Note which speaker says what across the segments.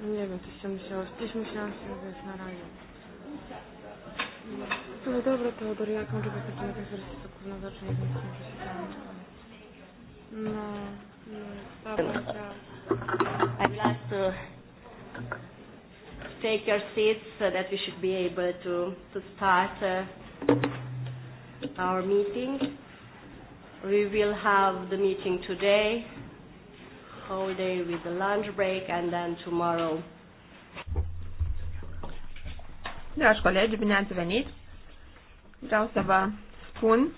Speaker 1: Nie
Speaker 2: wiem, coś się musiało, Coś musiałam się wybrać na razie.
Speaker 1: No dobra, Teodor, jak mogę tak na tych wersji, to kurna zacznie, więc muszę się tam...
Speaker 2: No, no, dobra, I'd like to take your seats so that we should be able
Speaker 3: to, to start uh, our meeting. We will have the meeting today holiday with the lunch
Speaker 4: break and then tomorrow. Dragi colegi, bine ați venit! Vreau să vă spun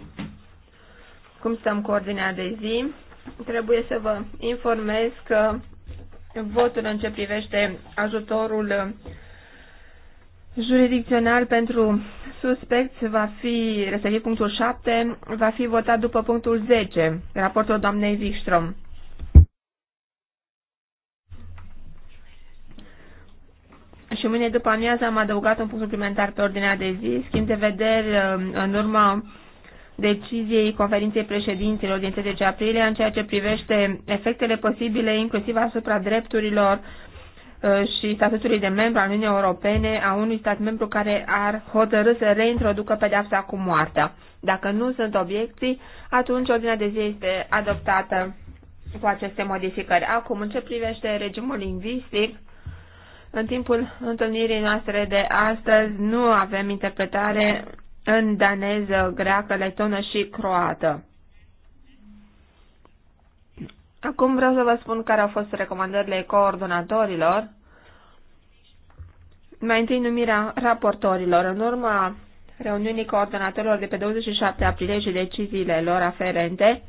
Speaker 4: cum stăm cu ordinea de zi. Trebuie să vă informez că votul în ce privește ajutorul jurisdicțional pentru suspecți va fi, respectiv punctul 7, va fi votat după punctul 10, raportul doamnei Wikström. și mâine după amiază am adăugat un punct suplimentar pe ordinea de zi, schimb de vederi um, în urma deciziei conferinței președinților din 10 aprilie în ceea ce privește efectele posibile inclusiv asupra drepturilor uh, și statutului de membru al Uniunii Europene a unui stat membru care ar hotărâ să reintroducă pedeapsa cu moartea. Dacă nu sunt obiecții, atunci ordinea de zi este adoptată cu aceste modificări. Acum, în ce privește regimul lingvistic, în timpul întâlnirii noastre de astăzi nu avem interpretare în daneză, greacă, letonă și croată. Acum vreau să vă spun care au fost recomandările coordonatorilor. Mai întâi numirea raportorilor. În urma reuniunii coordonatorilor de pe 27 aprilie și deciziile lor aferente,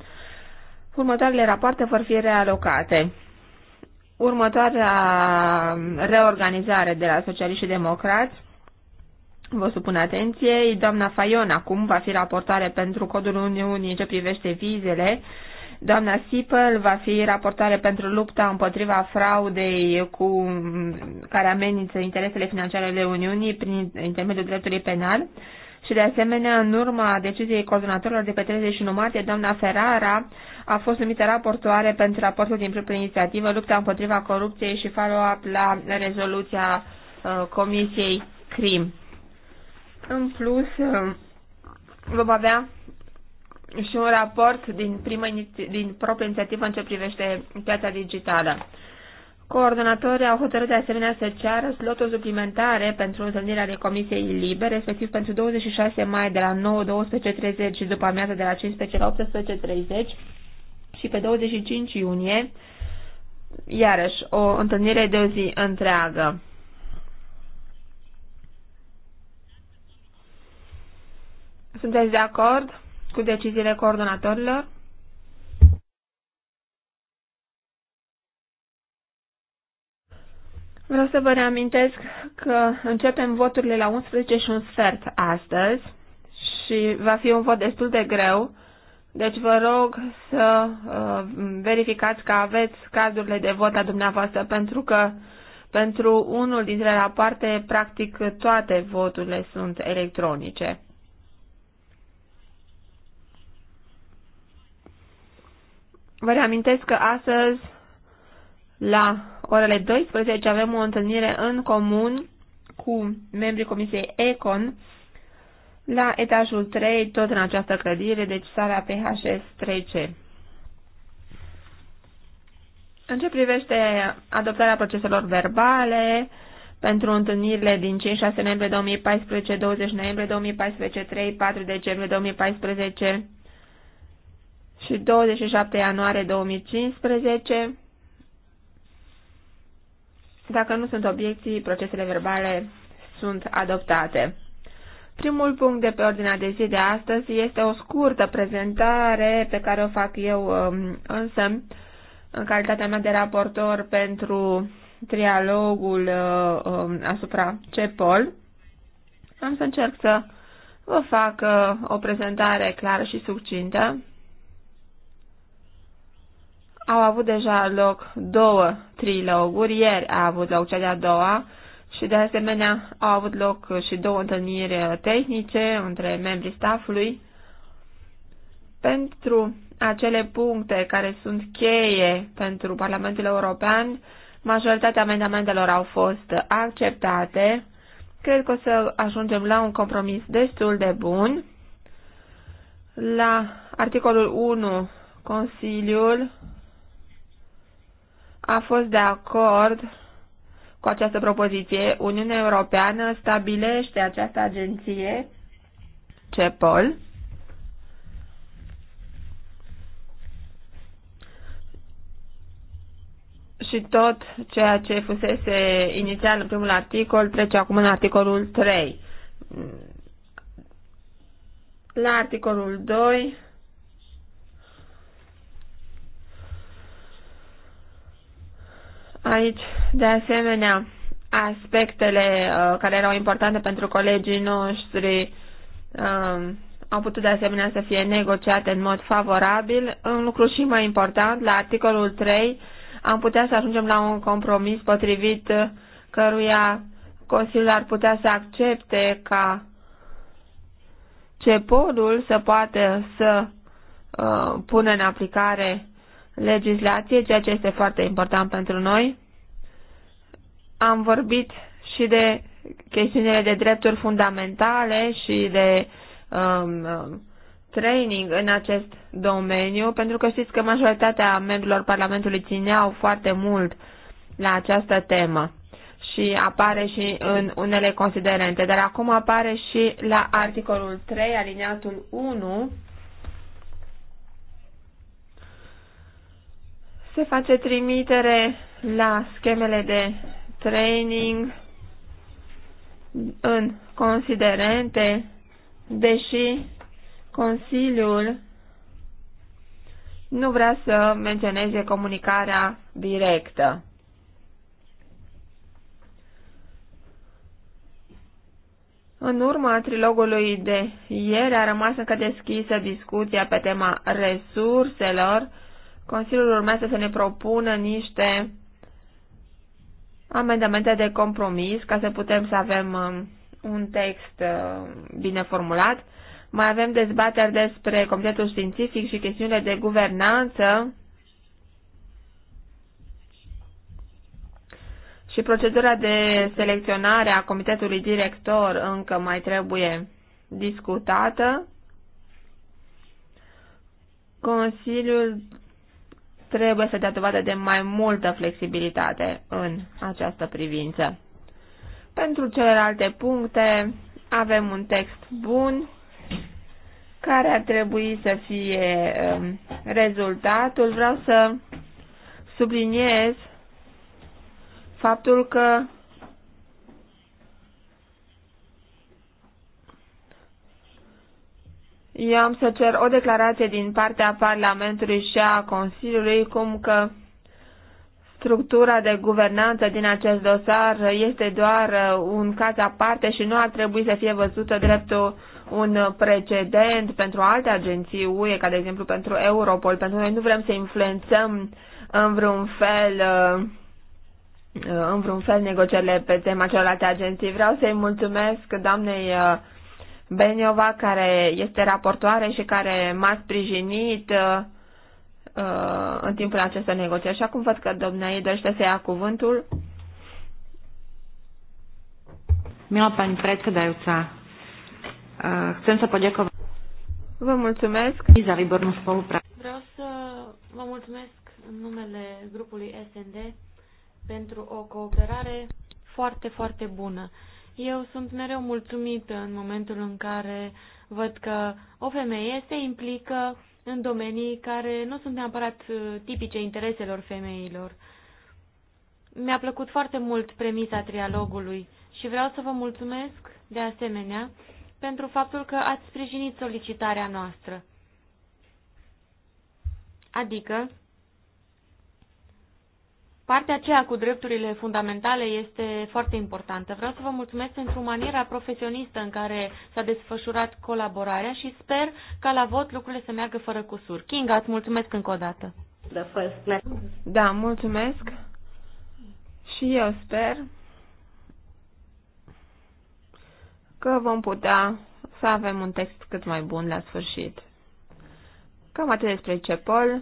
Speaker 4: următoarele rapoarte vor fi realocate următoarea reorganizare de la Socialiști și Democrați, vă supun atenției, doamna Faion acum va fi raportare pentru Codul Uniunii ce privește vizele, doamna Sipel va fi raportare pentru lupta împotriva fraudei cu, care amenință interesele financiare ale Uniunii prin intermediul dreptului penal, și de asemenea, în urma deciziei coordonatorilor de pe 31 martie, doamna Ferrara a fost numită raportoare pentru raportul din proprie inițiativă Lupta împotriva corupției și follow-up la rezoluția uh, Comisiei CRIM. În plus, uh, vom avea și un raport din, iniți din proprie inițiativă în ce privește piața digitală. Coordonatorii au hotărât de asemenea să ceară sloturi suplimentare pentru întâlnirea de Comisiei libere, respectiv pentru 26 mai de la 9.12.30 și după amiază de la 15 la și pe 25 iunie, iarăși, o întâlnire de o zi întreagă. Sunteți de acord cu deciziile coordonatorilor? Vreau să vă reamintesc că începem voturile la 11 și un sfert astăzi și va fi un vot destul de greu deci vă rog să uh, verificați că aveți cardurile de vot la dumneavoastră, pentru că pentru unul dintre rapoarte, practic toate voturile sunt electronice. Vă reamintesc că astăzi, la orele 12, avem o întâlnire în comun cu membrii Comisiei ECON, la etajul 3, tot în această clădire, deci sala PHS 3C. În ce privește adoptarea proceselor verbale pentru întâlnirile din 5-6 noiembrie 2014, 20 noiembrie 2014, 3, 4 decembrie 2014 și 27 ianuarie 2015, dacă nu sunt obiecții, procesele verbale sunt adoptate. Primul punct de pe ordinea de zi de astăzi este o scurtă prezentare pe care o fac eu um, însă în calitatea mea de raportor pentru trialogul uh, um, asupra CEPOL. Am să încerc să vă fac uh, o prezentare clară și succintă. Au avut deja loc două triloguri, ieri a avut loc cea de-a doua, și de asemenea au avut loc și două întâlniri tehnice între membrii staffului pentru acele puncte care sunt cheie pentru Parlamentul European, majoritatea amendamentelor au fost acceptate. Cred că o să ajungem la un compromis destul de bun. La articolul 1, Consiliul a fost de acord cu această propoziție, Uniunea Europeană stabilește această agenție, CEPOL, și tot ceea ce fusese inițial în primul articol trece acum în articolul 3. La articolul 2 Aici, de asemenea, aspectele uh, care erau importante pentru colegii noștri uh, au putut de asemenea să fie negociate în mod favorabil. Un lucru și mai important, la articolul 3 am putea să ajungem la un compromis potrivit căruia Consiliul ar putea să accepte ca ce podul să poată să uh, pună în aplicare legislație, ceea ce este foarte important pentru noi. Am vorbit și de chestiunile de drepturi fundamentale și de um, um, training în acest domeniu, pentru că știți că majoritatea membrilor Parlamentului țineau foarte mult la această temă și apare și în unele considerente, dar acum apare și la articolul 3, aliniatul 1, Se face trimitere la schemele de training în considerente, deși Consiliul nu vrea să menționeze comunicarea directă. În urma trilogului de ieri a rămas încă deschisă discuția pe tema resurselor Consiliul urmează să ne propună niște amendamente de compromis ca să putem să avem um, un text uh, bine formulat. Mai avem dezbateri despre comitetul științific și chestiunile de guvernanță și procedura de selecționare a comitetului director încă mai trebuie discutată. Consiliul trebuie să dea dovadă de mai multă flexibilitate în această privință. Pentru celelalte puncte avem un text bun care ar trebui să fie um, rezultatul. Vreau să subliniez faptul că Eu am să cer o declarație din partea Parlamentului și a Consiliului cum că structura de guvernanță din acest dosar este doar uh, un caz aparte și nu ar trebui să fie văzută drept un precedent pentru alte agenții UE, ca de exemplu pentru Europol, pentru noi nu vrem să influențăm în vreun fel uh, uh, în vreun fel negocierile pe tema celorlalte agenții. Vreau să-i mulțumesc doamnei Beniova, care este raportoare și care m-a sprijinit uh, uh, în timpul acestor negocieri. Și acum văd că domnul ei dorește să ia cuvântul.
Speaker 2: Mila pani predsedajúca,
Speaker 4: uh, chcem să poďakovať. Vă mulțumesc.
Speaker 2: Vreau să vă mulțumesc în numele grupului SND pentru o cooperare foarte, foarte bună. Eu sunt mereu mulțumită în momentul în care văd că o femeie se implică în domenii care nu sunt neapărat uh, tipice intereselor femeilor. Mi-a plăcut foarte mult premisa trialogului și vreau să vă mulțumesc, de asemenea, pentru faptul că ați sprijinit solicitarea noastră. Adică, Partea aceea cu drepturile fundamentale este foarte importantă. Vreau să vă mulțumesc pentru maniera profesionistă în care s-a desfășurat colaborarea și sper ca la vot lucrurile să meargă fără cusuri. Kinga,
Speaker 4: îți mulțumesc încă o dată. Da, mulțumesc. Și eu sper că vom putea să avem un text cât mai bun la sfârșit. Cam atât despre CEPOL.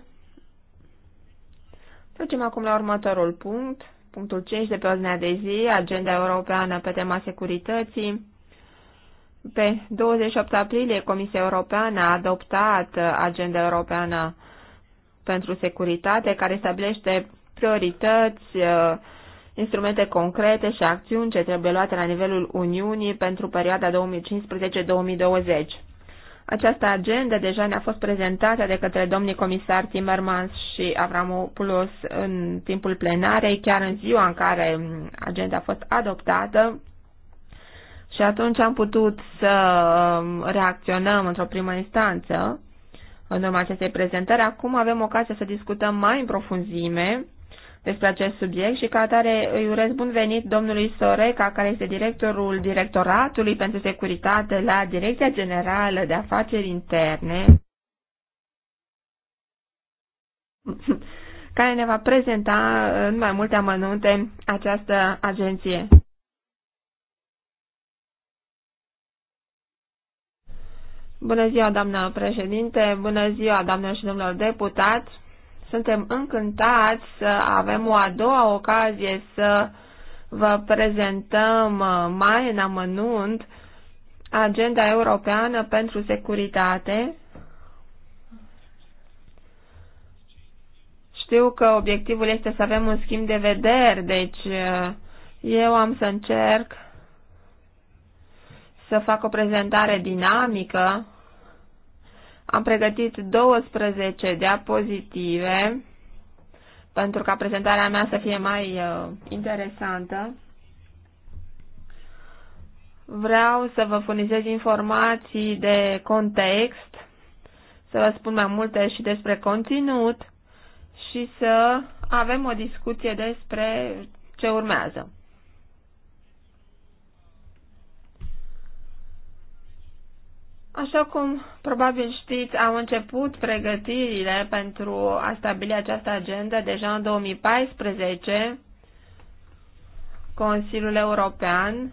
Speaker 4: Trecem acum la următorul punct, punctul 5 de pe ordinea de zi, agenda europeană pe tema securității. Pe 28 aprilie, Comisia Europeană a adoptat agenda europeană pentru securitate, care stabilește priorități, uh, instrumente concrete și acțiuni ce trebuie luate la nivelul Uniunii pentru perioada 2015-2020. Această agendă deja ne-a fost prezentată de către domnii comisar Timmermans și Avramopoulos în timpul plenarei, chiar în ziua în care agenda a fost adoptată. Și atunci am putut să um, reacționăm într-o primă instanță în urma acestei prezentări. Acum avem ocazia să discutăm mai în profunzime despre acest subiect și ca atare îi urez bun venit domnului Soreca, care este directorul Directoratului pentru Securitate la Direcția Generală de Afaceri Interne, care ne va prezenta în mai multe amănunte această agenție. Bună ziua, doamnă președinte, bună ziua, doamnă și domnilor deputați. Suntem încântați să avem o a doua ocazie să vă prezentăm uh, mai în amănunt agenda europeană pentru securitate. Știu că obiectivul este să avem un schimb de vederi, deci uh, eu am să încerc să fac o prezentare dinamică am pregătit 12 diapozitive pentru ca prezentarea mea să fie mai uh, interesantă. Vreau să vă furnizez informații de context, să vă spun mai multe și despre conținut și să avem o discuție despre ce urmează. Așa cum probabil știți, au început pregătirile pentru a stabili această agendă deja în 2014. Consiliul European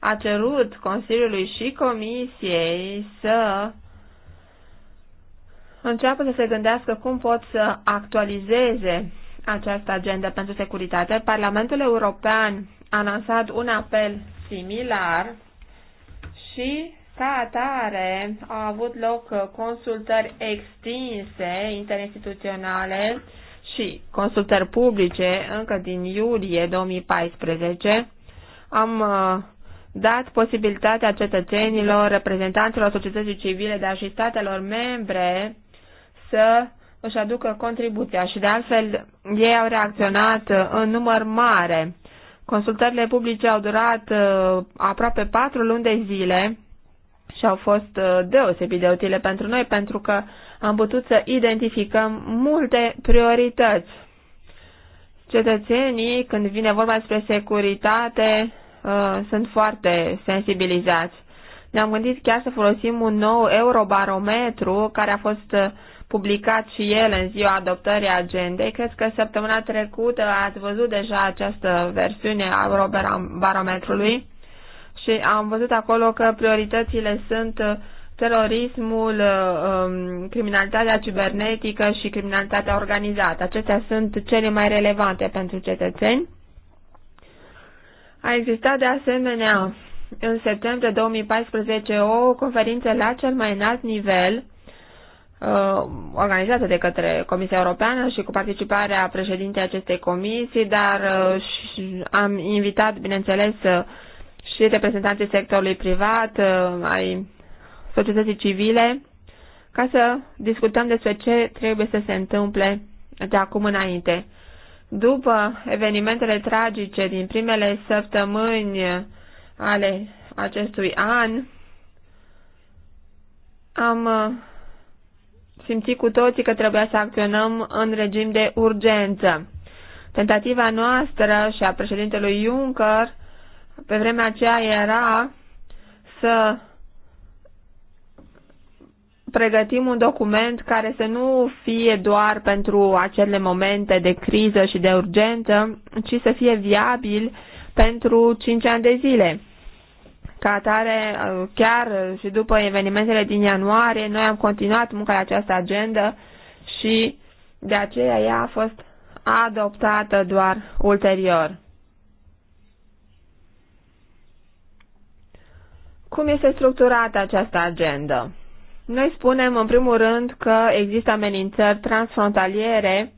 Speaker 4: a cerut Consiliului și Comisiei să înceapă să se gândească cum pot să actualizeze această agendă pentru securitate. Parlamentul European a lansat un apel similar și ca atare au avut loc uh, consultări extinse, interinstituționale și consultări publice încă din iulie 2014. Am uh, dat posibilitatea cetățenilor, reprezentanților societății civile, dar și statelor membre să își aducă contribuția și de altfel ei au reacționat uh, în număr mare. Consultările publice au durat aproape patru luni de zile și au fost uh, deosebit de utile pentru noi pentru că am putut să identificăm multe priorități. Cetățenii, când vine vorba despre securitate, uh, sunt foarte sensibilizați. Ne-am gândit chiar să folosim un nou eurobarometru care a fost uh, publicat și el în ziua adoptării agendei. Cred că săptămâna trecută ați văzut deja această versiune a eurobarometrului și am văzut acolo că prioritățile sunt uh, terorismul, uh, um, criminalitatea cibernetică și criminalitatea organizată. Acestea sunt cele mai relevante pentru cetățeni. A existat de asemenea în septembrie 2014 o conferință la cel mai înalt nivel uh, organizată de către Comisia Europeană și cu participarea președintei acestei comisii, dar am invitat, bineînțeles, și reprezentanții sectorului privat, uh, ai societății civile, ca să discutăm despre ce trebuie să se întâmple de acum înainte. După evenimentele tragice din primele săptămâni ale acestui an, am uh, simțit cu toții că trebuia să acționăm în regim de urgență. Tentativa noastră și a președintelui Juncker pe vremea aceea era să pregătim un document care să nu fie doar pentru acele momente de criză și de urgență, ci să fie viabil pentru 5 ani de zile. Ca atare, chiar și după evenimentele din ianuarie, noi am continuat munca la această agendă și de aceea ea a fost adoptată doar ulterior. Cum este structurată această agendă? Noi spunem, în primul rând, că există amenințări transfrontaliere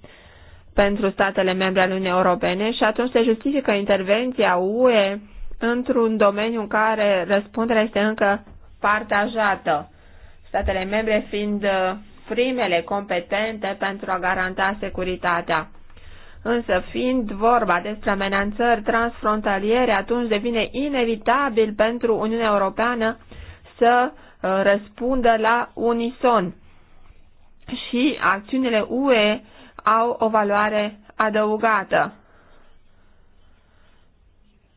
Speaker 4: pentru statele membre ale Uniunii Europene și atunci se justifică intervenția UE într-un domeniu în care răspunderea este încă partajată, statele membre fiind uh, primele competente pentru a garanta securitatea. Însă fiind vorba despre amenințări transfrontaliere, atunci devine inevitabil pentru Uniunea Europeană să uh, răspundă la unison. Și acțiunile UE au o valoare adăugată.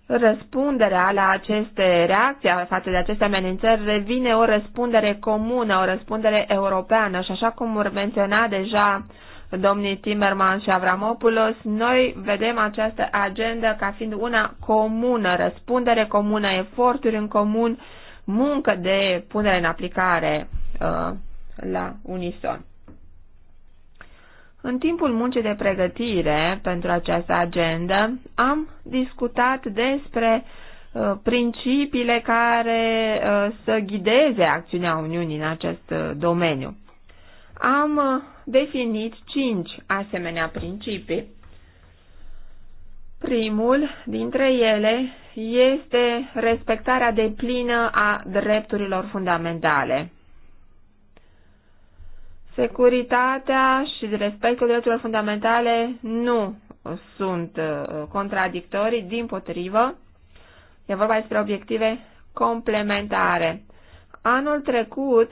Speaker 4: Răspunderea la aceste reacții față de aceste amenințări revine o răspundere comună, o răspundere europeană și așa cum menționa deja uh, domnii Timerman și Avramopoulos, noi vedem această agendă ca fiind una comună, răspundere comună, eforturi în comun, muncă de punere în aplicare uh, la unison. În timpul muncii de pregătire pentru această agendă am discutat despre uh, principiile care uh, să ghideze acțiunea Uniunii în acest uh, domeniu am uh, definit cinci asemenea principii. Primul dintre ele este respectarea plină a drepturilor fundamentale. Securitatea și respectul drepturilor fundamentale nu sunt uh, contradictorii, din potrivă, e vorba despre obiective complementare. Anul trecut,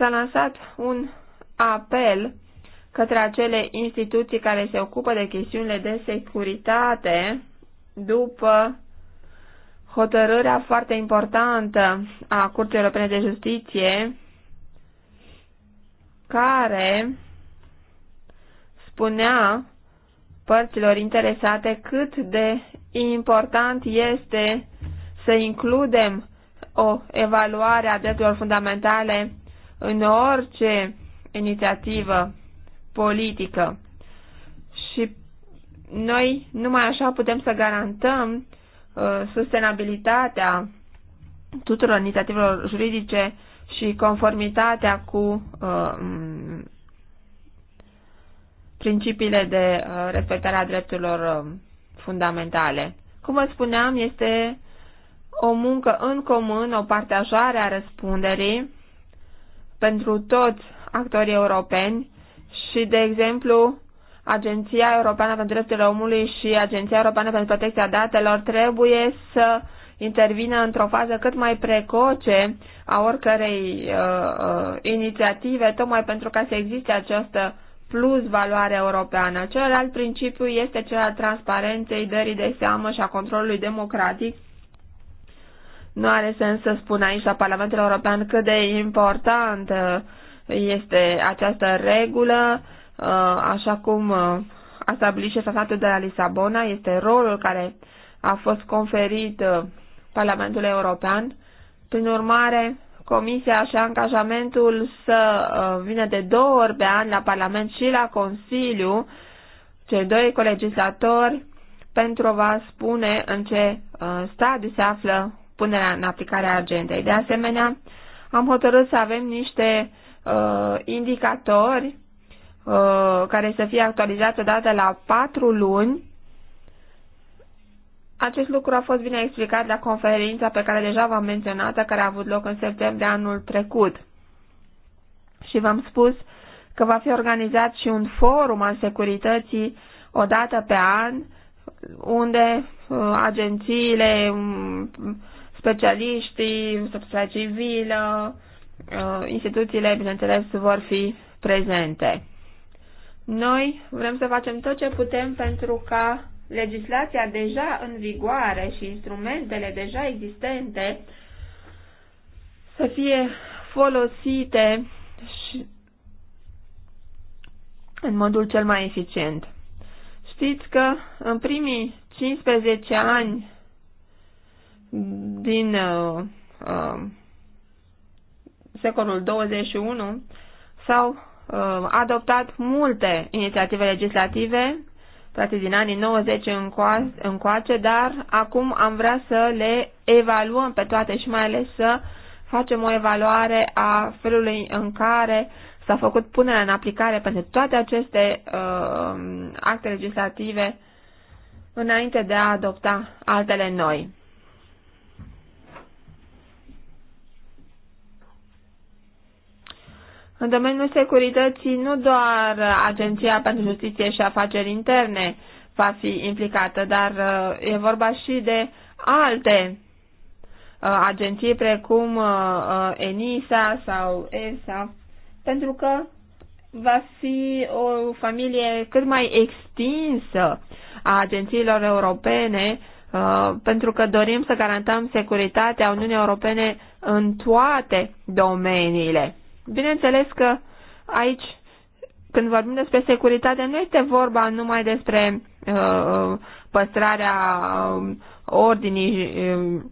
Speaker 4: s-a lansat un apel către acele instituții care se ocupă de chestiunile de securitate după hotărârea foarte importantă a Curții Europene de Justiție care spunea părților interesate cât de important este să includem o evaluare a drepturilor fundamentale în orice inițiativă politică. Și noi numai așa putem să garantăm uh, sustenabilitatea tuturor inițiativelor juridice și conformitatea cu uh, principiile de uh, respectare a drepturilor uh, fundamentale. Cum vă spuneam, este o muncă în comun, o partajare a răspunderii pentru toți actorii europeni și, de exemplu, Agenția Europeană pentru Drepturile Omului și Agenția Europeană pentru Protecția Datelor trebuie să intervină într-o fază cât mai precoce a oricărei uh, uh, inițiative, tocmai pentru ca să existe această plus valoare europeană. Celălalt principiu este cel al transparenței, dării de seamă și a controlului democratic nu are sens să spun aici la Parlamentul European cât de important este această regulă, uh, așa cum uh, a stabilit tratatul de la Lisabona, este rolul care a fost conferit uh, Parlamentului European. Prin urmare, Comisia și angajamentul să vină de două ori pe an la Parlament și la Consiliu, cei doi colegislatori, pentru a spune în ce stadiu se află punerea în aplicare a agendei. De asemenea, am hotărât să avem niște uh, indicatori uh, care să fie actualizați odată la patru luni. Acest lucru a fost bine explicat la conferința pe care deja v-am menționat, care a avut loc în septembrie anul trecut. Și v-am spus că va fi organizat și un forum al securității odată pe an, unde uh, agențiile, um, specialiștii, societatea civilă, uh, instituțiile, bineînțeles, vor fi prezente. Noi vrem să facem tot ce putem pentru ca legislația deja în vigoare și instrumentele deja existente să fie folosite și în modul cel mai eficient. Știți că în primii 15 ani din uh, uh, secolul 21 s-au uh, adoptat multe inițiative legislative, practic din anii 90 încoace, dar acum am vrea să le evaluăm pe toate și mai ales să facem o evaluare a felului în care s-a făcut punerea în aplicare pentru toate aceste uh, acte legislative înainte de a adopta altele noi. În domeniul securității, nu doar Agenția pentru Justiție și Afaceri Interne va fi implicată, dar uh, e vorba și de alte uh, agenții precum uh, ENISA sau ESA, pentru că va fi o familie cât mai extinsă a agențiilor europene, pentru că dorim să garantăm securitatea Uniunii Europene în toate domeniile. Bineînțeles că aici, când vorbim despre securitate, nu este vorba numai despre uh, uh păstrarea uh, ordinii. Uh,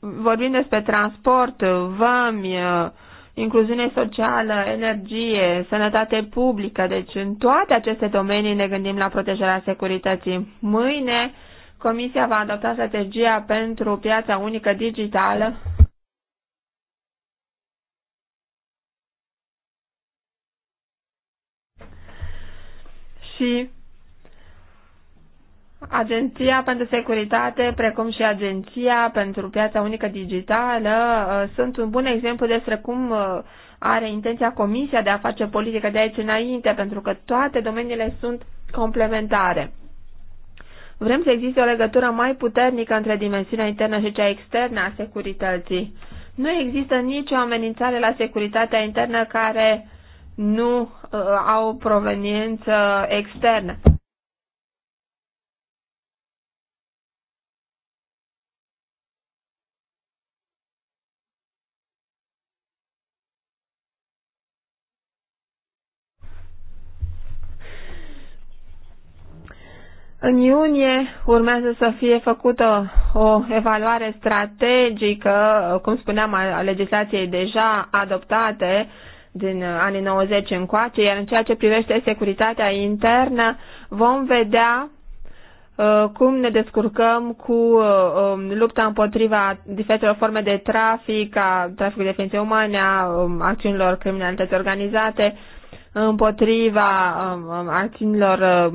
Speaker 4: vorbim despre transport, vămi, uh, incluziune socială, energie, sănătate publică. Deci în toate aceste domenii ne gândim la protejarea securității. Mâine Comisia va adopta strategia pentru piața unică digitală și Agenția pentru Securitate, precum și Agenția pentru Piața Unică Digitală, uh, sunt un bun exemplu despre cum uh, are intenția Comisia de a face politică de aici înainte, pentru că toate domeniile sunt complementare. Vrem să existe o legătură mai puternică între dimensiunea internă și cea externă a securității. Nu există nicio amenințare la securitatea internă care uh, nu uh, au proveniență externă. În iunie urmează să fie făcută o evaluare strategică, cum spuneam, a legislației deja adoptate din uh, anii 90 încoace, iar în ceea ce privește securitatea internă, vom vedea uh, cum ne descurcăm cu uh, um, lupta împotriva diferitelor forme de trafic, a traficului de ființe umane, a um, acțiunilor criminalități organizate, împotriva um, acțiunilor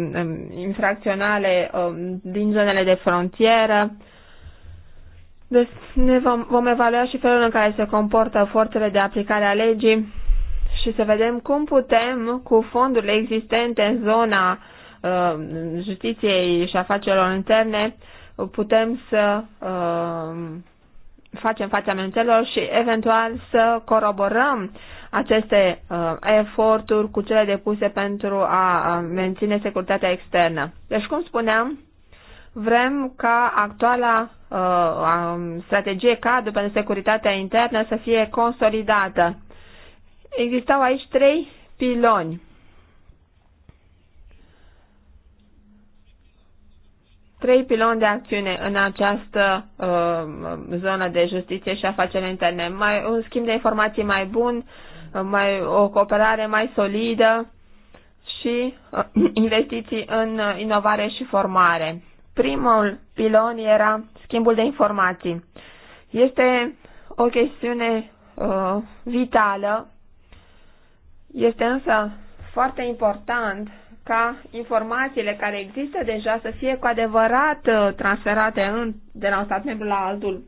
Speaker 4: infracționale din zonele de frontieră. Deci ne vom, vom evalua și felul în care se comportă forțele de aplicare a legii și să vedem cum putem, cu fondurile existente în zona uh, justiției și afacerilor interne, putem să uh, facem fața amenințelor și eventual să coroborăm aceste uh, eforturi cu cele depuse pentru a menține securitatea externă. Deci, cum spuneam, vrem ca actuala uh, strategie cadru pentru securitatea internă să fie consolidată Existau aici trei piloni. Trei piloni de acțiune în această uh, zonă de justiție și afaceri interne. Mai, un schimb de informații mai bun, uh, mai, o cooperare mai solidă și uh, investiții în uh, inovare și formare. Primul pilon era schimbul de informații. Este o chestiune uh, vitală este însă foarte important ca informațiile care există deja să fie cu adevărat uh, transferate în, de la un stat membru la altul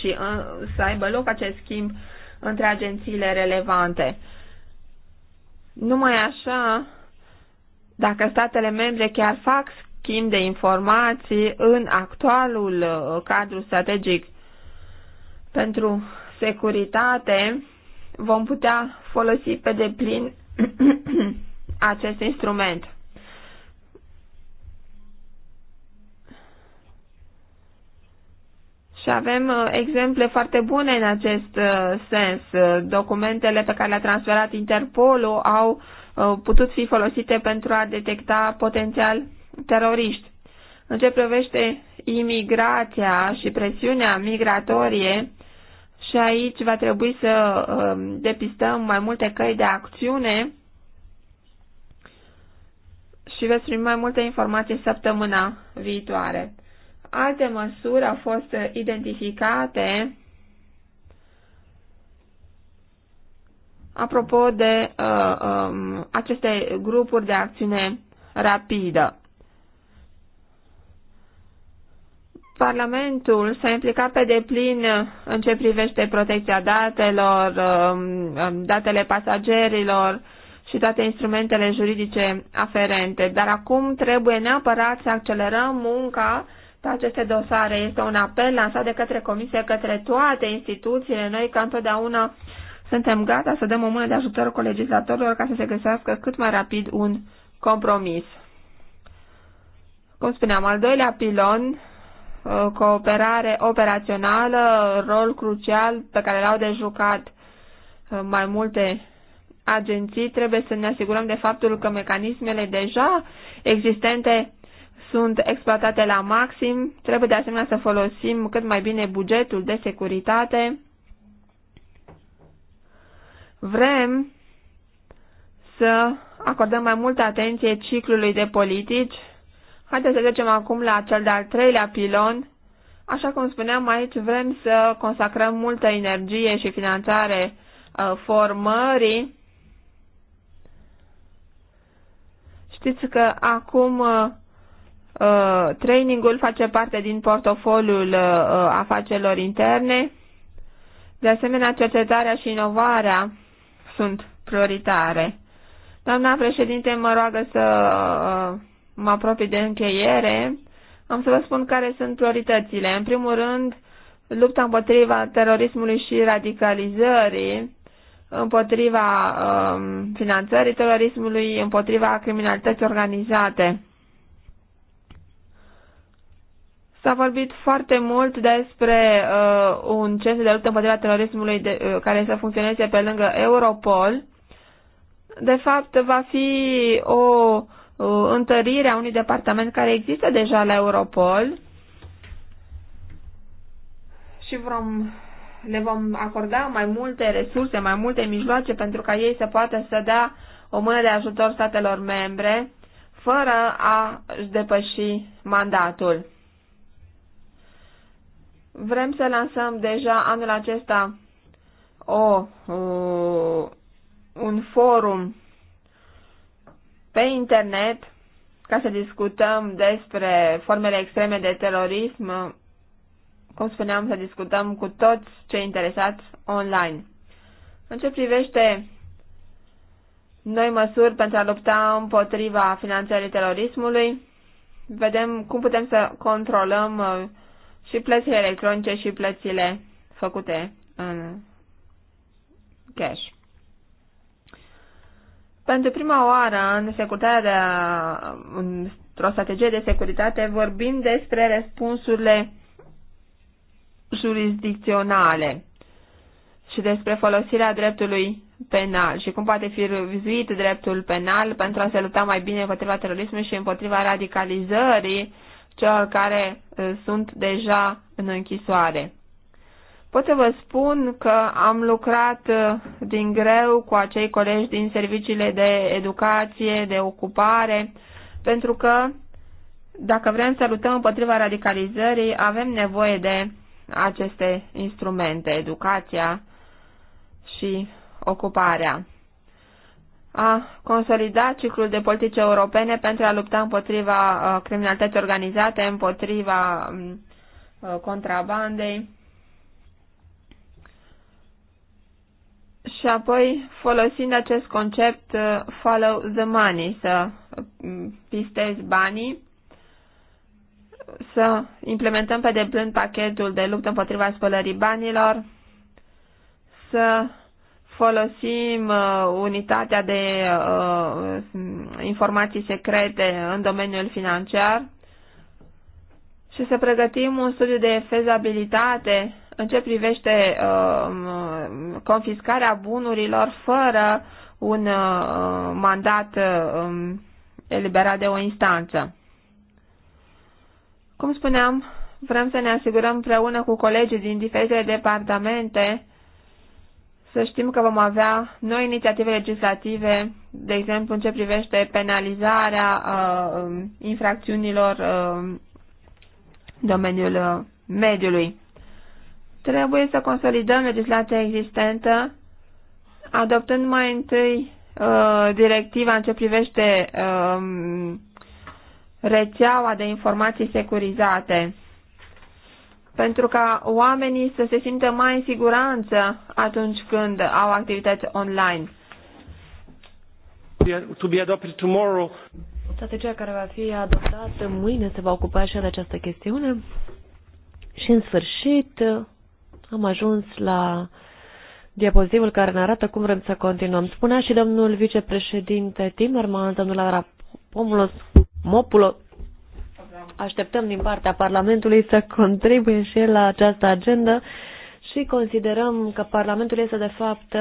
Speaker 4: și în, uh, să aibă loc acest schimb între agențiile relevante. Numai așa, dacă statele membre chiar fac schimb de informații în actualul uh, cadru strategic pentru securitate, vom putea folosi pe deplin acest instrument. Și avem uh, exemple foarte bune în acest uh, sens. Uh, documentele pe care le-a transferat Interpolul au putut fi folosite pentru a detecta potențial teroriști. În ce privește imigrația și presiunea migratorie, și aici va trebui să um, depistăm mai multe căi de acțiune și veți primi mai multe informații săptămâna viitoare. Alte măsuri au fost identificate apropo de uh, um, aceste grupuri de acțiune rapidă. Parlamentul s-a implicat pe deplin în ce privește protecția datelor, um, um, datele pasagerilor și toate instrumentele juridice aferente, dar acum trebuie neapărat să accelerăm munca pe aceste dosare. Este un apel lansat de către Comisie, către toate instituțiile. Noi, ca întotdeauna, suntem gata să dăm o mână de ajutor cu legislatorilor ca să se găsească cât mai rapid un compromis. Cum spuneam, al doilea pilon Uh, cooperare operațională, rol crucial pe care l-au de jucat uh, mai multe agenții, trebuie să ne asigurăm de faptul că mecanismele deja existente sunt exploatate la maxim, trebuie de asemenea să folosim cât mai bine bugetul de securitate. Vrem să acordăm mai multă atenție ciclului de politici Haideți să trecem acum la cel de-al treilea pilon. Așa cum spuneam, aici vrem să consacrăm multă energie și finanțare uh, formării. Știți că acum uh, uh, trainingul face parte din portofoliul afacerilor interne. De asemenea, cercetarea și inovarea sunt prioritare. Doamna președinte, mă roagă să mă apropii de încheiere, am să vă spun care sunt prioritățile. În primul rând, lupta împotriva terorismului și radicalizării, împotriva um, finanțării terorismului, împotriva criminalității organizate. S-a vorbit foarte mult despre uh, un centru de luptă împotriva terorismului de, uh, care să funcționeze pe lângă Europol. De fapt, va fi o uh, Uh, întărirea unui departament care există deja la Europol și vom, le vom acorda mai multe resurse, mai multe mijloace pentru ca ei să poată să dea o mână de ajutor statelor membre fără a-și depăși mandatul. Vrem să lansăm deja anul acesta o, o, uh, un forum pe internet ca să discutăm despre formele extreme de terorism, cum spuneam, să discutăm cu toți cei interesați online. În ce privește noi măsuri pentru a lupta împotriva finanțării terorismului, vedem cum putem să controlăm uh, și plățile electronice și plățile făcute în cash. Pentru prima oară în securitatea, într-o strategie de securitate, vorbim despre răspunsurile jurisdicționale și despre folosirea dreptului penal și cum poate fi revizuit dreptul penal pentru a se lupta mai bine împotriva terorismului și împotriva radicalizării celor care uh, sunt deja în închisoare. Pot să vă spun că am lucrat uh, din greu cu acei colegi din serviciile de educație, de ocupare, pentru că dacă vrem să luptăm împotriva radicalizării, avem nevoie de aceste instrumente, educația și ocuparea. A consolidat ciclul de politici europene pentru a lupta împotriva uh, criminalității organizate, împotriva mm, uh, contrabandei și apoi folosind acest concept uh, follow the money, să mm, pistezi banii, să implementăm pe deplin pachetul de luptă împotriva spălării banilor, să folosim uh, unitatea de uh, informații secrete în domeniul financiar și să pregătim un studiu de fezabilitate în ce privește uh, confiscarea bunurilor fără un uh, mandat uh, eliberat de o instanță. Cum spuneam, vrem să ne asigurăm împreună cu colegii din diferite departamente să știm că vom avea noi inițiative legislative, de exemplu în ce privește penalizarea uh, um, infracțiunilor uh, domeniul uh, mediului. Trebuie să consolidăm legislația existentă, adoptând mai întâi uh, directiva în ce privește uh, rețeaua de informații securizate, pentru ca oamenii să se simtă mai în siguranță atunci când au activități online.
Speaker 5: To be adopted tomorrow.
Speaker 4: Strategia care va fi adoptată mâine se va
Speaker 3: ocupa și de această chestiune. Și în sfârșit, am ajuns la diapozitivul care ne arată cum vrem să continuăm. Spunea și domnul vicepreședinte Timerman, domnul Pomulos Mopulo, așteptăm din partea Parlamentului să contribuie și el la această agendă și considerăm că Parlamentul este de fapt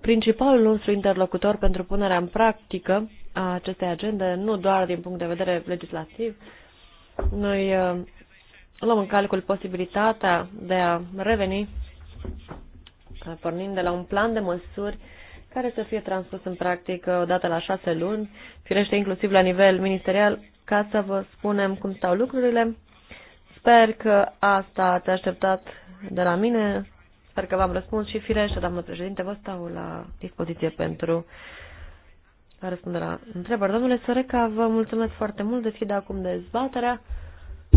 Speaker 3: principalul nostru interlocutor pentru punerea în practică a acestei agende, nu doar din punct de vedere legislativ. Noi uh, luăm în calcul posibilitatea de a reveni pornind de la un plan de măsuri care să fie transpus în practică odată la șase luni, firește inclusiv la nivel ministerial, ca să vă spunem cum stau lucrurile. Sper că asta ați așteptat de la mine, sper că v-am răspuns și firește, doamnă președinte, vă stau la dispoziție pentru a răspunde la întrebări. Domnule Soreca, vă mulțumesc foarte mult, deschid acum dezbaterea.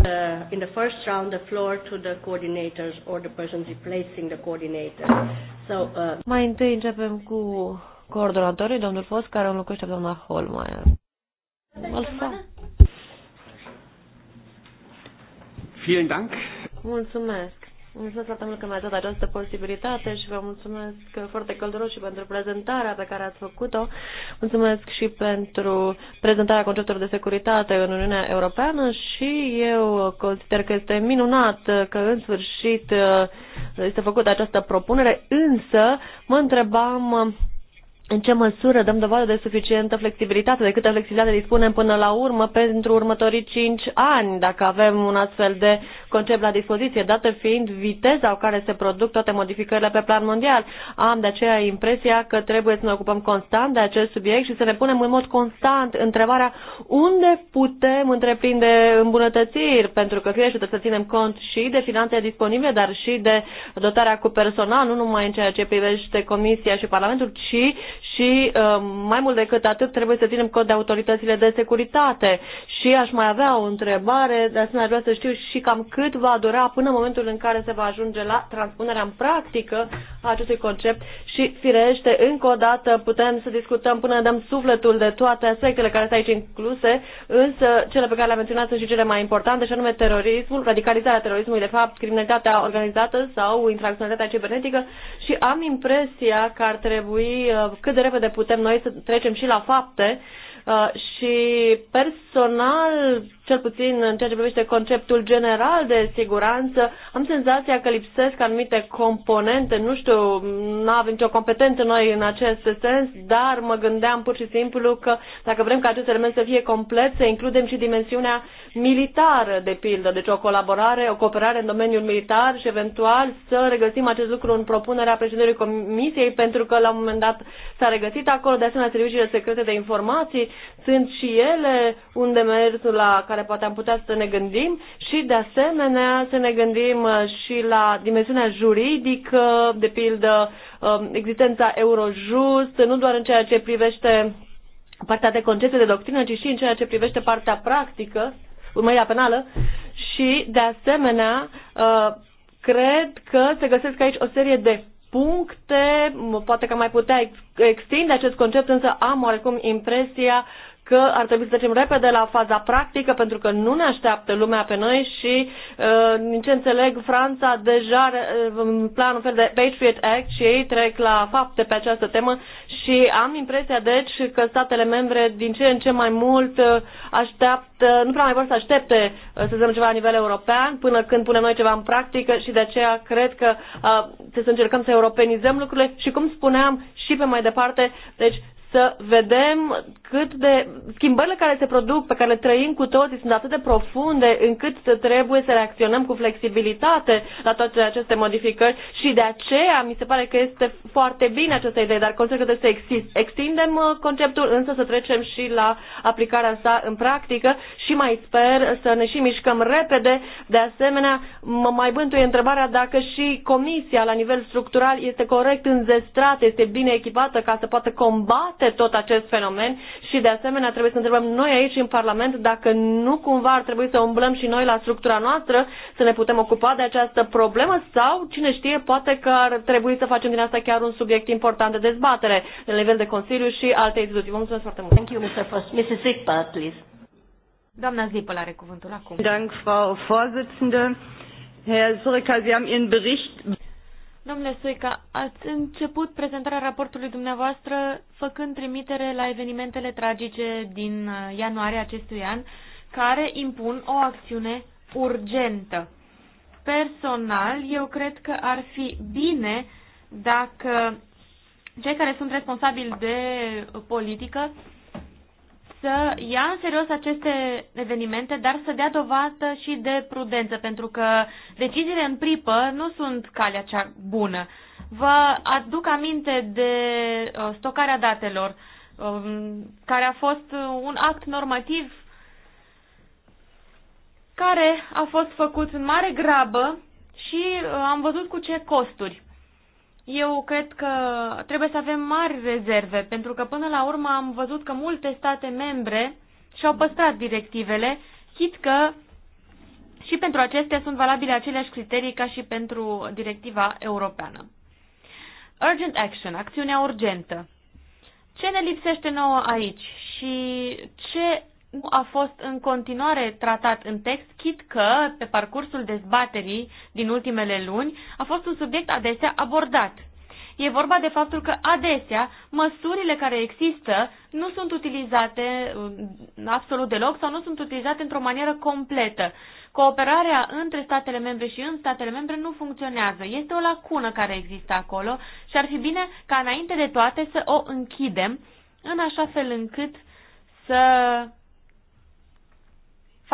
Speaker 3: Uh, in the first round, the floor to the coordinators or the person replacing the coordinator. So, uh... Mai întâi începem cu coordonatorii, domnul Fost, care înlocuiește doamna Holmeier. Vielen Dank. Mulțumesc. Mulțumesc foarte mult că mi-ați dat această posibilitate și vă mulțumesc foarte călduros și pentru prezentarea pe care ați făcut-o. Mulțumesc și pentru prezentarea conceptului de securitate în Uniunea Europeană și eu consider că este minunat că în sfârșit este făcută această propunere, însă mă întrebam în ce măsură dăm dovadă de suficientă flexibilitate, de câtă flexibilitate dispunem până la urmă pentru următorii 5 ani, dacă avem un astfel de concept la dispoziție, dată fiind viteza cu care se produc toate modificările pe plan mondial. Am de aceea impresia că trebuie să ne ocupăm constant de acest subiect și să ne punem în mod constant întrebarea unde putem întreprinde îmbunătățiri, pentru că fie și trebuie să ținem cont și de finanțe disponibile, dar și de dotarea cu personal, nu numai în ceea ce privește Comisia și Parlamentul, ci și uh, mai mult decât atât trebuie să ținem cont de autoritățile de securitate. Și aș mai avea o întrebare, de asemenea vreau să știu și cam cât va dura până în momentul în care se va ajunge la transpunerea în practică a acestui concept și, firește, încă o dată putem să discutăm până dăm sufletul de toate aspectele care sunt aici incluse, însă cele pe care le-am menționat sunt și cele mai importante, și anume terorismul, radicalizarea terorismului, de fapt, criminalitatea organizată sau infracționalitatea cibernetică și am impresia că ar trebui uh, cât de repede putem noi să trecem și la fapte uh, și personal cel puțin în ceea ce privește conceptul general de siguranță, am senzația că lipsesc anumite componente, nu știu, nu avem nicio competență noi în acest sens, dar mă gândeam pur și simplu că dacă vrem ca acest element să fie complet, să includem și dimensiunea militară, de pildă, deci o colaborare, o cooperare în domeniul militar și eventual să regăsim acest lucru în propunerea președintelui Comisiei, pentru că la un moment dat s-a regăsit acolo, de asemenea, serviciile secrete de informații sunt și ele unde mersul la care poate am putea să ne gândim și, de asemenea, să ne gândim uh, și la dimensiunea juridică, de pildă um, existența Eurojust, nu doar în ceea ce privește partea de concepție de doctrină, ci și în ceea ce privește partea practică, urmărirea penală și, de asemenea, uh, cred că se găsesc aici o serie de puncte, poate că mai putea extinde acest concept, însă am oarecum impresia că ar trebui să trecem repede la faza practică pentru că nu ne așteaptă lumea pe noi și uh, din ce înțeleg Franța deja în uh, plan un fel de Patriot Act și ei trec la fapte pe această temă și am impresia deci că statele membre din ce în ce mai mult uh, așteaptă, nu prea mai vor să aștepte să zicem ceva la nivel european până când punem noi ceva în practică și de aceea cred că trebuie să încercăm să europenizăm lucrurile și cum spuneam și pe mai departe, deci să vedem cât de schimbările care se produc, pe care le trăim cu toții, sunt atât de profunde încât să trebuie să reacționăm cu flexibilitate la toate aceste modificări și de aceea mi se pare că este foarte bine această idee, dar consider că trebuie să extindem uh, conceptul, însă să trecem și la aplicarea sa în practică și mai sper să ne și mișcăm repede. De asemenea, mă mai bântuie întrebarea dacă și comisia la nivel structural este corect înzestrată, este bine echipată ca să poată combate tot acest fenomen și de asemenea trebuie să întrebăm noi aici în Parlament dacă nu cumva ar trebui să umblăm și noi la structura noastră să ne putem ocupa de această problemă sau cine știe poate că ar trebui să facem din asta chiar un subiect important de dezbatere la nivel de Consiliu și alte instituții. Vă
Speaker 2: mulțumesc foarte mult. Thank you, Mr. First. Mrs. Zipa, please. Doamna Zipă are cuvântul acum. Dank, Frau Vorsitzende. Herr Surica, Sie haben Ihren Bericht... Domnule Suica, ați început prezentarea raportului dumneavoastră făcând trimitere la evenimentele tragice din uh, ianuarie acestui an, care impun o acțiune urgentă. Personal, eu cred că ar fi bine dacă cei care sunt responsabili de politică să ia în serios aceste evenimente, dar să dea dovadă și de prudență, pentru că deciziile în pripă nu sunt calea cea bună. Vă aduc aminte de uh, stocarea datelor, um, care a fost un act normativ care a fost făcut în mare grabă și uh, am văzut cu ce costuri. Eu cred că trebuie să avem mari rezerve, pentru că până la urmă am văzut că multe state membre și-au păstrat directivele, chit că și pentru acestea sunt valabile aceleași criterii ca și pentru directiva europeană. Urgent action, acțiunea urgentă. Ce ne lipsește nouă aici și ce nu a fost în continuare tratat în text, chit că, pe parcursul dezbaterii din ultimele luni, a fost un subiect adesea abordat. E vorba de faptul că adesea măsurile care există nu sunt utilizate mm, absolut deloc sau nu sunt utilizate într-o manieră completă. Cooperarea între statele membre și în statele membre nu funcționează. Este o lacună care există acolo și ar fi bine ca înainte de toate să o închidem în așa fel încât să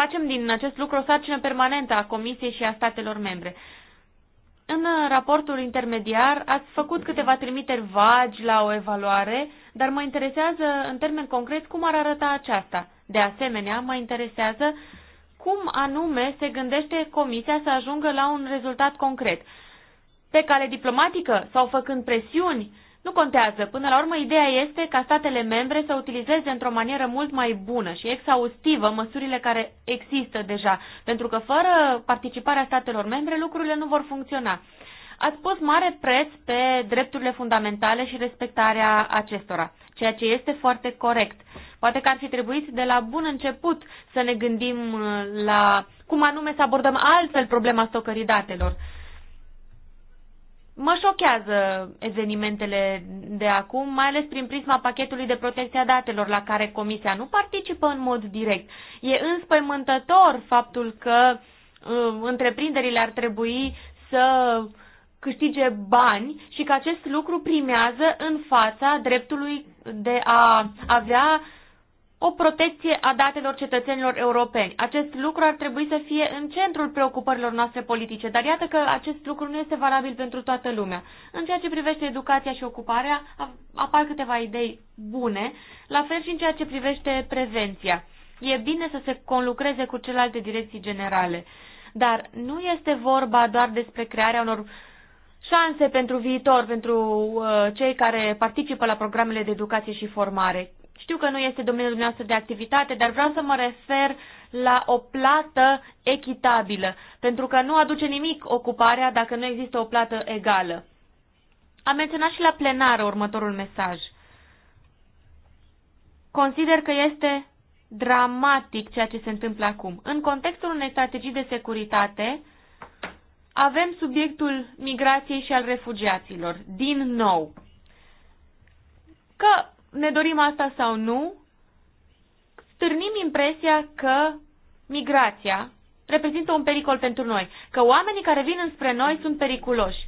Speaker 2: facem din acest lucru o sarcină permanentă a Comisiei și a statelor membre. În raportul intermediar ați făcut câteva trimiteri vagi la o evaluare, dar mă interesează în termen concret cum ar arăta aceasta. De asemenea, mă interesează cum anume se gândește Comisia să ajungă la un rezultat concret. Pe cale diplomatică sau făcând presiuni nu contează. Până la urmă, ideea este ca statele membre să utilizeze într-o manieră mult mai bună și exhaustivă măsurile care există deja, pentru că fără participarea statelor membre lucrurile nu vor funcționa. Ați pus mare preț pe drepturile fundamentale și respectarea acestora, ceea ce este foarte corect. Poate că ar fi trebuit de la bun început să ne gândim uh, la cum anume să abordăm altfel problema stocării datelor Mă șochează evenimentele de acum, mai ales prin prisma pachetului de protecție a datelor la care Comisia nu participă în mod direct. E înspăimântător faptul că uh, întreprinderile ar trebui să câștige bani și că acest lucru primează în fața dreptului de a avea o protecție a datelor cetățenilor europeni. Acest lucru ar trebui să fie în centrul preocupărilor noastre politice, dar iată că acest lucru nu este valabil pentru toată lumea. În ceea ce privește educația și ocuparea, apar câteva idei bune, la fel și în ceea ce privește prevenția. E bine să se conlucreze cu celelalte direcții generale, dar nu este vorba doar despre crearea unor șanse pentru viitor, pentru uh, cei care participă la programele de educație și formare, știu că nu este domeniul dumneavoastră de activitate, dar vreau să mă refer la o plată echitabilă, pentru că nu aduce nimic ocuparea dacă nu există o plată egală. Am menționat și la plenară următorul mesaj. Consider că este dramatic ceea ce se întâmplă acum. În contextul unei strategii de securitate, avem subiectul migrației și al refugiaților, din nou. Că ne dorim asta sau nu, stârnim impresia că migrația reprezintă un pericol pentru noi, că oamenii care vin înspre noi sunt periculoși.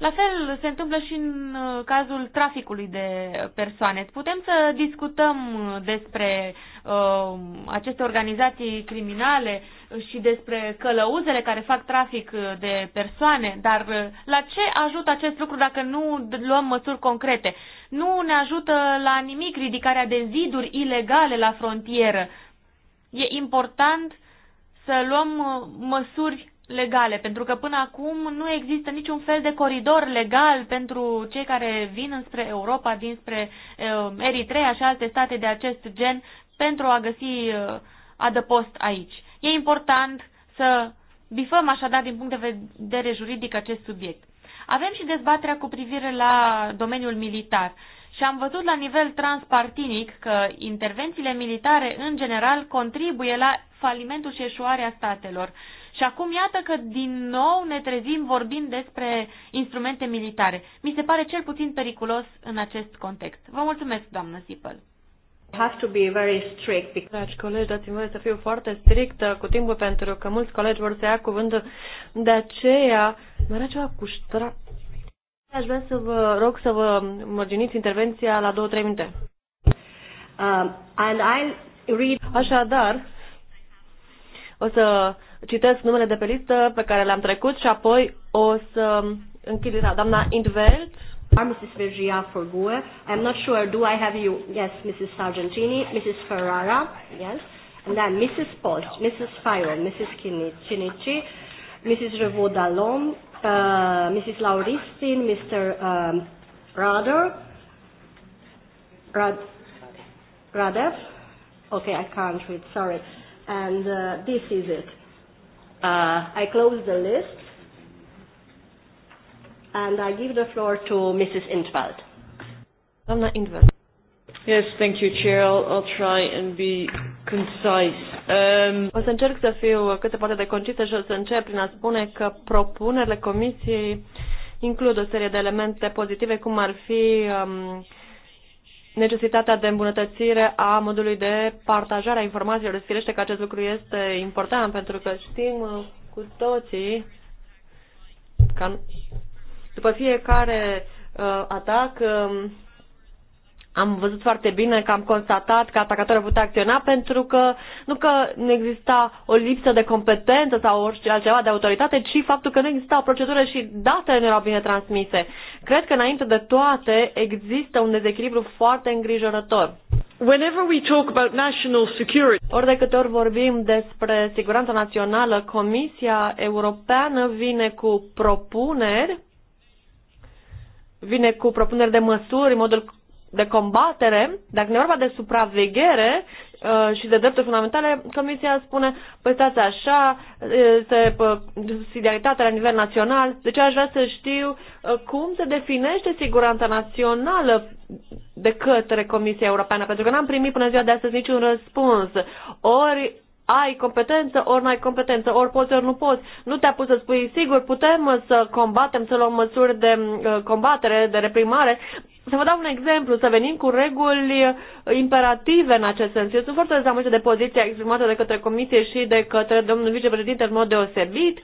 Speaker 2: La fel se întâmplă și în uh, cazul traficului de persoane. Putem să discutăm uh, despre uh, aceste organizații criminale și despre călăuzele care fac trafic uh, de persoane, dar la ce ajută acest lucru dacă nu luăm măsuri concrete? Nu ne ajută la nimic ridicarea de ziduri ilegale la frontieră. E important să luăm măsuri legale, pentru că până acum nu există niciun fel de coridor legal pentru cei care vin înspre Europa, dinspre uh, Eritrea și alte state de acest gen, pentru a găsi uh, adăpost aici. E important să bifăm așadar din punct de vedere juridic acest subiect. Avem și dezbaterea cu privire la domeniul militar și am văzut la nivel transpartinic că intervențiile militare în general contribuie la falimentul și eșuarea statelor. Și acum iată că din nou ne trezim vorbind despre instrumente militare. Mi se pare cel puțin periculos în acest context. Vă mulțumesc, doamnă Zipăl.
Speaker 3: Have to be very strict. Dragi colegi, dați-mi voie să fiu foarte strictă cu timpul pentru că mulți colegi vor să ia cuvântul. De aceea, mă era ceva cu ștra... Aș vrea să vă rog să vă mărginiți intervenția la două trei minute. Um, and I'll read... Așadar, o să citesc numele de pe listă pe care le-am trecut și apoi o să închid lista. Doamna Indveld. Mrs. Virgia Forgue. I'm not sure, do I have you? Yes, Mrs. Sargentini, Mrs. Ferrara, yes. And then Mrs. Post, Mrs. Fayol, Mrs. Chinichi, Mrs. Revaud Dallon, uh, Mrs. Lauristin, Mr. Um, Rader, Rad, Radev. Okay, I can't read, sorry. And uh, this is it. Uh, I close the list and I give the floor to Mrs. Intveld. Doamna Intveld. Yes, thank you, Chair. I'll, I'll try and be concise. Um... O să încerc să fiu cât se poate de concisă și o să încep prin a spune că propunerile Comisiei includ o serie de elemente pozitive, cum ar fi um, necesitatea de îmbunătățire a modului de partajare a informațiilor. Desfirește că acest lucru este important pentru că știm uh, cu toții că după fiecare uh, atac uh, am văzut foarte bine că am constatat că atacatorul putea acționa pentru că nu că nu exista o lipsă de competență sau orice altceva de autoritate, ci faptul că nu exista o procedură și datele nu erau bine transmise. Cred că înainte de toate există un dezechilibru foarte îngrijorător. Whenever we talk about national security, ori de câte ori vorbim despre siguranța națională, Comisia Europeană vine cu propuneri vine cu propuneri de măsuri, modul de combatere, dacă ne vorba de supraveghere uh, și de drepturi fundamentale, Comisia spune, păi stați așa, este uh, uh, subsidiaritatea la nivel național, deci aș vrea să știu cum se definește siguranța națională de către Comisia Europeană, pentru că n-am primit până ziua de astăzi niciun răspuns. Ori ai competență, ori nu ai competență, ori poți, ori nu poți. Nu te-a pus să spui, sigur, putem să combatem, să luăm măsuri de combatere, de reprimare, să vă dau un exemplu, să venim cu reguli uh, imperative în acest sens. Eu sunt foarte dezamăgită de poziția exprimată de către Comisie și de către domnul vicepreședinte în mod deosebit.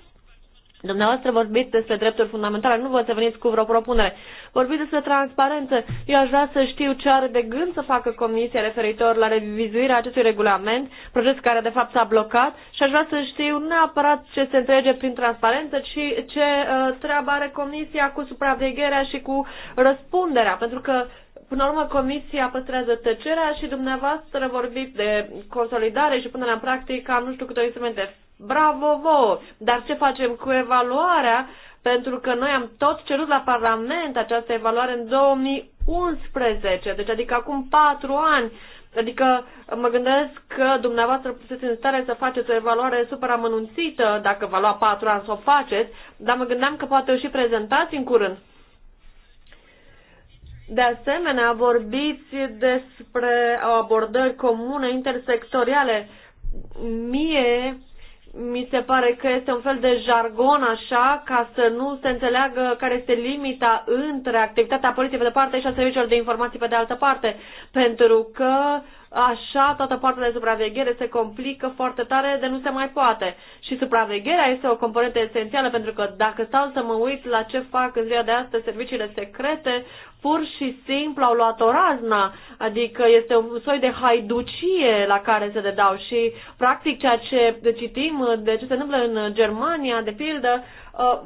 Speaker 3: Dumneavoastră vorbiți despre drepturi fundamentale, nu vă să veniți cu vreo propunere. Vorbiți despre transparență. Eu aș vrea să știu ce are de gând să facă Comisia referitor la revizuirea acestui regulament, proces care de fapt s-a blocat și aș vrea să știu neapărat ce se întrege prin transparență, ci ce uh, treabă are Comisia cu supravegherea și cu răspunderea, pentru că Până la urmă, Comisia păstrează tăcerea și dumneavoastră vorbiți de consolidare și punerea în practică am nu știu câte instrumente. Bravo vouă! Dar ce facem cu evaluarea? Pentru că noi am tot cerut la Parlament această evaluare în 2011, deci adică acum patru ani. Adică mă gândesc că dumneavoastră puteți în stare să faceți o evaluare super amănunțită, dacă va lua patru ani să o faceți, dar mă gândeam că poate o și prezentați în curând. De asemenea, vorbiți despre abordări comune, intersectoriale. Mie mi se pare că este un fel de jargon așa ca să nu se înțeleagă care este limita între activitatea poliției pe de parte și a serviciilor de informații pe de altă parte, pentru că uh, așa toată partea de supraveghere se complică foarte tare de nu se mai poate. Și supravegherea este o componentă esențială pentru că dacă stau să mă uit la ce fac în ziua de astăzi serviciile secrete, pur și simplu au luat o razna, adică este un soi de haiducie la care se dedau și practic ceea ce citim de ce se întâmplă în Germania, de pildă, Uh,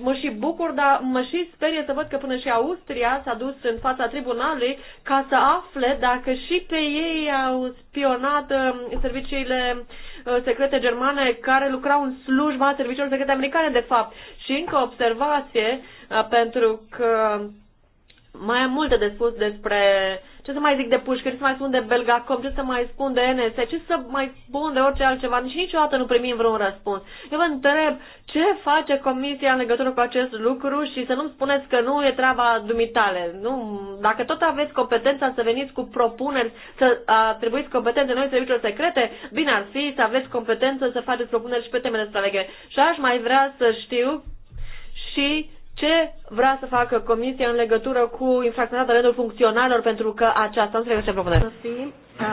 Speaker 3: mă și bucur, dar mă și sperie să văd că până și Austria s-a dus în fața tribunalului ca să afle dacă și pe ei au spionat um, serviciile uh, secrete germane care lucrau în slujba serviciilor secrete americane, de fapt. Și încă observație, uh, pentru că mai am multe de spus despre ce să mai zic de pușcări, ce să mai spun de Belgacom, ce să mai spun de NS, ce să mai spun de orice altceva. Nici niciodată nu primim vreun răspuns. Eu vă întreb ce face Comisia în legătură cu acest lucru și să nu-mi spuneți că nu e treaba dumitale. Nu, dacă tot aveți competența să veniți cu propuneri, să atribuiți competențe noi serviciilor secrete, bine ar fi să aveți competență să faceți propuneri și pe temele de Și aș mai vrea să știu și ce vrea să facă Comisia în legătură cu infracționarea rândul funcționarilor, pentru că aceasta nu se regăsește propunere? Să fi, Uh,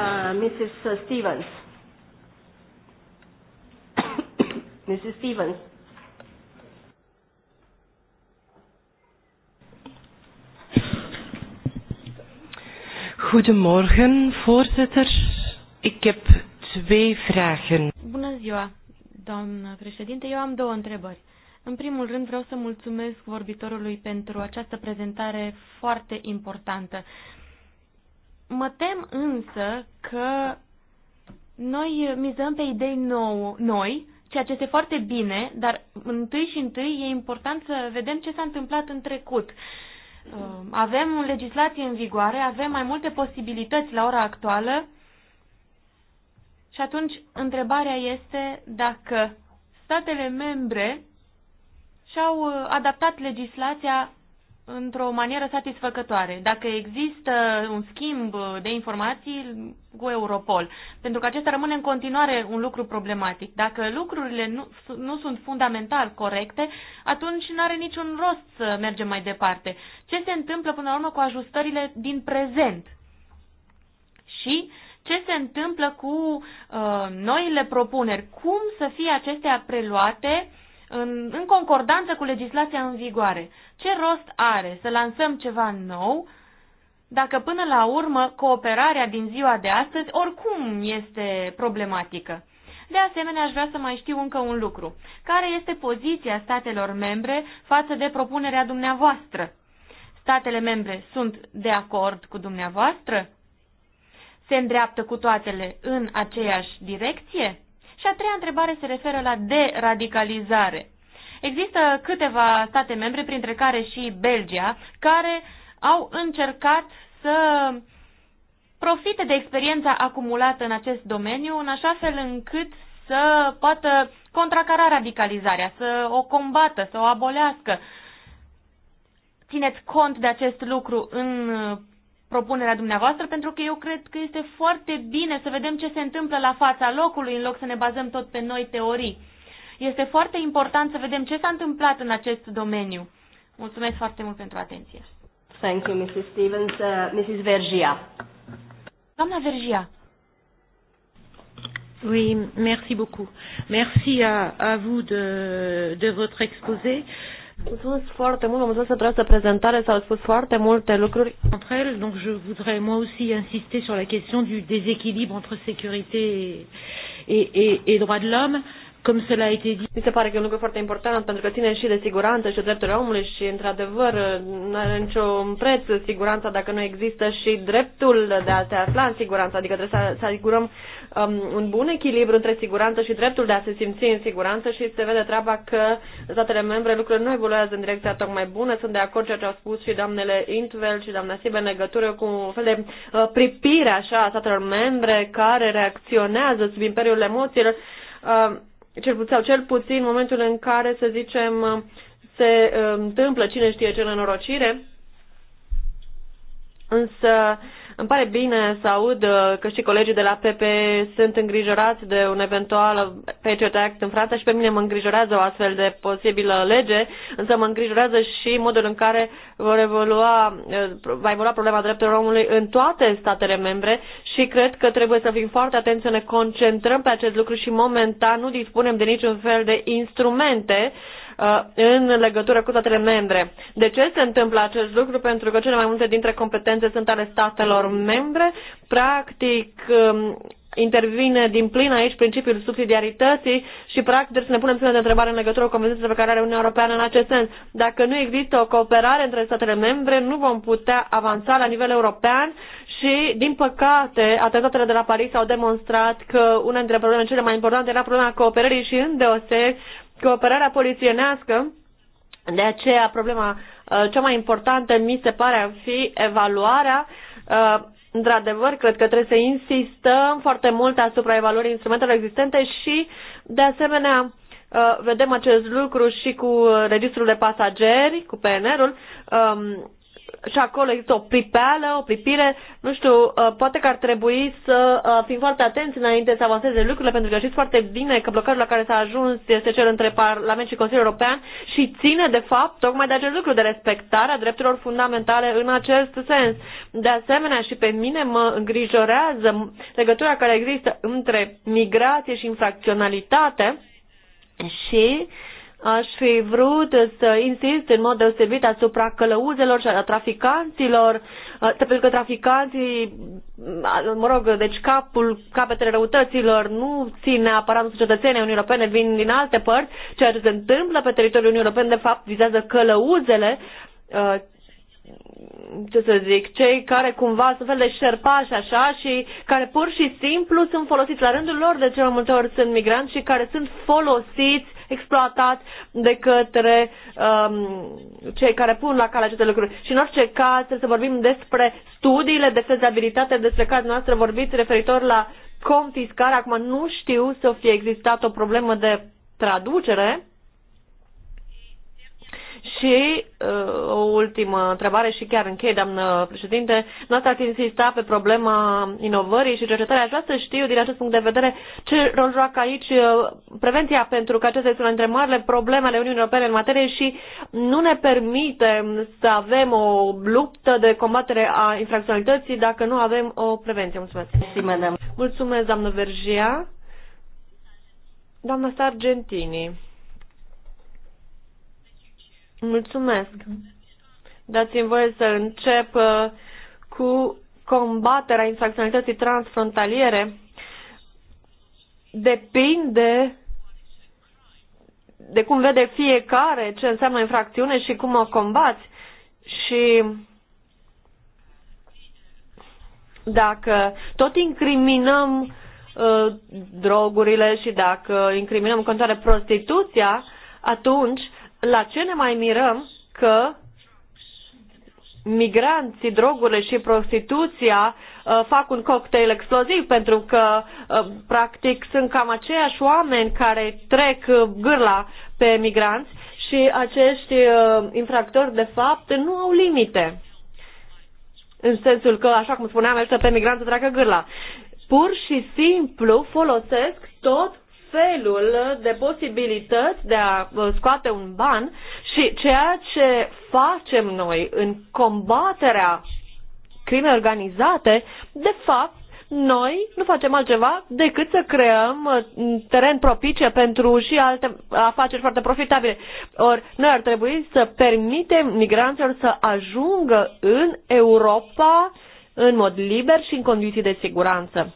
Speaker 3: Mrs. Stevens. Mrs. Stevens. Goedemorgen, voorzitter. Ik heb twee vragen.
Speaker 2: Bună ziua, doamnă președinte. Eu am două întrebări. În primul rând vreau să mulțumesc vorbitorului pentru această prezentare foarte importantă. Mă tem însă că noi mizăm pe idei nou, noi, ceea ce este foarte bine, dar întâi și întâi e important să vedem ce s-a întâmplat în trecut. Uh, avem legislație în vigoare, avem mai multe posibilități la ora actuală și atunci întrebarea este dacă statele membre și-au uh, adaptat legislația într-o manieră satisfăcătoare. Dacă există un schimb uh, de informații cu Europol, pentru că acesta rămâne în continuare un lucru problematic. Dacă lucrurile nu, nu sunt fundamental corecte, atunci nu are niciun rost să mergem mai departe. Ce se întâmplă până la urmă cu ajustările din prezent? Și ce se întâmplă cu uh, noile propuneri? Cum să fie acestea preluate uh, în, în concordanță cu legislația în vigoare. Ce rost are să lansăm ceva nou dacă până la urmă cooperarea din ziua de astăzi oricum este problematică? De asemenea, aș vrea să mai știu încă un lucru. Care este poziția statelor membre față de propunerea dumneavoastră? Statele membre sunt de acord cu dumneavoastră? Se îndreaptă cu toatele în aceeași direcție? Și a treia întrebare se referă la deradicalizare. Există câteva state membre, printre care și Belgia, care au încercat să profite de experiența acumulată în acest domeniu, în așa fel încât să poată contracara radicalizarea, să o combată, să o abolească. Țineți cont de acest lucru în propunerea dumneavoastră, pentru că eu cred că este foarte bine să vedem ce se întâmplă la fața locului, în loc să ne bazăm tot pe noi teorii. Este foarte important să vedem ce s-a întâmplat în acest domeniu. Mulțumesc foarte mult pentru atenție.
Speaker 3: Thank you, Mrs. Stevens. Uh, Mrs. Vergia.
Speaker 2: Doamna Vergia.
Speaker 3: Oui, merci beaucoup. Merci à, à vous de, de votre exposé. Euh, Mulțumesc foarte mult, mulțumesc pentru această prezentare, s-au spus foarte multe lucruri. Între ele, donc je voudrais moi aussi insister sur la question du déséquilibre entre sécurité et, et, et, et droits de l'homme. Euh, cum cela a été dit. Mi se pare că e un lucru foarte important pentru că ține și de siguranță și de drepturile omului și, într-adevăr, nu are niciun preț siguranța dacă nu există și dreptul de a te afla în siguranță. Adică trebuie să, să asigurăm um, un bun echilibru între siguranță și dreptul de a se simți în siguranță și se vede treaba că statele membre lucrurile nu evoluează în direcția tocmai bună. Sunt de acord ceea ce au spus și doamnele Intvel și doamna Sibă în legătură cu un fel de uh, pripire așa a statelor membre care reacționează sub imperiul emoțiilor. Uh, cel puțin, sau cel puțin momentul în care, să zicem, se um, întâmplă cine știe ce nenorocire, însă îmi pare bine să aud uh, că și colegii de la PP sunt îngrijorați de un eventual Patriot Act în Franța și pe mine mă îngrijorează o astfel de posibilă lege, însă mă îngrijorează și modul în care vor evolua, uh, va evolua problema drepturilor omului în toate statele membre și cred că trebuie să fim foarte atenți să ne concentrăm pe acest lucru și momentan nu dispunem de niciun fel de instrumente uh, Uh, în legătură cu statele membre. De ce se întâmplă acest lucru? Pentru că cele mai multe dintre competențe sunt ale statelor membre. Practic, um, intervine din plin aici principiul subsidiarității și practic trebuie să ne punem semne de întrebare în legătură cu competențele pe care are Uniunea Europeană în acest sens. Dacă nu există o cooperare între statele membre, nu vom putea avansa la nivel european și, din păcate, atentatele de la Paris au demonstrat că una dintre problemele cele mai importante era problema cooperării și îndeosebi cooperarea polițienească, de aceea problema uh, cea mai importantă mi se pare a fi evaluarea uh, Într-adevăr, cred că trebuie să insistăm foarte mult asupra evaluării instrumentelor existente și, de asemenea, uh, vedem acest lucru și cu registrul de pasageri, cu PNR-ul. Um, și acolo există o pripeală, o pripire, nu știu, uh, poate că ar trebui să uh, fim foarte atenți înainte să avanseze lucrurile, pentru că știți foarte bine că blocajul la care s-a ajuns este cel între Parlament și Consiliul European și ține, de fapt, tocmai de acest lucru, de respectarea drepturilor fundamentale în acest sens. De asemenea, și pe mine mă îngrijorează legătura care există între migrație și infracționalitate și uh, Aș fi vrut să insist în mod deosebit asupra călăuzelor și a traficanților, uh, pentru că traficanții, uh, mă rog, deci capul, capetele răutăților nu țin neapărat în societățenii Uniunii Europene, vin din alte părți. Ceea ce se întâmplă pe teritoriul Uniunii Europene, de fapt, vizează călăuzele uh, ce să zic, cei care cumva sunt fel de șerpași așa și care pur și simplu sunt folosiți la rândul lor, de cel mai multe ori sunt migranți și care sunt folosiți, exploatați de către um, cei care pun la cale aceste lucruri. Și în orice caz să vorbim despre studiile de fezabilitate despre care noastră vorbiți referitor la confiscare. Acum nu știu să fie existat o problemă de traducere și uh, o ultimă întrebare și chiar închei, doamnă președinte. Noastră ați insista pe problema inovării și cercetării. Aș vrea să știu, din acest punct de vedere, ce rol joacă aici uh, prevenția, pentru că acestea sunt între marile probleme ale Uniunii Europene în materie și nu ne permite să avem o luptă de combatere a infracționalității dacă nu avem o prevenție. Mulțumesc. Mulțumesc, doamnă Vergia. Doamna Sargentini. Mulțumesc. Dați-mi voie să încep uh, cu combaterea infracționalității transfrontaliere. Depinde de cum vede fiecare ce înseamnă infracțiune și cum o combați. Și dacă tot incriminăm uh, drogurile și dacă incriminăm în continuare prostituția, atunci la ce ne mai mirăm că migranții, drogurile și prostituția uh, fac un cocktail exploziv pentru că uh, practic sunt cam aceiași oameni care trec uh, gârla pe migranți și acești uh, infractori de fapt nu au limite. În sensul că, așa cum spuneam, este pe migranți să treacă gârla. Pur și simplu folosesc tot felul de posibilități de a uh, scoate un ban și ceea ce facem noi în combaterea crimei organizate, de fapt, noi nu facem altceva decât să creăm uh, teren propice pentru și alte afaceri foarte profitabile. Ori noi ar trebui să permitem migranților să ajungă în Europa în mod liber și în condiții de siguranță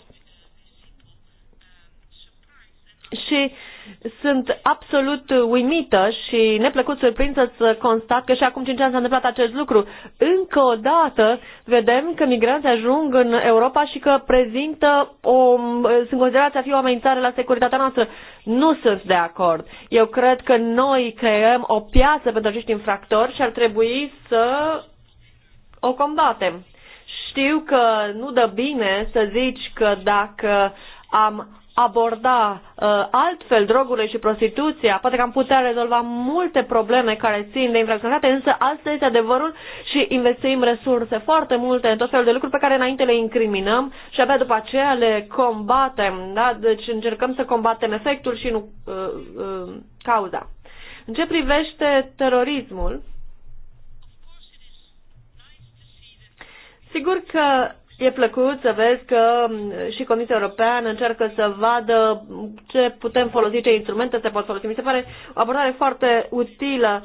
Speaker 3: și sunt absolut uimită și neplăcut surprinsă să constat că și acum cinci ani s-a întâmplat acest lucru. Încă o dată vedem că migranții ajung în Europa și că prezintă o, sunt considerați a fi o amenințare la securitatea noastră. Nu sunt de acord. Eu cred că noi creăm o piață pentru acești infractori și ar trebui să o combatem. Știu că nu dă bine să zici că dacă am aborda uh, altfel drogurile și prostituția, poate că am putea rezolva multe probleme care țin de infracționalitate, însă asta este adevărul și investim resurse foarte multe în tot felul de lucruri pe care înainte le incriminăm și abia după aceea le combatem, da? Deci încercăm să combatem efectul și nu uh, uh, cauza. În ce privește terorismul, sigur că E plăcut să vezi că mm, și Comisia Europeană încearcă să vadă ce putem folosi, ce instrumente se pot folosi. Mi se pare o abordare foarte utilă.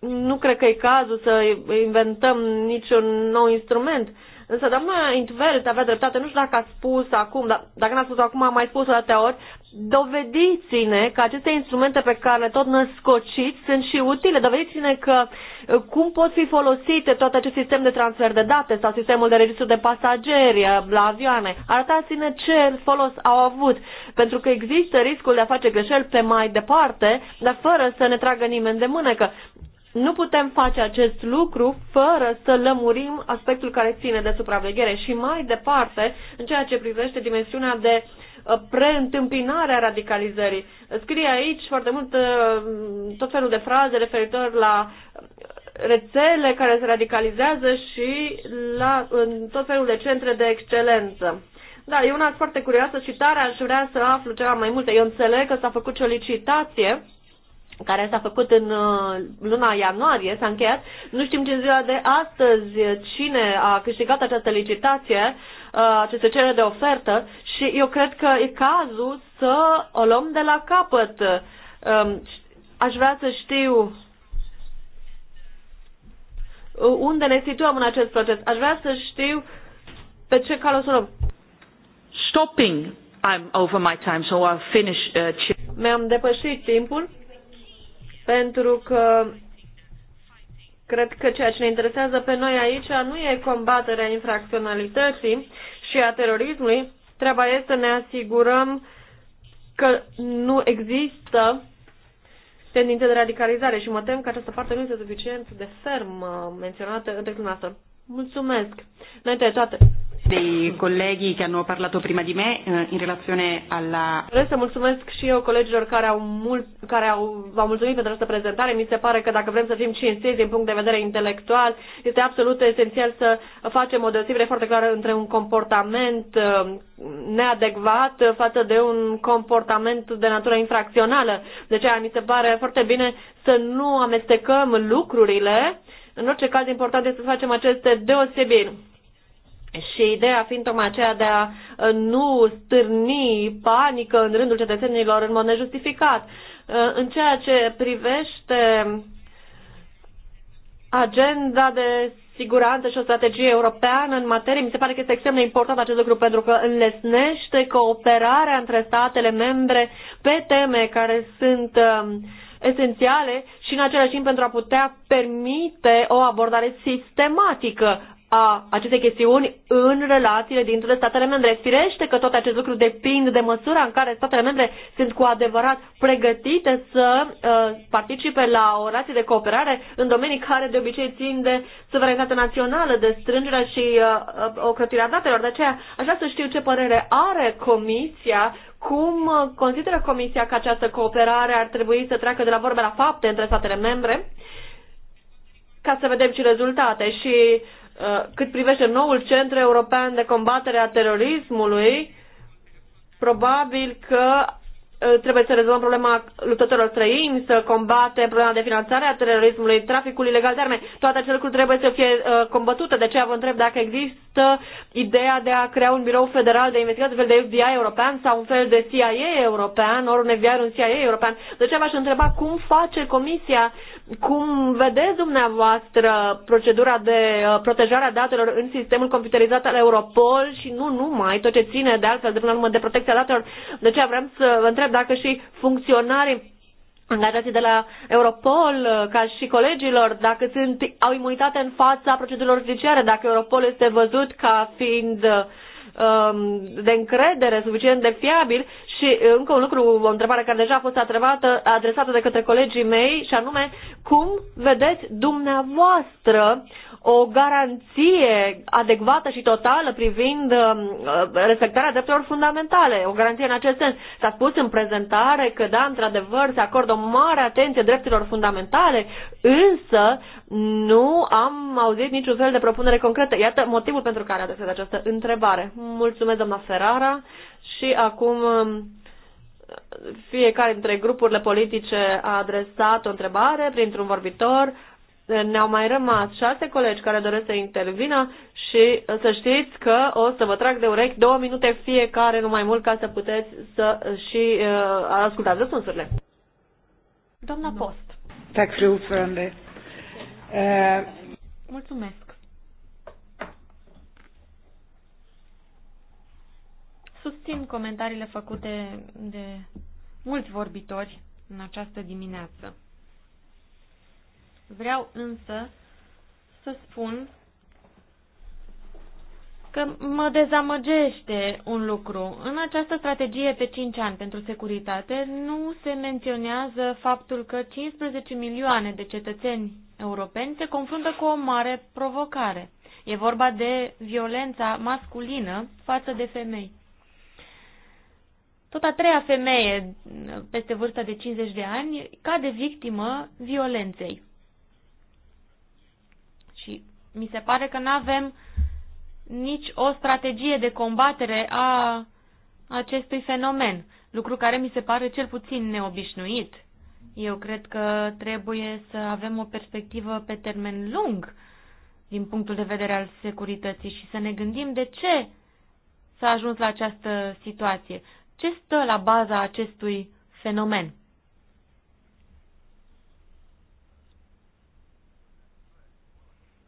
Speaker 3: Nu cred că e cazul să inventăm niciun nou instrument. Însă doamna Intvelt avea dreptate, nu știu dacă a spus acum, dar dacă n-a spus acum, a mai spus o dată ori, dovediți-ne că aceste instrumente pe care le tot născociți sunt și utile. Dovediți-ne că uh, cum pot fi folosite tot acest sistem de transfer de date sau sistemul de registru de pasageri uh, la avioane. Arătați-ne ce folos au avut, pentru că există riscul de a face greșeli pe mai departe, dar fără să ne tragă nimeni de mânecă. Nu putem face acest lucru fără să lămurim aspectul care ține de supraveghere și mai departe, în ceea ce privește dimensiunea de Uh, preîntâmpinarea radicalizării. Scrie aici foarte mult uh, tot felul de fraze referitor la rețele care se radicalizează și la, în tot felul de centre de excelență. Da, e una foarte curioasă tare, aș vrea să aflu ceva mai multe. Eu înțeleg că s-a făcut și o licitație care s-a făcut în uh, luna ianuarie, s-a încheiat. Nu știm ce ziua de astăzi cine a câștigat această licitație, aceste cere de ofertă și eu cred că e cazul să o luăm de la capăt. Um, aș vrea să știu unde ne situăm în acest proces. Aș vrea să știu pe ce cal o să luăm.
Speaker 2: Stopping. I'm over my time, so I'll finish. Uh,
Speaker 3: Mi-am depășit timpul pentru că cred că ceea ce ne interesează pe noi aici nu e combaterea infracționalității și a terorismului, Treaba este să ne asigurăm că nu există tendințe de radicalizare și mă tem că această parte nu este suficient de ferm uh, menționată între dumneavoastră. Mulțumesc!
Speaker 4: Înainte de toate, dei colleghi che hanno parlato prima di me eh, in relazione alla...
Speaker 3: Vreau să mulțumesc și eu colegilor care au, mult, care au v-au mulțumit pentru această prezentare. Mi se pare că dacă vrem să fim cinstiți din punct de vedere intelectual, este absolut esențial să facem o deosebire foarte clară între un comportament eh, neadecvat față de un comportament de natură infracțională. De aceea mi se pare foarte bine să nu amestecăm lucrurile. În orice caz, important este să facem aceste deosebiri. Și ideea fiind tocmai aceea de a uh, nu stârni panică în rândul cetățenilor în mod nejustificat. Uh, în ceea ce privește agenda de siguranță și o strategie europeană în materie. Mi se pare că este extrem de important acest lucru pentru că înlesnește cooperarea între statele membre pe teme care sunt um, esențiale și în același timp pentru a putea permite o abordare sistematică a acestei chestiuni în relațiile dintre statele membre. Firește că tot acest lucru depinde de măsura în care statele membre sunt cu adevărat pregătite să uh, participe la o relație de cooperare în domenii care de obicei țin de suveranitatea națională, de strângerea și uh, uh, ocrotirea datelor. De aceea aș vrea să știu ce părere are Comisia cum consideră Comisia că această cooperare ar trebui să treacă de la vorbe la fapte între statele membre ca să vedem și rezultate și uh, Uh, cât privește noul centru european de combatere a terorismului, probabil că uh, trebuie să rezolvăm problema luptătorilor străini, să combatem problema de finanțare a terorismului, traficul ilegal de arme. Toate aceste lucruri trebuie să fie uh, combătute. De aceea vă întreb dacă există ideea de a crea un birou federal de investigație, un fel de FBI european sau un fel de CIA european, ori un FBI, un CIA european. De aceea v-aș întreba cum face Comisia cum vedeți dumneavoastră procedura de uh, protejare a datelor în sistemul computerizat al Europol și nu numai, tot ce ține de altfel de până la urmă de protecția datelor, de ce vrem să vă întreb dacă și funcționarii angajații de la Europol, uh, ca și colegilor, dacă sunt, au imunitate în fața procedurilor judiciare, dacă Europol este văzut ca fiind uh, um, de încredere suficient de fiabil și uh, încă un lucru, o întrebare care deja a fost atrevată, adresată de către colegii mei, și anume, cum vedeți dumneavoastră o garanție adecvată și totală privind uh, respectarea drepturilor fundamentale, o garanție în acest sens. S-a spus în prezentare că, da, într-adevăr, se acordă o mare atenție drepturilor fundamentale, însă nu am auzit niciun fel de propunere concretă. Iată motivul pentru care adresez această întrebare. Mulțumesc, doamna Ferrara și acum um, fiecare dintre grupurile politice a adresat o întrebare printr-un vorbitor. Ne-au mai rămas șase colegi care doresc să intervină și să știți că o să vă trag de urechi două minute fiecare, nu mai mult, ca să puteți să și uh, ascultați răspunsurile.
Speaker 2: Doamna Post. Eh. Mulțumesc. Susțin comentariile făcute de mulți vorbitori în această dimineață. Vreau însă să spun că mă dezamăgește un lucru. În această strategie pe 5 ani pentru securitate nu se menționează faptul că 15 milioane de cetățeni europeni se confruntă cu o mare provocare. E vorba de violența masculină față de femei tot a treia femeie peste vârsta de 50 de ani cade victimă violenței. Și mi se pare că nu avem nici o strategie de combatere a acestui fenomen, lucru care mi se pare cel puțin neobișnuit. Eu cred că trebuie să avem o perspectivă pe termen lung din punctul de vedere al securității și să ne gândim de ce s-a ajuns la această situație. Ce stă la baza acestui fenomen?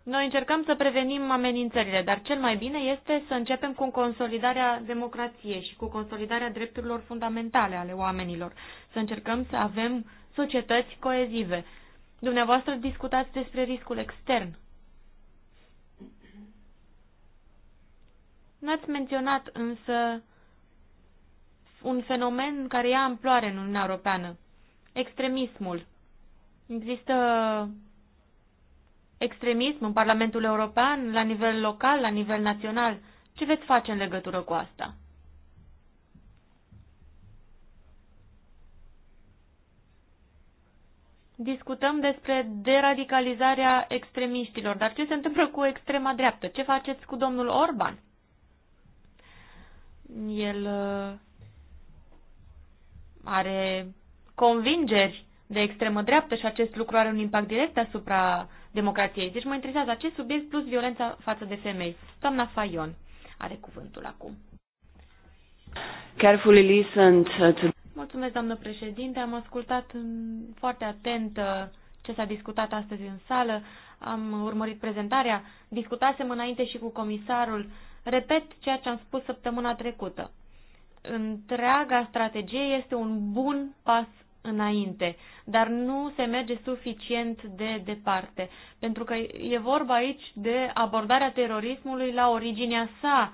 Speaker 2: Noi încercăm să prevenim amenințările, dar cel mai bine este să începem cu consolidarea democrației și cu consolidarea drepturilor fundamentale ale oamenilor. Să încercăm să avem societăți coezive. Dumneavoastră discutați despre riscul extern. N-ați menționat însă un fenomen care ia amploare în Uniunea Europeană. Extremismul. Există extremism în Parlamentul European, la nivel local, la nivel național. Ce veți face în legătură cu asta? Discutăm despre deradicalizarea extremiștilor, dar ce se întâmplă cu extrema dreaptă? Ce faceți cu domnul Orban? El uh, are convingeri de extremă dreaptă și acest lucru are un impact direct asupra democrației. Deci mă interesează acest subiect plus violența față de femei. Doamna Fayon are cuvântul acum.
Speaker 4: Carefully listened to...
Speaker 2: Mulțumesc, doamnă președinte. Am ascultat foarte atent uh, ce s-a discutat astăzi în sală. Am urmărit prezentarea. Discutasem înainte și cu comisarul. Repet ceea ce am spus săptămâna trecută întreaga strategie este un bun pas înainte, dar nu se merge suficient de departe, pentru că e vorba aici de abordarea terorismului la originea sa.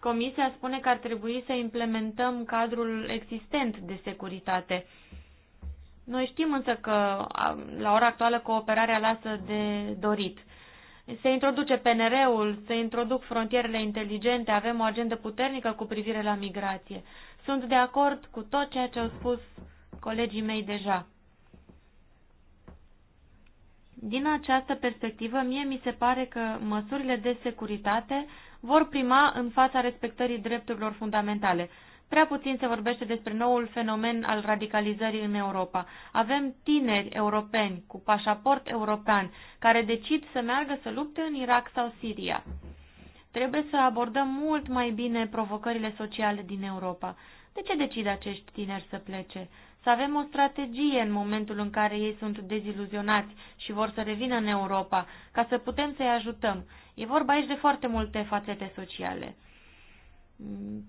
Speaker 2: Comisia spune că ar trebui să implementăm cadrul existent de securitate. Noi știm însă că la ora actuală cooperarea lasă de dorit. Se introduce PNR-ul, se introduc frontierele inteligente, avem o agendă puternică cu privire la migrație. Sunt de acord cu tot ceea ce au spus colegii mei deja. Din această perspectivă, mie mi se pare că măsurile de securitate vor prima în fața respectării drepturilor fundamentale. Prea puțin se vorbește despre noul fenomen al radicalizării în Europa. Avem tineri europeni cu pașaport european care decid să meargă să lupte în Irak sau Siria. Trebuie să abordăm mult mai bine provocările sociale din Europa. De ce decid acești tineri să plece? Să avem o strategie în momentul în care ei sunt deziluzionați și vor să revină în Europa, ca să putem să-i ajutăm. E vorba aici de foarte multe fațete sociale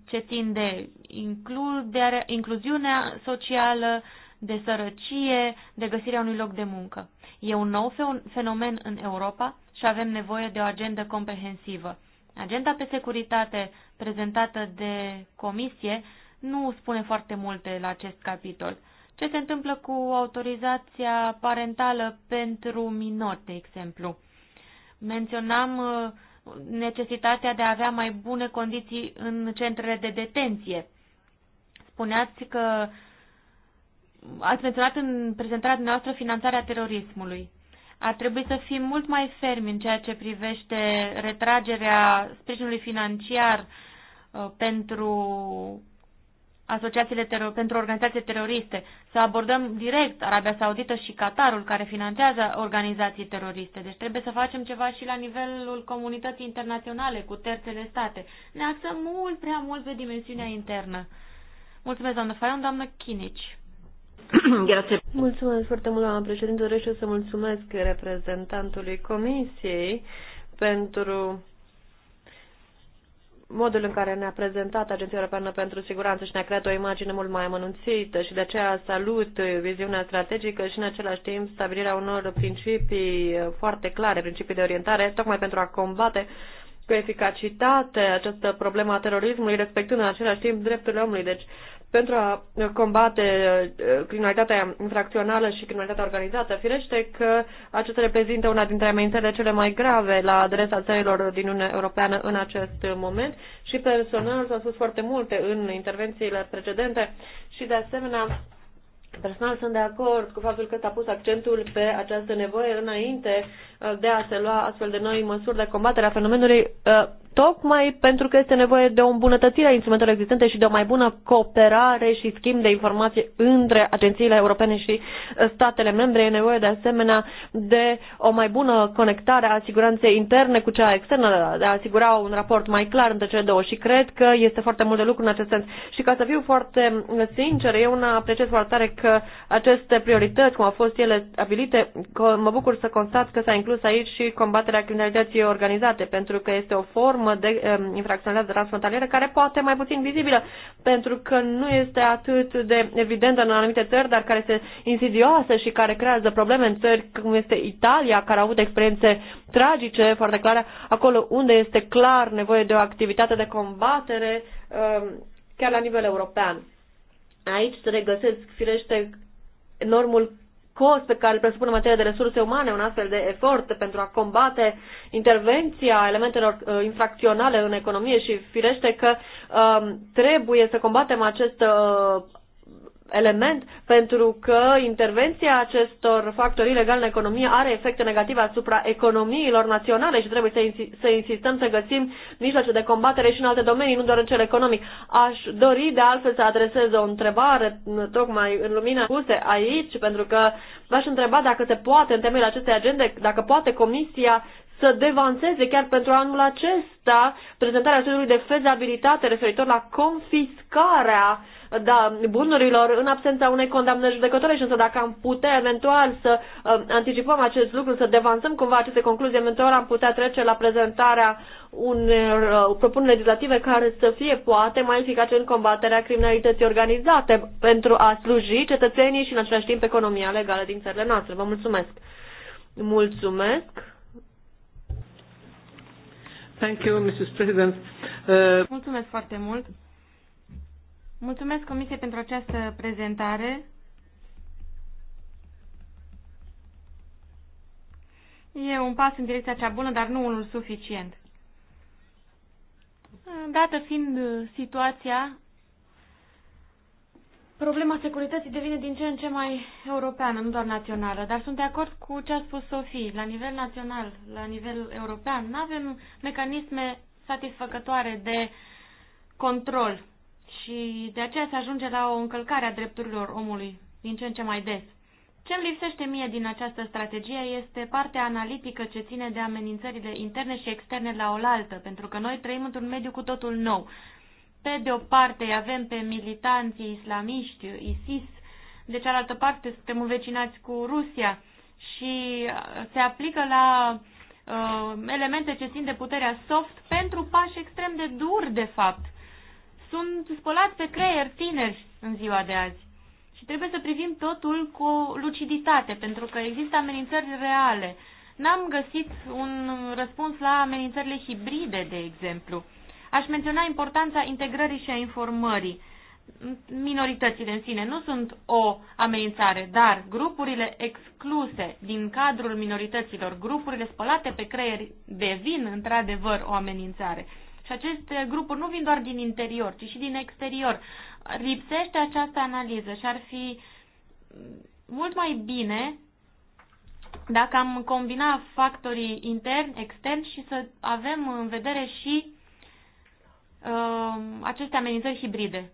Speaker 2: ce țin de incluziunea socială, de sărăcie, de găsirea unui loc de muncă. E un nou fenomen în Europa și avem nevoie de o agendă comprehensivă. Agenda pe securitate prezentată de comisie nu spune foarte multe la acest capitol. Ce se întâmplă cu autorizația parentală pentru minori, de exemplu? Menționam uh, necesitatea de a avea mai bune condiții în centrele de detenție. Spuneați că ați menționat în prezentarea dumneavoastră finanțarea terorismului. Ar trebui să fim mult mai fermi în ceea ce privește retragerea sprijinului financiar uh, pentru asociațiile teror- pentru organizații teroriste să abordăm direct Arabia Saudită și Qatarul, care finanțează organizații teroriste. Deci trebuie să facem ceva și la nivelul comunității internaționale cu terțele state. Ne axăm mult prea mult pe dimensiunea internă. Mulțumesc, doamnă Faion, doamnă Chinici.
Speaker 3: Mulțumesc foarte mult, doamnă președinte. Doresc să mulțumesc reprezentantului Comisiei pentru modul în care ne-a prezentat Agenția Europeană pentru Siguranță și ne-a creat o imagine mult mai amănunțită și de aceea salut viziunea strategică și în același timp stabilirea unor principii foarte clare, principii de orientare, tocmai pentru a combate cu eficacitate această problemă a terorismului, respectând în același timp drepturile omului. Deci, pentru a combate uh, criminalitatea infracțională și criminalitatea organizată. Firește că acestea reprezintă una dintre amenințele cele mai grave la adresa țărilor din Uniunea Europeană în acest moment și personal s-a spus foarte multe în intervențiile precedente și de asemenea Personal sunt de acord cu faptul că s-a pus accentul pe această nevoie înainte uh, de a se lua astfel de noi măsuri de combatere a fenomenului, uh, tocmai pentru că este nevoie de o îmbunătățire a instrumentelor existente și de o mai bună cooperare și schimb de informații între agențiile europene și uh, statele membre. E nevoie de asemenea de o mai bună conectare a siguranței interne cu cea externă, de a asigura un raport mai clar între cele două și cred că este foarte mult de lucru în acest sens. Și ca să fiu foarte sincer, eu una apreciez foarte tare că că aceste priorități, cum au fost ele stabilite, mă bucur să constat că s-a inclus aici și combaterea criminalității organizate, pentru că este o formă de um, infracționalitate transfrontalieră care poate mai puțin vizibilă, pentru că nu este atât de evidentă în anumite țări, dar care este insidioasă și care creează probleme în țări cum este Italia, care a avut experiențe tragice, foarte clare, acolo unde este clar nevoie de o activitate de combatere um, chiar la nivel european. Aici se regăsesc, firește, normul cost pe care îl presupune materia de resurse umane, un astfel de efort pentru a combate intervenția elementelor uh, infracționale în economie și firește că uh, trebuie să combatem acest uh, element pentru că intervenția acestor factori ilegali în economie are efecte negative asupra economiilor naționale și trebuie să, insi- să insistăm să găsim mijloace de combatere și în alte domenii, nu doar în cel economic. Aș dori de altfel să adresez o întrebare tocmai în lumina puse aici, pentru că v-aș întreba dacă se poate în temele acestei agende, dacă poate Comisia să devanseze chiar pentru anul acesta prezentarea studiului de fezabilitate referitor la confiscarea da, bunurilor în absența unei condamnări judecătorești, însă dacă am putea eventual să uh, anticipăm acest lucru, să devansăm cumva aceste concluzii, eventual am putea trece la prezentarea unor uh, propuneri legislative care să fie poate mai eficace în combaterea criminalității organizate pentru a sluji cetățenii și în același timp economia legală din țările noastre. Vă mulțumesc! Mulțumesc!
Speaker 1: Thank you, Mrs. President. Uh...
Speaker 2: Mulțumesc foarte mult. Mulțumesc Comisiei pentru această prezentare. E un pas în direcția cea bună, dar nu unul suficient. Dată fiind situația, problema securității devine din ce în ce mai europeană, nu doar națională, dar sunt de acord cu ce a spus Sofie. La nivel național, la nivel european, nu avem mecanisme satisfăcătoare de control și de aceea se ajunge la o încălcare a drepturilor omului din ce în ce mai des. Ce îmi lipsește mie din această strategie este partea analitică ce ține de amenințările interne și externe la oaltă, pentru că noi trăim într-un mediu cu totul nou. Pe de o parte avem pe militanții islamiști, ISIS, de cealaltă parte suntem învecinați cu Rusia și uh, se aplică la uh, elemente ce țin de puterea soft pentru pași extrem de duri, de fapt. Sunt spălați pe creier tineri în ziua de azi. Și trebuie să privim totul cu luciditate, pentru că există amenințări reale. N-am găsit un răspuns la amenințările hibride, de exemplu. Aș menționa importanța integrării și a informării. Minoritățile în sine nu sunt o amenințare, dar grupurile excluse din cadrul minorităților, grupurile spălate pe creier, devin într-adevăr o amenințare. Și aceste grupuri nu vin doar din interior, ci și din exterior. Lipsește această analiză și ar fi mult mai bine dacă am combina factorii interni, externi și să avem în vedere și uh, aceste amenințări hibride.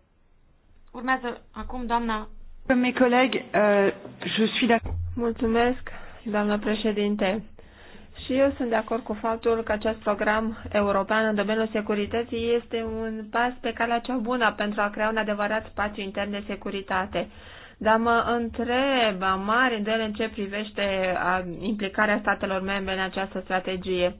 Speaker 4: Urmează acum doamna. Mes uh, je suis Mulțumesc, doamna președinte. Și eu sunt de acord cu faptul că acest program european în domeniul securității este un pas pe calea cea bună pentru a crea un adevărat spațiu intern de securitate. Dar mă întreb, mare îndoială în ce privește uh, implicarea statelor membre în această strategie.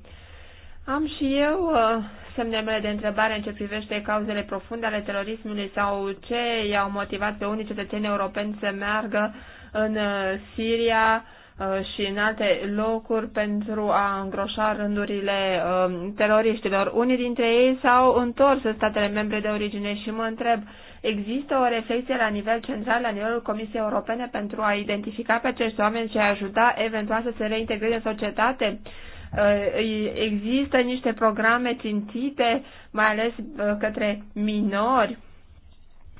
Speaker 4: Am și eu uh, semne mele de întrebare în ce privește cauzele profunde ale terorismului sau ce i-au motivat pe unii cetățeni europeni să meargă în uh, Siria uh, și în alte locuri pentru a îngroșa rândurile teroriștilor. Unii dintre ei s-au întors în statele membre de origine și mă întreb, există o reflexie la nivel central, la nivelul Comisiei Europene pentru a identifica pe acești oameni și a ajuta eventual să se reintegreze în societate? Uh, există niște programe țintite, mai ales uh, către minori.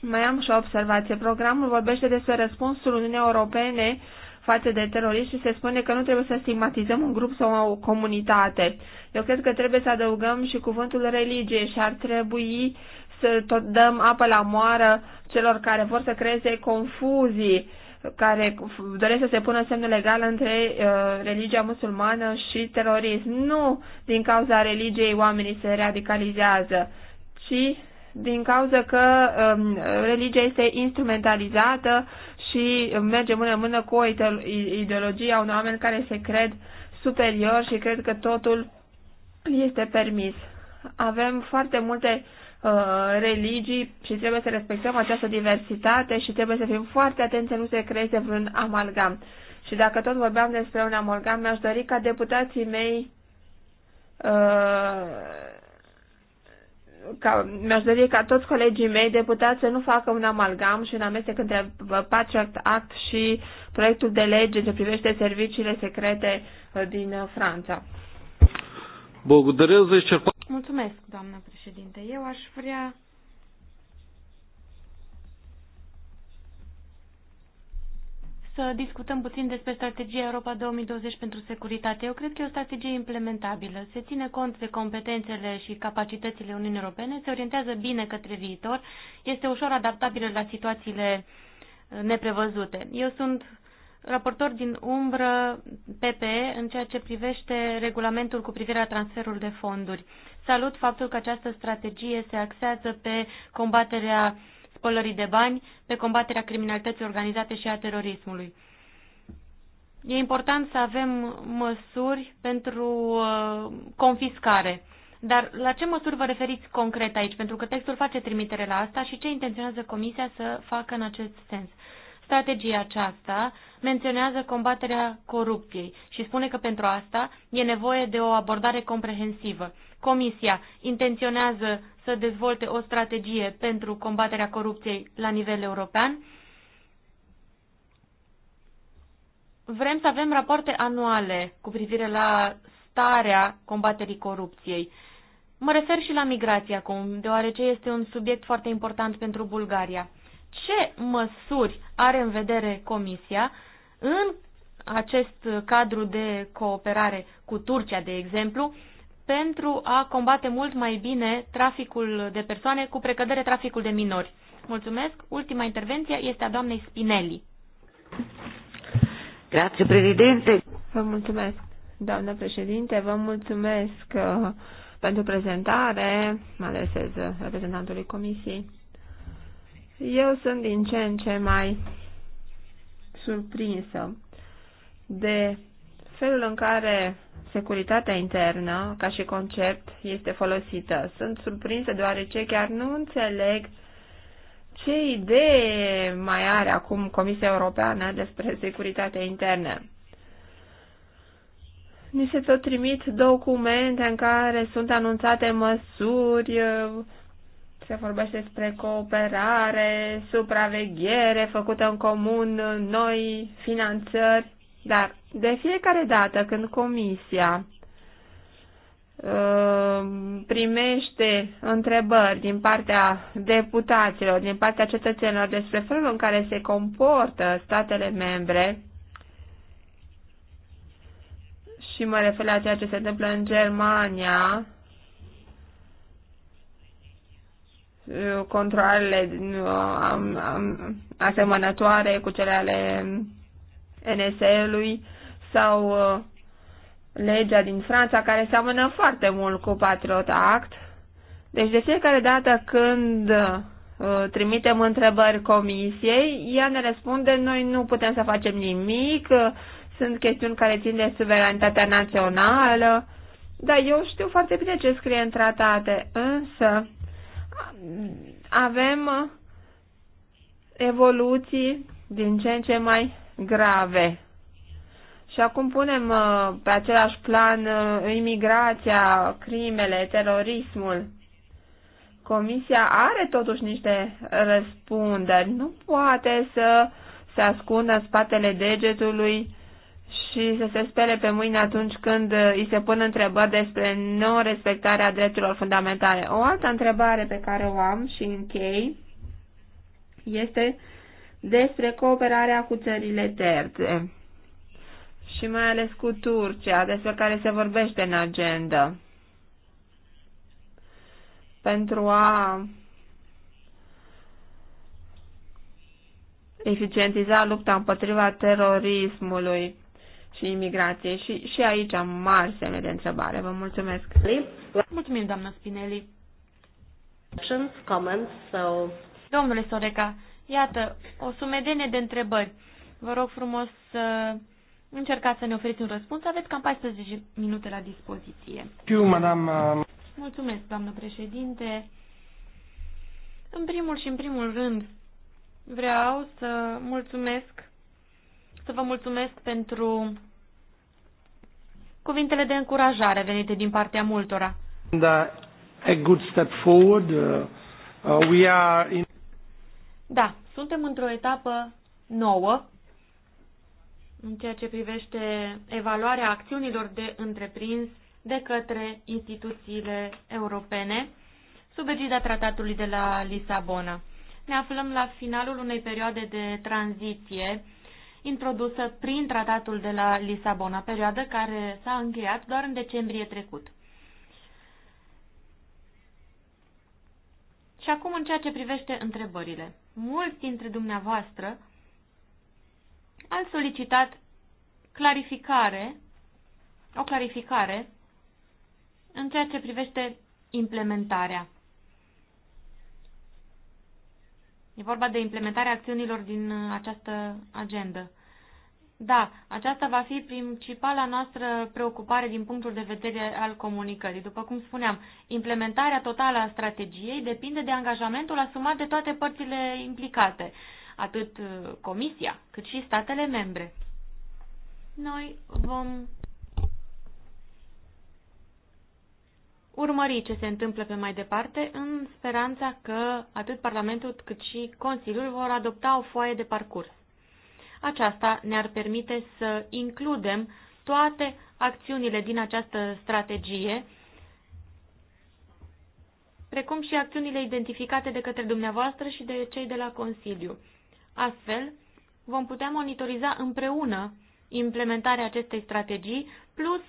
Speaker 4: Mai am și o observație. Programul vorbește despre răspunsul Uniunii Europene față de teroriști și se spune că nu trebuie să stigmatizăm un grup sau o comunitate. Eu cred că trebuie să adăugăm și cuvântul religie și ar trebui să tot dăm apă la moară celor care vor să creeze confuzii care doresc să se pună semnul legal între uh, religia musulmană și terorism. Nu din cauza religiei oamenii se radicalizează, ci din cauza că um, religia este instrumentalizată și merge mână în mână cu o ideologie a unor oameni care se cred superior și cred că totul este permis. Avem foarte multe uh, Uh, religii și trebuie să respectăm această diversitate și trebuie să fim foarte atenți să nu se creeze vreun amalgam. Și dacă tot vorbeam despre un amalgam, mi-aș dori ca deputații mei uh, ca, mi-aș dori ca toți colegii mei deputați să nu facă un amalgam și un amestec între Patriot Act și proiectul de lege ce privește serviciile secrete uh, din Franța. Благодаря Mulțumesc, doamnă președinte. Eu aș vrea
Speaker 2: să discutăm puțin despre strategia Europa 2020 pentru securitate. Eu cred că e o strategie implementabilă. Se ține cont de competențele și capacitățile Uniunii Europene, se orientează bine către viitor, este ușor adaptabilă la situațiile neprevăzute. Eu sunt raportor din umbră PPE în ceea ce privește regulamentul cu privire la transferul de fonduri. Salut faptul că această strategie se axează pe combaterea spălării de bani, pe combaterea criminalității organizate și a terorismului. E important să avem măsuri pentru uh, confiscare. Dar la ce măsuri vă referiți concret aici? Pentru că textul face trimitere la asta și ce intenționează Comisia să facă în acest sens? Strategia aceasta menționează combaterea corupției și spune că pentru asta e nevoie de o abordare comprehensivă. Comisia intenționează să dezvolte o strategie pentru combaterea corupției la nivel european. Vrem să avem rapoarte anuale cu privire la starea combaterii corupției. Mă refer și la migrație acum, deoarece este un subiect foarte important pentru Bulgaria ce măsuri are în vedere Comisia în acest cadru de cooperare cu Turcia, de exemplu, pentru a combate mult mai bine traficul de persoane, cu precădere traficul de minori. Mulțumesc. Ultima intervenție este a doamnei Spinelli. Grazie,
Speaker 4: președinte. Vă mulțumesc, doamnă președinte. Vă mulțumesc uh, pentru prezentare. Mă adresez uh, reprezentantului Comisiei. Eu sunt din ce în ce mai surprinsă de felul în care securitatea internă, ca și concept, este folosită. Sunt surprinsă deoarece chiar nu înțeleg ce idee mai are acum Comisia Europeană despre securitatea internă. Ni se tot trimit documente în care sunt anunțate măsuri, se vorbește despre cooperare, supraveghere făcută în comun, noi finanțări, dar de fiecare dată când comisia uh, primește întrebări din partea deputaților, din partea cetățenilor despre felul în care se comportă statele membre și mă refer la ceea ce se întâmplă în Germania, controlele uh, asemănătoare cu cele ale NSE-ului sau uh, legea din Franța care seamănă foarte mult cu Patriot Act. Deci de fiecare dată când uh, trimitem întrebări comisiei, ea ne răspunde noi nu putem să facem nimic, sunt chestiuni care țin de suveranitatea națională, dar eu știu foarte bine ce scrie în tratate, însă avem evoluții din ce în ce mai grave. Și acum punem uh, pe același plan uh, imigrația, crimele, terorismul. Comisia are totuși niște răspunderi. Nu poate să se ascundă în spatele degetului și să se spele pe mâini atunci când uh, îi se pun întrebări despre non-respectarea drepturilor fundamentale. O altă întrebare pe care o am și închei este despre cooperarea cu țările terțe și mai ales cu Turcia, despre care se vorbește în agenda. Pentru a eficientiza lupta împotriva terorismului și imigrație. Și, și aici am mari semne de întrebare. Vă mulțumesc.
Speaker 2: Mulțumim, doamnă Spinelli. Domnule Soreca, iată, o sumedenie de întrebări. Vă rog frumos să încercați să ne oferiți un răspuns. Aveți cam 14 minute la dispoziție.
Speaker 1: Uh,
Speaker 2: mulțumesc, doamnă președinte. În primul și în primul rând, vreau să mulțumesc să vă mulțumesc pentru cuvintele de încurajare venite din partea multora.
Speaker 1: Da, a good step forward. Uh, uh, we are in...
Speaker 2: Da, suntem într-o etapă nouă în ceea ce privește evaluarea acțiunilor de întreprins de către instituțiile europene sub egida tratatului de la Lisabona. Ne aflăm la finalul unei perioade de tranziție introdusă prin tratatul de la Lisabona, perioadă care s-a încheiat doar în decembrie trecut. Și acum în ceea ce privește întrebările. Mulți dintre dumneavoastră au solicitat clarificare, o clarificare în ceea ce privește implementarea. E vorba de implementarea acțiunilor din uh, această agendă. Da, aceasta va fi principala noastră preocupare din punctul de vedere al comunicării. După cum spuneam, implementarea totală a strategiei depinde de angajamentul asumat de toate părțile implicate, atât uh, Comisia cât și statele membre. Noi vom urmări ce se întâmplă pe mai departe în speranța că atât Parlamentul cât și Consiliul vor adopta o foaie de parcurs. Aceasta ne-ar permite să includem toate acțiunile din această strategie, precum și acțiunile identificate de către dumneavoastră și de cei de la Consiliu. Astfel, vom putea monitoriza împreună implementarea acestei strategii, plus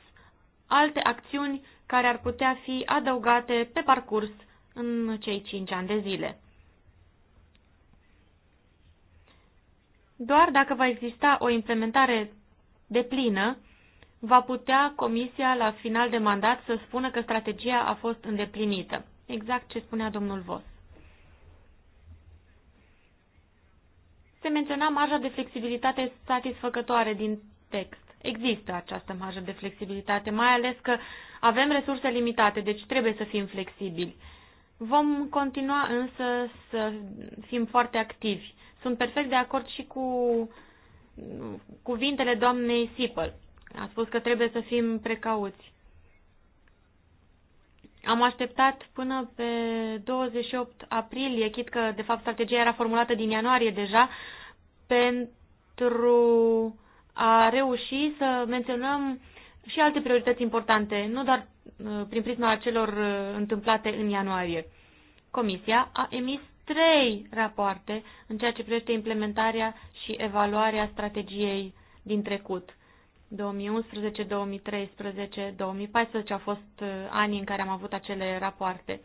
Speaker 2: alte acțiuni care ar putea fi adăugate pe parcurs în cei 5 ani de zile. Doar dacă va exista o implementare deplină, va putea Comisia la final de mandat să spună că strategia a fost îndeplinită. Exact ce spunea domnul Vos. Se menționa marja de flexibilitate satisfăcătoare din text există această marjă de flexibilitate, mai ales că avem resurse limitate, deci trebuie să fim flexibili. Vom continua însă să fim foarte activi. Sunt perfect de acord și cu cuvintele doamnei Sipăl. A spus că trebuie să fim precauți. Am așteptat până pe 28 aprilie, chit că de fapt strategia era formulată din ianuarie deja, pentru a reuși să menționăm și alte priorități importante, nu doar uh, prin prisma celor uh, întâmplate în ianuarie. Comisia a emis trei rapoarte în ceea ce privește implementarea și evaluarea strategiei din trecut. 2011, 2013, 2014 au fost uh, anii în care am avut acele rapoarte.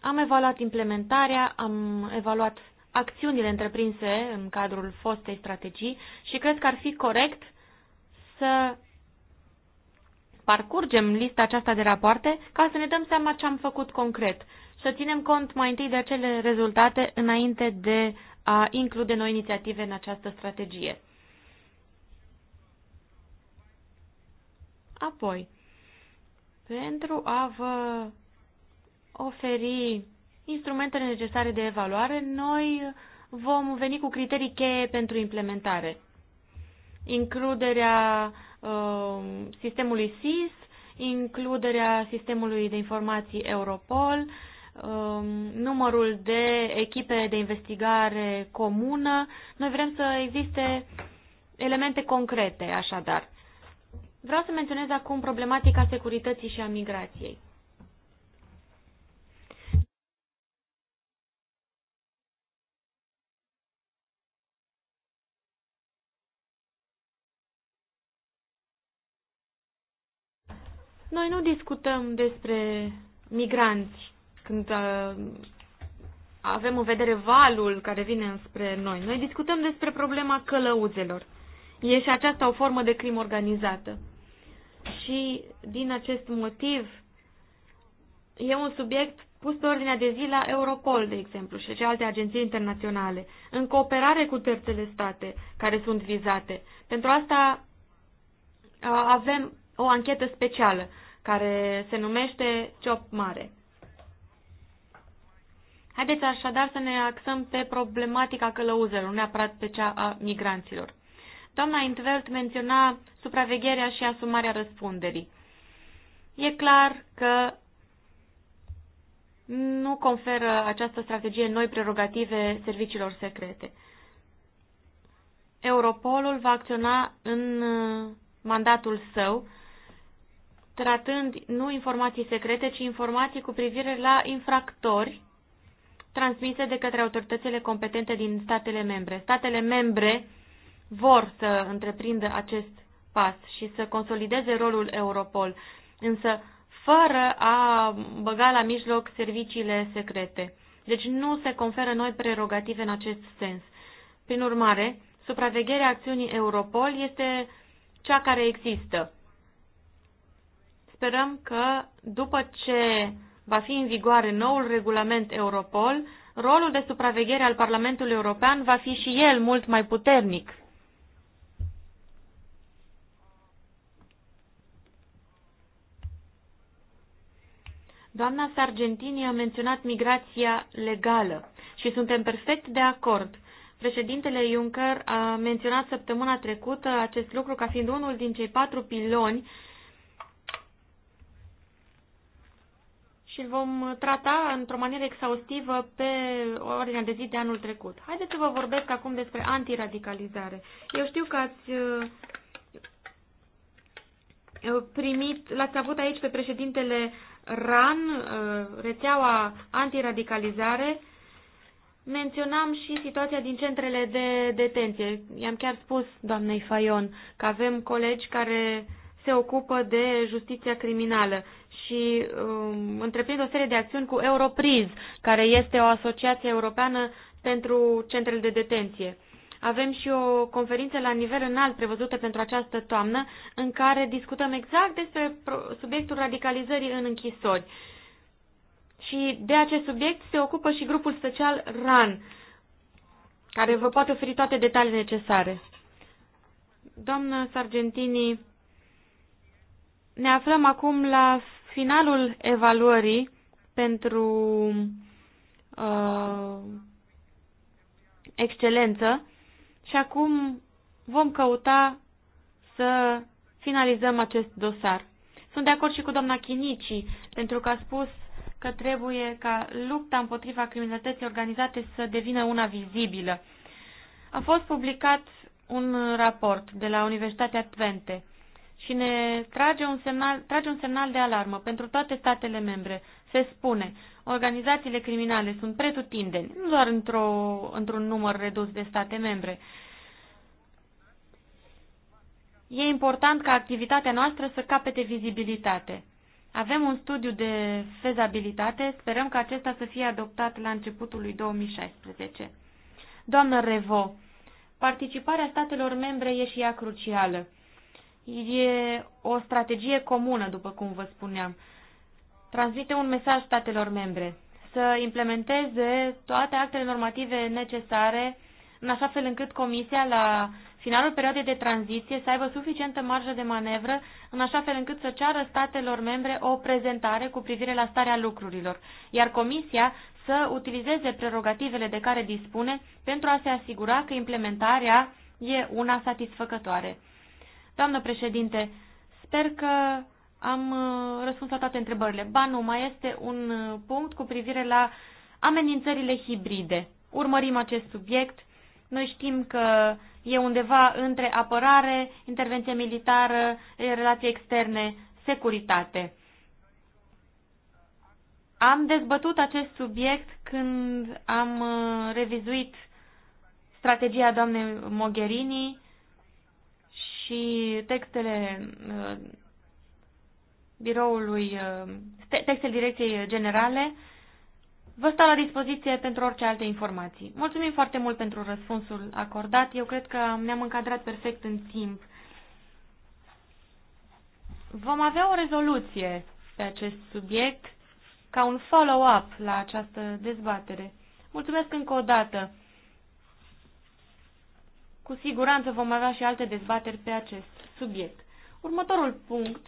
Speaker 2: Am evaluat implementarea, am evaluat acțiunile întreprinse în cadrul fostei strategii și cred că ar fi corect să parcurgem lista aceasta de rapoarte ca să ne dăm seama ce am făcut concret, să ținem cont mai întâi de acele rezultate înainte de a include noi inițiative în această strategie. Apoi, pentru a vă oferi instrumentele necesare de evaluare, noi vom veni cu criterii cheie pentru implementare. Includerea uh, sistemului SIS, includerea sistemului de informații Europol, uh, numărul de echipe de investigare comună. Noi vrem să existe elemente concrete, așadar. Vreau să menționez acum problematica securității și a migrației. Noi nu discutăm despre migranți când uh, avem în vedere valul care vine înspre noi. Noi discutăm despre problema călăuzelor. E și aceasta o formă de crimă organizată. Și din acest motiv e un subiect pus pe ordinea de zi la Europol, de exemplu, și alte agenții internaționale, în cooperare cu terțele state care sunt vizate. Pentru asta uh, avem o anchetă specială care se numește Ciop Mare. Haideți așadar să ne axăm pe problematica călăuzelor, neapărat pe cea a migranților. Doamna Intveld menționa supravegherea și asumarea răspunderii. E clar că nu conferă această strategie noi prerogative serviciilor secrete. Europolul va acționa în uh, mandatul său tratând nu informații secrete, ci informații cu privire la infractori transmise de către autoritățile competente din statele membre. Statele membre vor să întreprindă acest pas și să consolideze rolul Europol, însă fără a băga la mijloc serviciile secrete. Deci nu se conferă noi prerogative în acest sens. Prin urmare, supravegherea acțiunii Europol este cea care există. Sperăm că după ce va fi în vigoare noul regulament Europol, rolul de supraveghere al Parlamentului European va fi și el mult mai puternic. Doamna Sargentini a menționat migrația legală și suntem perfect de acord. Președintele Juncker a menționat săptămâna trecută acest lucru ca fiind unul din cei patru piloni și îl vom trata într-o manieră exhaustivă pe ordinea de zi de anul trecut. Haideți să vă vorbesc acum despre antiradicalizare. Eu știu că ați uh, uh, primit, l-ați avut aici pe președintele RAN, uh, rețeaua antiradicalizare, menționam și situația din centrele de detenție. I-am chiar spus doamnei Faion că avem colegi care se ocupă de justiția criminală și um, întreprinde o serie de acțiuni cu Europriz, care este o asociație europeană pentru centrele de detenție. Avem și o conferință la nivel înalt prevăzută pentru această toamnă, în care discutăm exact despre subiectul radicalizării în închisori. Și de acest subiect se ocupă și grupul special RAN, care vă poate oferi toate detaliile necesare. Doamnă Sargentini, ne aflăm acum la finalul evaluării pentru uh, excelență și acum vom căuta să finalizăm acest dosar. Sunt de acord și cu doamna Chinici, pentru că a spus că trebuie ca lupta împotriva criminalității organizate să devină una vizibilă. A fost publicat un raport de la Universitatea Twente și ne trage un, semnal, trage un semnal de alarmă pentru toate statele membre. Se spune, organizațiile criminale sunt pretutindeni, nu doar într-o, într-un număr redus de state membre. E important ca activitatea noastră să capete vizibilitate. Avem un studiu de fezabilitate, sperăm ca acesta să fie adoptat la începutul lui 2016. Doamnă Revo, participarea statelor membre e și ea crucială e o strategie comună, după cum vă spuneam. Transmite un mesaj statelor membre să implementeze toate actele normative necesare în așa fel încât Comisia la finalul perioadei de tranziție să aibă suficientă marjă de manevră în așa fel încât să ceară statelor membre o prezentare cu privire la starea lucrurilor, iar Comisia să utilizeze prerogativele de care dispune pentru a se asigura că implementarea e una satisfăcătoare. Doamnă președinte, sper că am uh, răspuns la toate întrebările. Ba nu, mai este un uh, punct cu privire la amenințările hibride. Urmărim acest subiect. Noi știm că e undeva între apărare, intervenție militară, relații externe, securitate. Am dezbătut acest subiect când am uh, revizuit strategia doamnei Mogherini și textele uh, biroului, uh, textele Direcției Generale, vă stau la dispoziție pentru orice alte informații. Mulțumim foarte mult pentru răspunsul acordat. Eu cred că ne-am încadrat perfect în timp. Vom avea o rezoluție pe acest subiect ca un follow-up la această dezbatere. Mulțumesc încă o dată cu siguranță vom avea și alte dezbateri pe acest subiect. Următorul punct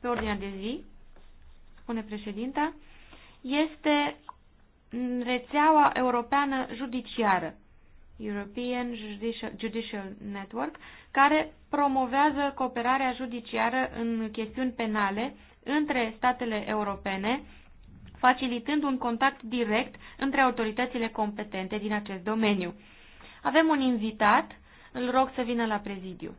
Speaker 2: pe ordinea de zi, spune președinta, este rețeaua europeană judiciară, European Judicial Network, care promovează cooperarea judiciară în chestiuni penale între statele europene, facilitând un contact direct între autoritățile competente din acest domeniu. Avem un invitat îl rog să vină la prezidiu.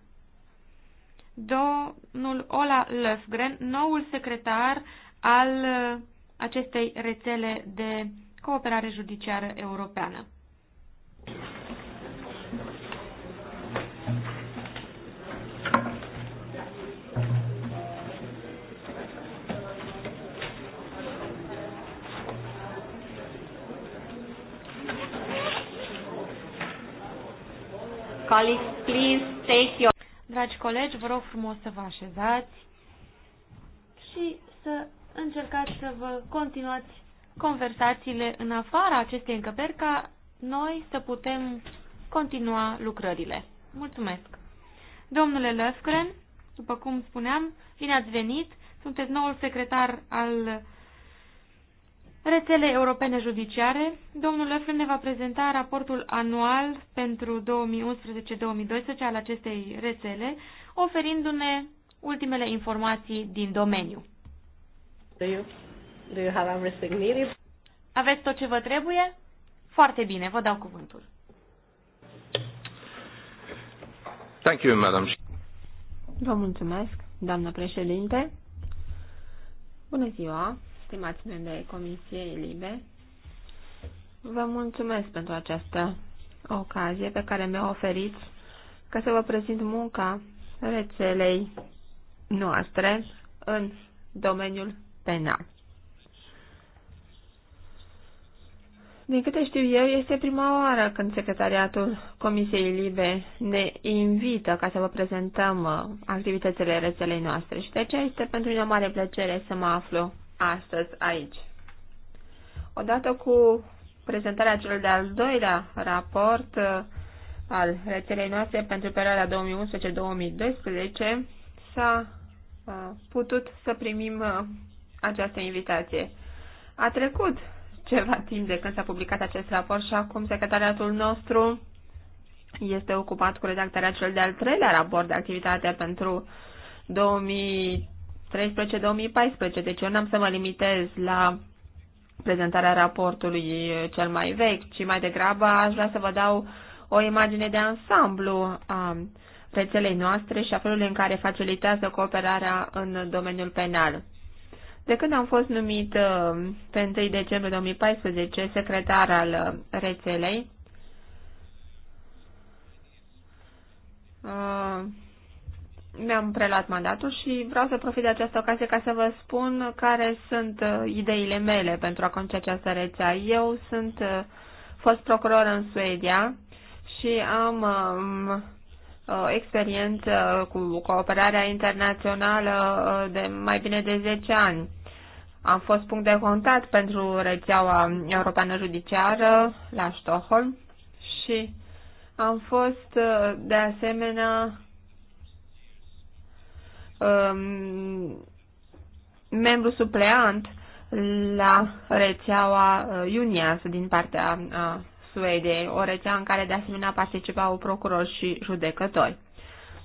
Speaker 2: Domnul Ola Löfgren, noul secretar al uh, acestei rețele de cooperare judiciară europeană. Colleagues, please take your... Dragi colegi, vă rog frumos să vă așezați și să încercați să vă continuați conversațiile în afara acestei încăperi ca noi să putem continua lucrările. Mulțumesc! Domnule Lăscren, după cum spuneam, bine ați venit! Sunteți noul secretar al rețele europene judiciare. Domnul Löffel ne va prezenta raportul anual pentru 2011-2012 al acestei rețele, oferindu-ne ultimele informații din domeniu. Do you, do you have everything needed? Aveți tot ce vă trebuie?
Speaker 4: Foarte bine, vă dau cuvântul.
Speaker 1: Thank you, madam.
Speaker 4: Vă mulțumesc, doamnă președinte. Bună ziua, stimați membri ai Comisiei Libe. Vă mulțumesc pentru această ocazie pe care mi-o oferiți ca să vă prezint munca rețelei noastre în domeniul penal. Din câte știu eu, este prima oară când Secretariatul Comisiei Libe ne invită ca să vă prezentăm uh, activitățile rețelei noastre și de aceea este pentru mine o mare plăcere să mă aflu astăzi aici. Odată cu prezentarea celui de-al doilea raport uh, al rețelei noastre pentru perioada 2011-2012, s-a uh, putut să primim uh, această invitație. A trecut ceva timp de când s-a publicat acest raport și acum secretariatul nostru este ocupat cu redactarea celui de-al treilea raport de activitate pentru 2013 2013-2014, deci eu n-am să mă limitez la prezentarea raportului eh, cel mai vechi, ci mai degrabă aș vrea să vă dau o imagine de ansamblu a rețelei noastre și a felului în care facilitează cooperarea în domeniul penal. De când am fost numit eh, pe 1 decembrie 2014 secretar al eh, rețelei, mi-am preluat mandatul și vreau să profit de această ocazie ca să vă spun care sunt uh, ideile mele pentru a conduce această rețea. Eu sunt uh, fost procuror în Suedia și am um, uh, experiență cu cooperarea internațională de mai bine de 10 ani. Am fost punct de contact pentru rețeaua europeană judiciară la Stockholm și am fost de asemenea Um, membru supleant la rețeaua uh, Unias din partea Suediei, o rețea în care de asemenea participau procurori și judecători.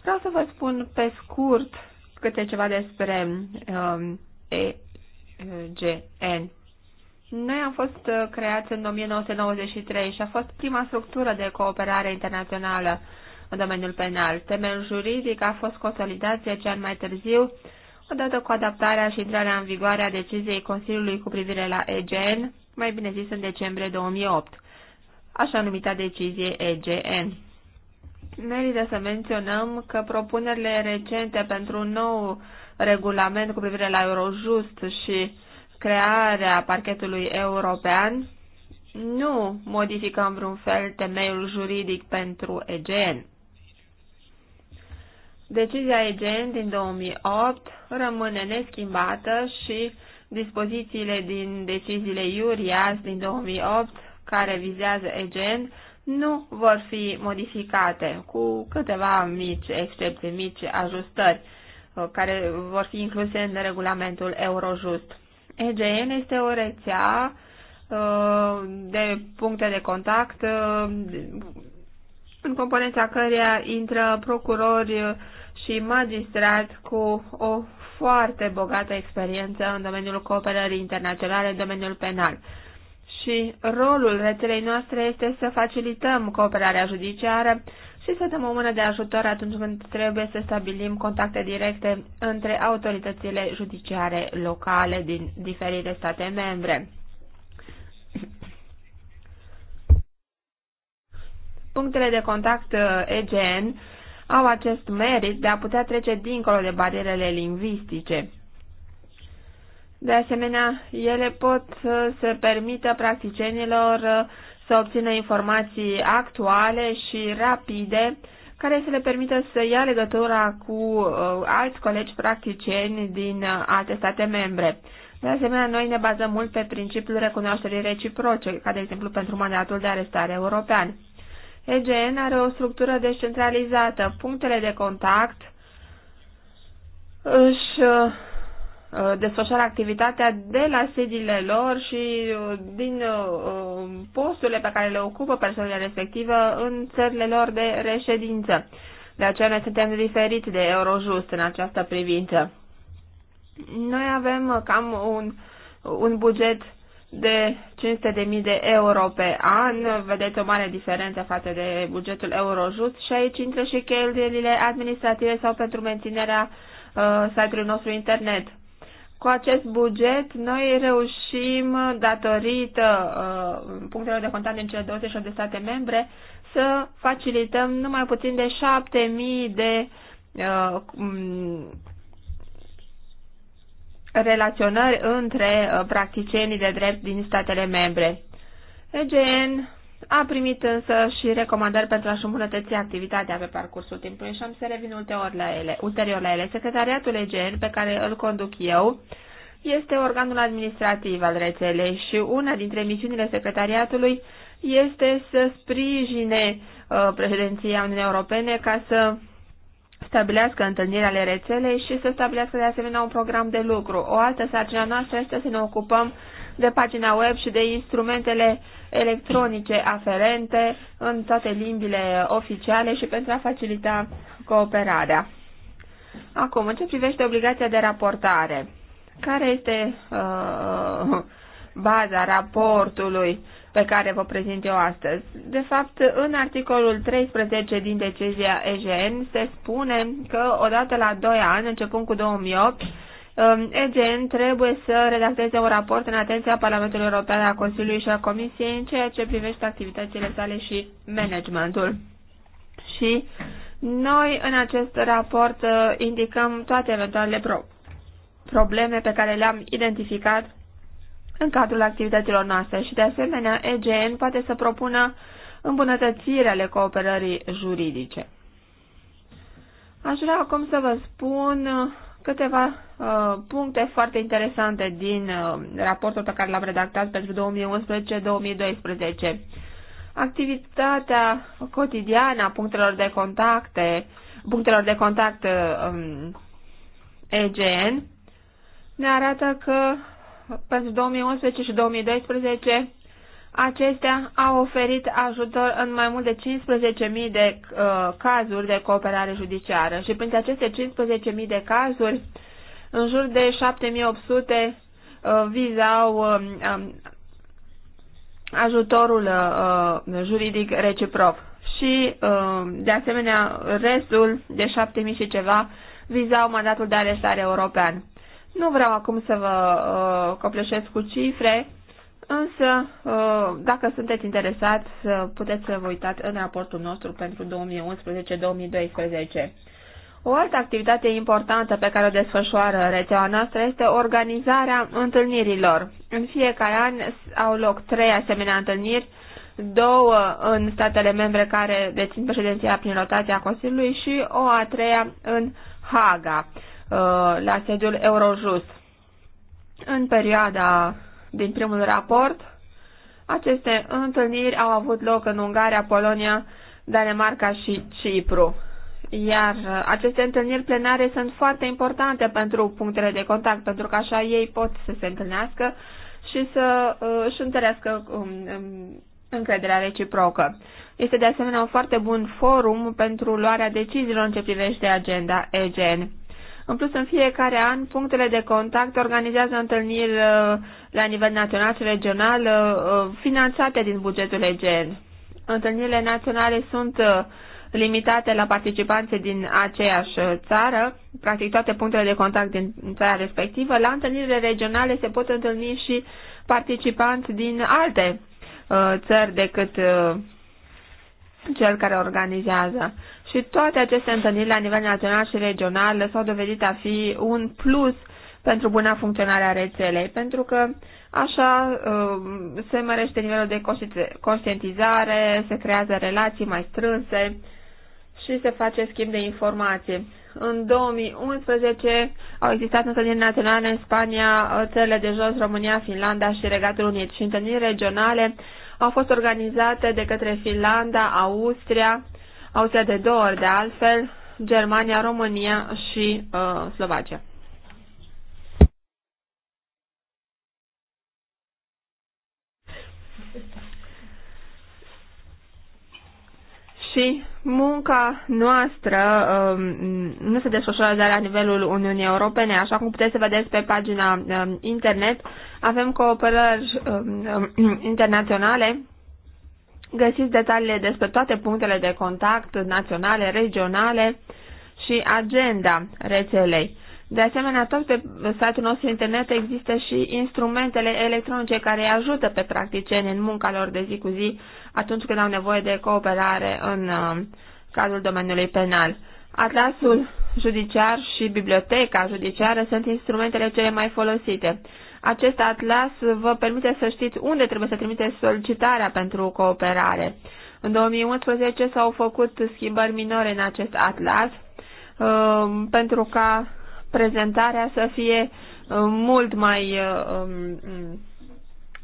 Speaker 4: Vreau să vă spun pe scurt câte ceva despre um, EGN. Noi am fost uh, creați în 1993 și a fost prima structură de cooperare internațională în domeniul penal. Temelul juridic a fost consolidat 10 ani mai târziu, odată cu adaptarea și intrarea în vigoare a deciziei Consiliului cu privire la EGN, mai bine zis în decembrie 2008, așa numita decizie EGN. Merită să menționăm că propunerile recente pentru un nou regulament cu privire la Eurojust și crearea parchetului european nu modifică vreun fel temeiul juridic pentru EGN. Decizia EGN din 2008 rămâne neschimbată și dispozițiile din deciziile Iurias din 2008 care vizează EGN nu vor fi modificate, cu câteva mici excepții, mici ajustări uh, care vor fi incluse în regulamentul Eurojust. EGN este o rețea uh, de puncte de contact uh, în componența căreia intră procurori, și magistrat cu o foarte bogată experiență în domeniul cooperării internaționale, în domeniul penal. Și rolul rețelei noastre este să facilităm cooperarea judiciară și să dăm o mână de ajutor atunci când trebuie să stabilim contacte directe între autoritățile judiciare locale din diferite state membre. Punctele de contact uh, EGN au acest merit de a putea trece dincolo de barierele lingvistice. De asemenea, ele pot să permită practicienilor uh, să obțină informații actuale și rapide care să le permită să ia legătura cu uh, alți colegi practicieni din uh, alte state membre. De asemenea, noi ne bazăm mult pe principiul recunoașterii reciproce, ca de exemplu pentru mandatul de arestare european. EGN are o structură descentralizată. Punctele de contact își uh, uh, desfășoară activitatea de la sediile lor și uh, din posturile pe care le ocupă persoanele respectivă în țările lor de reședință. De aceea noi suntem diferiți de Eurojust în această privință. Noi avem cam un, un buget de 500.000 de euro pe an. Vedeți o mare diferență față de bugetul Eurojust și aici intră și cheltuielile administrative sau pentru menținerea uh, site-ului nostru internet. Cu acest buget noi reușim, datorită uh, punctelor de contact din cele 28 de state membre, să facilităm numai puțin de 7.000 de uh, relaționări între uh, practicienii de drept din statele membre. EGN a primit însă și recomandări pentru a-și îmbunătăți activitatea pe parcursul timpului și am să revin ulterior la ele. Ulterior la ele. Secretariatul EGN, pe care îl conduc eu, este organul administrativ al rețelei și una dintre misiunile secretariatului este să sprijine uh, președinția Uniunii Europene ca să stabilească întâlnirea ale rețelei și să stabilească de asemenea un program de lucru. O altă sarcină noastră este să ne ocupăm de pagina web și de instrumentele electronice aferente în toate limbile oficiale și pentru a facilita cooperarea. Acum, în ce privește obligația de raportare, care este uh, baza raportului pe care vă prezint eu astăzi. De fapt, în articolul 13 din decizia EGN se spune că odată la 2 ani, începând cu 2008, um, EGN trebuie să redacteze un raport în atenția Parlamentului European, a Consiliului și a Comisiei în ceea ce privește activitățile sale și managementul. Și noi în acest raport uh, indicăm toate eventualele pro- probleme pe care le-am identificat în cadrul activităților noastre și, de asemenea, EGN poate să propună ale cooperării juridice. Aș vrea acum să vă spun câteva uh, puncte foarte interesante din uh, raportul pe care l-am redactat pentru 2011-2012. Activitatea cotidiană a punctelor de contacte, punctelor de contact um, EGN ne arată că pentru 2011 și 2012, acestea au oferit ajutor în mai mult de 15.000 de uh, cazuri de cooperare judiciară și printre aceste 15.000 de cazuri, în jur de 7.800 uh, vizau uh, um, ajutorul uh, uh, juridic reciproc și, uh, de asemenea, restul de 7.000 și ceva vizau mandatul de arestare european. Nu vreau acum să vă uh, copleșesc cu cifre, însă uh, dacă sunteți interesați, uh, puteți să vă uitați în raportul nostru pentru 2011-2012. O altă activitate importantă pe care o desfășoară rețeaua noastră este organizarea întâlnirilor. În fiecare an au loc trei asemenea întâlniri, două în statele membre care dețin președinția prin rotația Consiliului și o a treia în Haga. Uh, la sediul Eurojust. În perioada din primul raport, aceste întâlniri au avut loc în Ungaria, Polonia, Danemarca și Cipru. Iar uh, aceste întâlniri plenare sunt foarte importante pentru punctele de contact, pentru că așa ei pot să se întâlnească și să uh, își întărească um, um, încrederea reciprocă. Este de asemenea un foarte bun forum pentru luarea deciziilor în ce privește agenda EGN. În plus, în fiecare an, punctele de contact organizează întâlniri uh, la nivel național și regional uh, uh, finanțate din bugetul EGEN. Întâlnirile naționale sunt limitate la participanții din aceeași țară, practic toate punctele de contact din țara respectivă. La întâlnirile regionale se pot întâlni și participanți din alte țări decât cel care organizează. Și toate aceste întâlniri la nivel național și regional s-au dovedit a fi un plus pentru buna funcționare a rețelei, pentru că așa uh, se mărește nivelul de conștientizare, se creează relații mai strânse și se face schimb de informații. În 2011 au existat întâlniri naționale în Spania, uh, țările de jos, România, Finlanda și Regatul Unit și întâlniri regionale au fost organizate de către Finlanda, Austria, Austria de două ori de altfel, Germania, România și uh, Slovacia. și munca noastră um, nu se desfășoară doar la nivelul Uniunii Europene. Așa cum puteți să vedeți pe pagina um, internet, avem cooperări um, um internaționale Găsiți detaliile despre toate punctele de contact naționale, regionale și agenda rețelei. De asemenea, tot pe site-ul nostru internet există și instrumentele electronice care ajută pe practicieni în munca lor de zi cu zi atunci când au nevoie de cooperare în uh, cadrul domeniului penal. Atlasul judiciar și biblioteca judiciară sunt instrumentele cele mai folosite. Acest atlas vă permite să știți unde trebuie să trimiteți solicitarea pentru cooperare. În 2011 s-au făcut schimbări minore în acest atlas um, pentru ca prezentarea să fie uh, mult mai uh, um,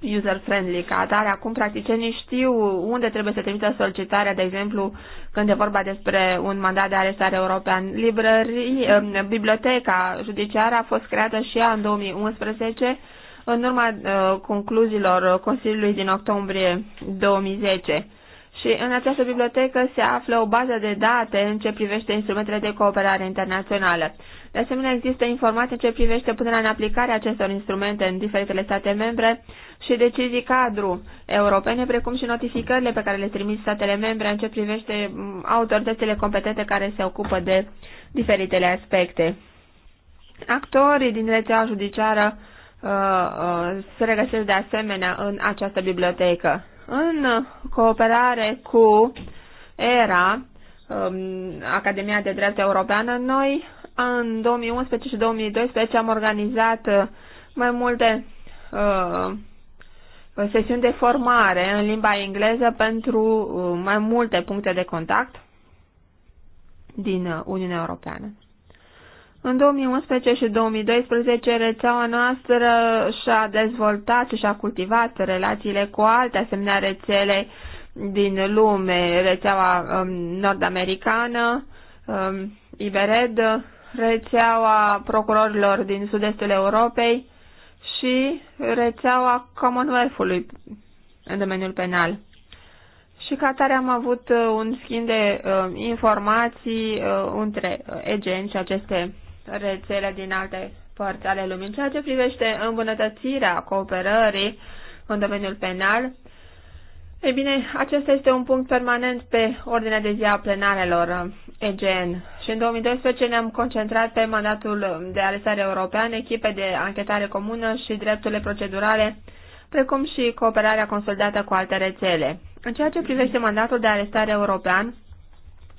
Speaker 4: user-friendly ca atare. Acum practicienii știu unde trebuie să trimită solicitarea, de exemplu, când e vorba despre un mandat de arestare european. Librării, um, biblioteca judiciară a fost creată și ea în 2011 în urma uh, concluziilor Consiliului din octombrie 2010 și în această bibliotecă se află o bază de date în ce privește instrumentele de cooperare internațională. De asemenea, există informații în ce privește punerea în aplicare acestor instrumente în diferitele state membre și decizii cadru europene, precum și notificările pe care le trimit statele membre în ce privește mm, autoritățile competente care se ocupă de diferitele aspecte. Actorii din rețeaua judiciară uh, uh, se regăsesc de asemenea în această bibliotecă în cooperare cu ERA, um, Academia de Drept Europeană, noi în 2011 și 2012 am organizat uh, mai multe uh, sesiuni de formare în limba engleză pentru uh, mai multe puncte de contact din Uniunea Europeană. În 2011 și 2012 rețeaua noastră și-a dezvoltat și și-a cultivat relațiile cu alte asemenea rețele din lume, rețeaua um, nord-americană, um, Ibered, rețeaua procurorilor din sud-estul Europei și rețeaua Commonwealth-ului în domeniul penal. Și ca tare am avut uh, un schimb de uh, informații uh, între uh, agenți și aceste rețele din alte părți ale lumii. În ceea ce privește îmbunătățirea cooperării în domeniul penal, ei bine, acesta este un punct permanent pe ordinea de zi a plenarelor EGN și în 2012 ne-am concentrat pe mandatul de arestare european, echipe de anchetare comună și drepturile procedurale, precum și cooperarea consolidată cu alte rețele. În ceea ce privește mandatul de arestare european,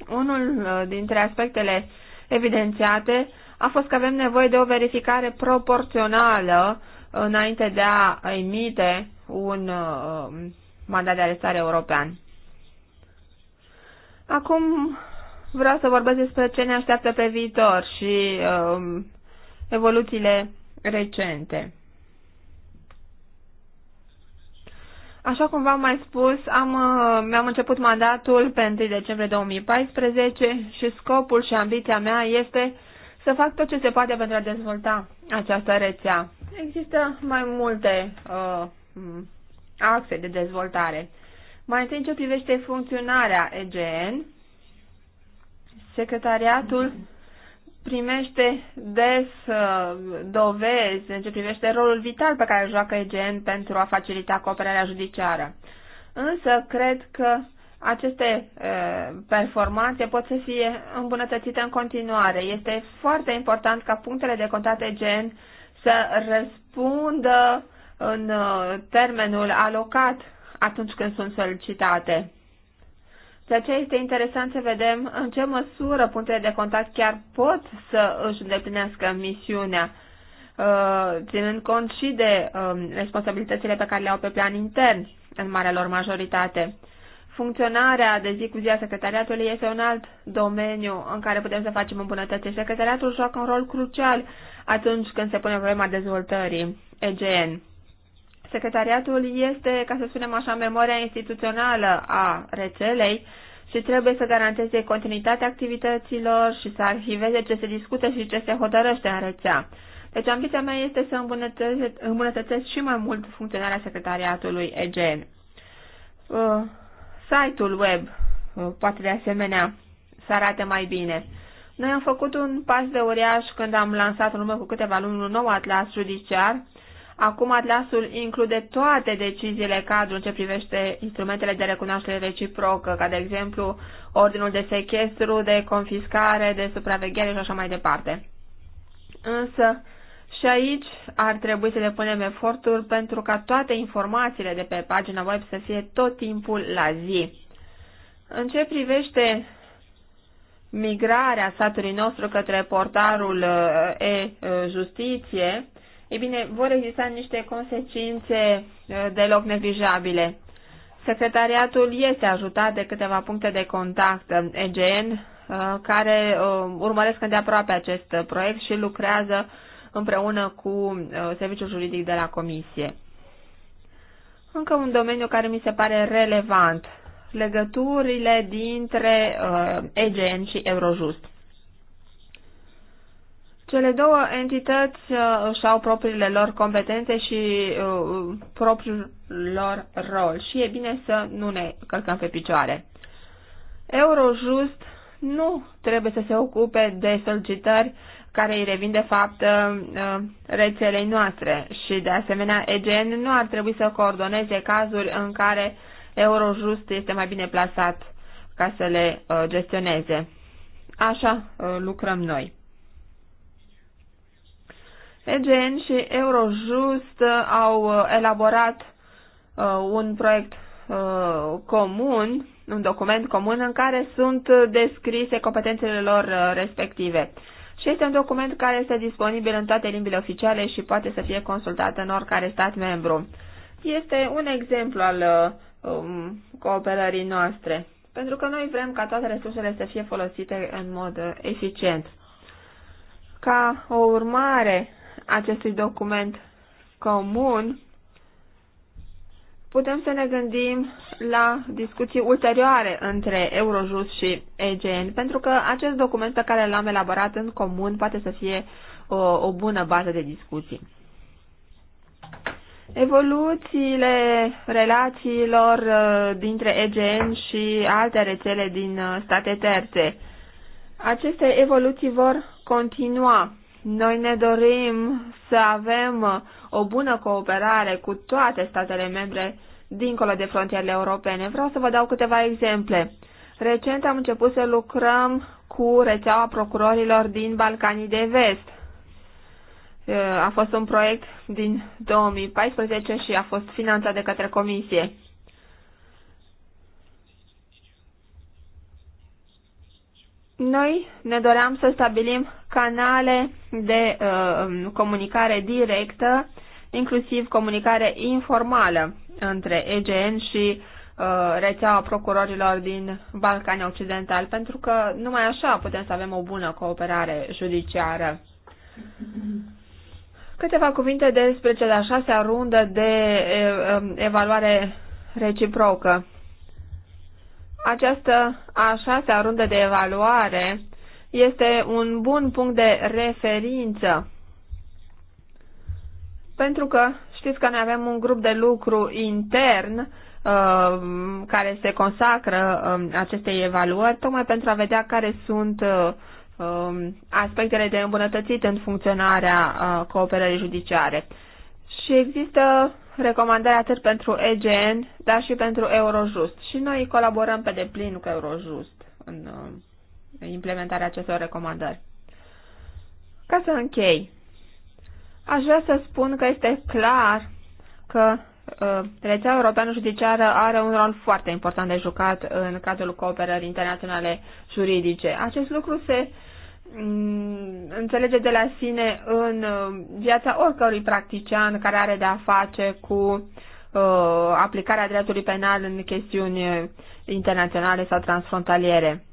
Speaker 4: unul dintre aspectele evidențiate a fost că avem nevoie de o verificare proporțională înainte de a emite un um, mandat de arestare european. Acum vreau să vorbesc despre ce ne așteaptă pe viitor și uh, evoluțiile recente. Așa cum v-am mai spus, am, uh, mi-am început mandatul pe 1 decembrie 2014 și scopul și ambiția mea este să fac tot ce se poate pentru a dezvolta această rețea. Există mai multe uh, axe de dezvoltare. Mai întâi ce privește funcționarea EGN, secretariatul primește des uh, dovezi în ce privește rolul vital pe care îl joacă EGN pentru a facilita cooperarea judiciară. Însă, cred că aceste performanțe pot să fie îmbunătățite în continuare. Este foarte important ca punctele de contate gen să răspundă în termenul alocat atunci când sunt solicitate. De aceea este interesant să vedem în ce măsură punctele de contact chiar pot să își îndeplinească misiunea, ținând cont și de responsabilitățile pe care le au pe plan intern în marea lor majoritate. Funcționarea de zi cu zi a secretariatului este un alt domeniu în care putem să facem îmbunătățiri. Secretariatul joacă un rol crucial atunci când se pune problema dezvoltării EGN. Secretariatul este, ca să spunem așa, memoria instituțională a rețelei și trebuie să garanteze continuitatea activităților și să arhiveze ce se discută și ce se hotărăște în rețea. Deci ambiția mea este să îmbunătățesc, îmbunătățesc și mai mult funcționarea secretariatului EGN. Uh, Site-ul web uh, poate de asemenea să arate mai bine. Noi am făcut un pas de uriaș când am lansat în urmă cu câteva luni un nou atlas judiciar. Acum atlasul include toate deciziile cadru în ce privește instrumentele de recunoaștere reciprocă, ca de exemplu ordinul de sechestru, de confiscare, de supraveghere și așa mai departe. Însă, și aici ar trebui să depunem eforturi pentru ca toate informațiile de pe pagina web să fie tot timpul la zi. În ce privește migrarea satului nostru către portarul uh, e-justiție, e bine, vor exista niște consecințe uh, deloc neglijabile. Secretariatul este ajutat de câteva puncte de contact EGN uh, care urmăresc îndeaproape acest proiect și lucrează împreună cu uh, serviciul juridic de la Comisie. Încă un domeniu care mi se pare relevant, legăturile dintre uh, EGN și Eurojust. Cele două entități uh, își au propriile lor competențe și propriul lor rol și e bine să nu ne călcăm pe picioare. Eurojust nu trebuie să se ocupe de solicitări care îi revin de fapt uh, uh, rețelei noastre și de asemenea EGN nu ar trebui să coordoneze cazuri în care Eurojust este mai bine plasat ca să le uh, gestioneze. Așa lucrăm noi. EGN și Eurojust au elaborat un proiect comun, un document comun în care sunt descrise competențele lor respective și este un document care este disponibil în toate limbile oficiale și poate să fie consultat în oricare stat membru. Este un exemplu al um, cooperării noastre, pentru că noi vrem ca toate resursele să fie folosite în mod uh, eficient. Ca o urmare acestui document comun, putem să ne gândim la discuții ulterioare între Eurojust și EGN, pentru că acest document pe care l-am elaborat în comun poate să fie o, o bună bază de discuții. Evoluțiile relațiilor uh, dintre EGN și alte rețele din uh, state terțe. Aceste evoluții vor continua noi ne dorim să avem o bună cooperare cu toate statele membre dincolo de frontierele europene. Vreau să vă dau câteva exemple. Recent am început să lucrăm cu rețeaua procurorilor din Balcanii de Vest. A fost un proiect din 2014 și a fost finanțat de către Comisie. Noi ne doream să stabilim canale de uh, comunicare directă, inclusiv comunicare informală între EGN și uh, rețeaua procurorilor din Balcanii Occidentali, pentru că numai așa putem să avem o bună cooperare judiciară. Câteva cuvinte despre cea de-a șasea rundă de uh, um, evaluare reciprocă. Această a șasea rundă de evaluare este un bun punct de referință, pentru că știți că noi avem un grup de lucru intern uh, care se consacră uh, acestei evaluări, tocmai pentru a vedea care sunt uh, um, aspectele de îmbunătățit în funcționarea uh, cooperării judiciare. Și există recomandări atât pentru EGN, dar și pentru Eurojust. Și noi colaborăm pe deplin cu Eurojust în uh, implementarea acestor recomandări. Ca să închei, aș vrea să spun că este clar că uh, rețeaua europeană judiciară are un rol foarte important de jucat în cadrul cooperării internaționale juridice. Acest lucru se Mm, înțelege de la sine în uh, viața oricărui practician care are de-a face cu uh, aplicarea dreptului penal în chestiuni internaționale sau transfrontaliere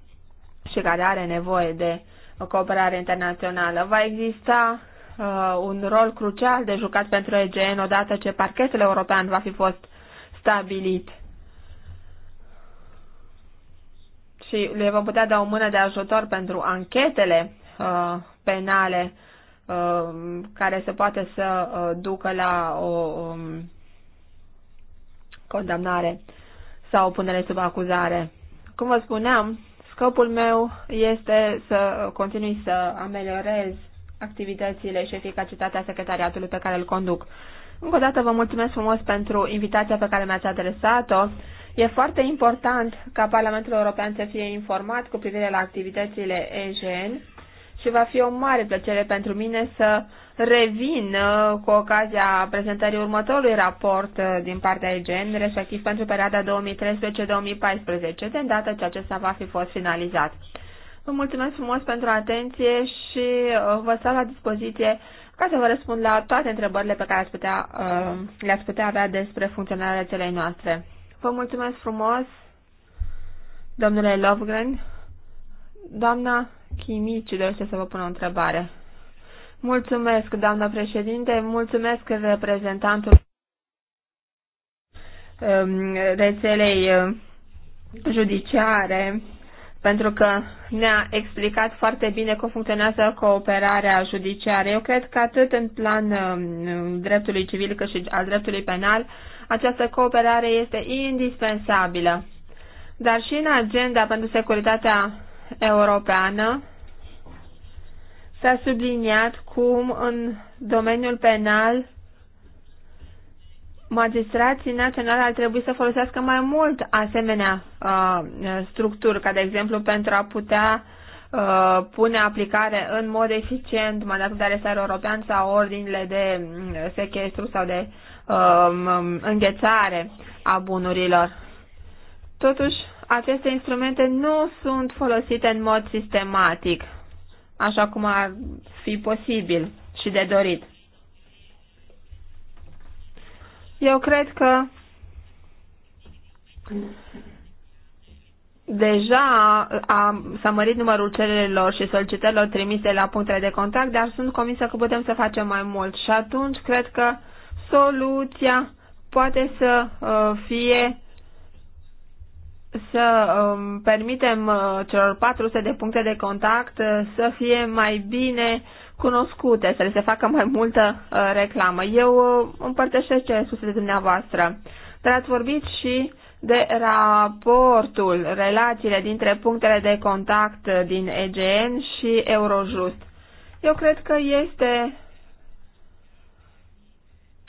Speaker 4: și care are nevoie de cooperare internațională. Va exista uh, un rol crucial de jucat pentru EGN odată ce parchetul european va fi fost stabilit. și le vom putea da o mână de ajutor pentru anchetele uh, penale uh, care se poate să uh, ducă la o um, condamnare sau o punere sub acuzare. Cum vă spuneam, scopul meu este să continui să ameliorez activitățile și eficacitatea secretariatului pe care îl conduc. Încă o dată vă mulțumesc frumos pentru invitația pe care mi-ați adresat-o E foarte important ca Parlamentul European să fie informat cu privire la activitățile EGN și va fi o mare plăcere pentru mine să revin uh, cu ocazia prezentării următorului raport uh, din partea EGN, respectiv pentru perioada 2013-2014, de îndată ce acesta va fi fost finalizat. Vă mulțumesc frumos pentru atenție și uh, vă stau la dispoziție ca să vă răspund la toate întrebările pe care le-ați putea, le putea avea despre funcționarea celei noastre. Vă mulțumesc frumos, domnule Lovgren. Doamna Chimici dorește să vă pună o întrebare. Mulțumesc, doamna președinte, mulțumesc reprezentantul um, rețelei um, judiciare pentru că ne-a explicat foarte bine cum funcționează cooperarea judiciară. Eu cred că atât în plan um, dreptului civil cât și al dreptului penal această cooperare este indispensabilă. Dar și în agenda pentru securitatea europeană s-a subliniat cum în domeniul penal magistrații naționali ar trebui să folosească mai mult asemenea uh, structuri, ca de exemplu pentru a putea uh, pune aplicare în mod eficient mandatul de arestare european sau ordinile de mm, sequestru sau de uh, înghețare a bunurilor. Totuși, aceste instrumente nu sunt folosite în mod sistematic, așa cum ar fi posibil și de dorit. Eu cred că deja a, s-a mărit numărul cererilor și solicitărilor trimise la punctele de contact, dar sunt convinsă că putem să facem mai mult și atunci cred că soluția poate să uh, fie să um, permitem uh, celor 400 de puncte de contact uh, să fie mai bine cunoscute, să le se facă mai multă reclamă. Eu împărtășesc ce spuse de dumneavoastră, dar ați vorbit și de raportul, relațiile dintre punctele de contact din EGN și Eurojust. Eu cred că este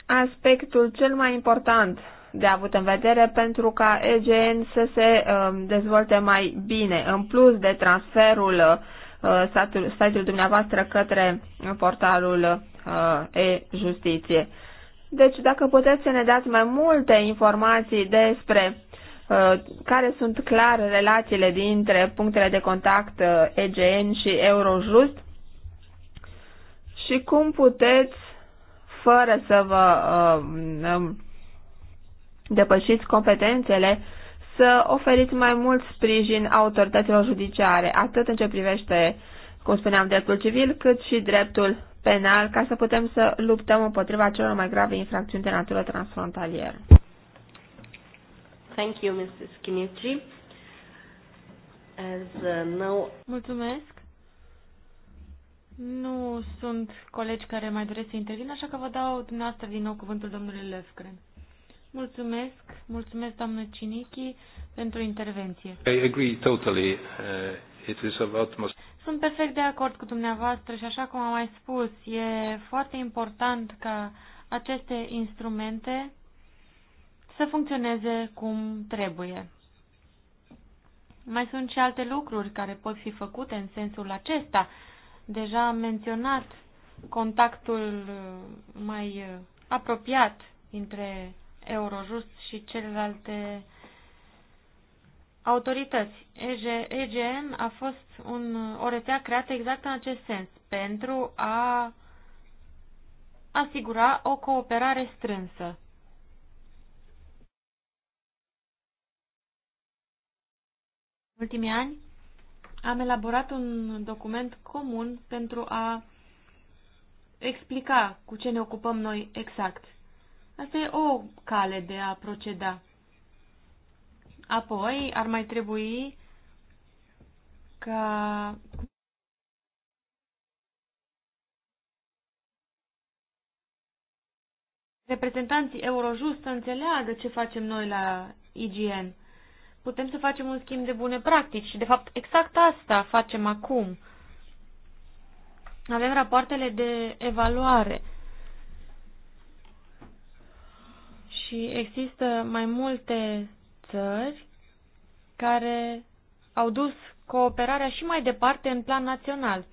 Speaker 4: aspectul cel mai important de avut în vedere pentru ca EGN să se um, dezvolte mai bine, în plus de transferul uh, site-ului dumneavoastră către portalul uh, e-justiție. Deci, dacă puteți să ne dați mai multe informații despre uh, care sunt clar relațiile dintre punctele de contact EGN și Eurojust și cum puteți fără să vă uh, um, depășiți competențele, să oferiți mai mult sprijin autorităților judiciare, atât în ce privește, cum spuneam, dreptul civil, cât și dreptul penal, ca să putem să luptăm împotriva celor mai grave infracțiuni de natură transfrontalieră.
Speaker 2: Thank you, Mrs. Kinichi. As, uh, no... Mulțumesc. Nu sunt colegi care mai doresc să intervin, așa că vă dau dumneavoastră din nou cuvântul domnului Lefgren. Mulțumesc, mulțumesc doamnă Cinichi pentru intervenție. I
Speaker 1: agree totally. Uh, it is about most...
Speaker 2: Sunt perfect de acord cu dumneavoastră și așa cum am mai spus, e foarte important ca aceste instrumente să funcționeze cum trebuie. Mai sunt și alte lucruri care pot fi făcute în sensul acesta, Deja am menționat contactul uh, mai uh, apropiat între Eurojust și celelalte autorități. EGN a fost un, uh, o rețea creată exact în acest sens, pentru a asigura o cooperare strânsă. ultimii ani am elaborat un document comun pentru a explica cu ce ne ocupăm noi exact. Asta e o cale de a proceda. Apoi ar mai trebui ca reprezentanții Eurojust să înțeleagă ce facem noi la IGN putem să facem un schimb de bune practici și, de fapt, exact asta facem acum. Avem rapoartele de evaluare și există mai multe țări care au dus cooperarea și mai departe în plan național.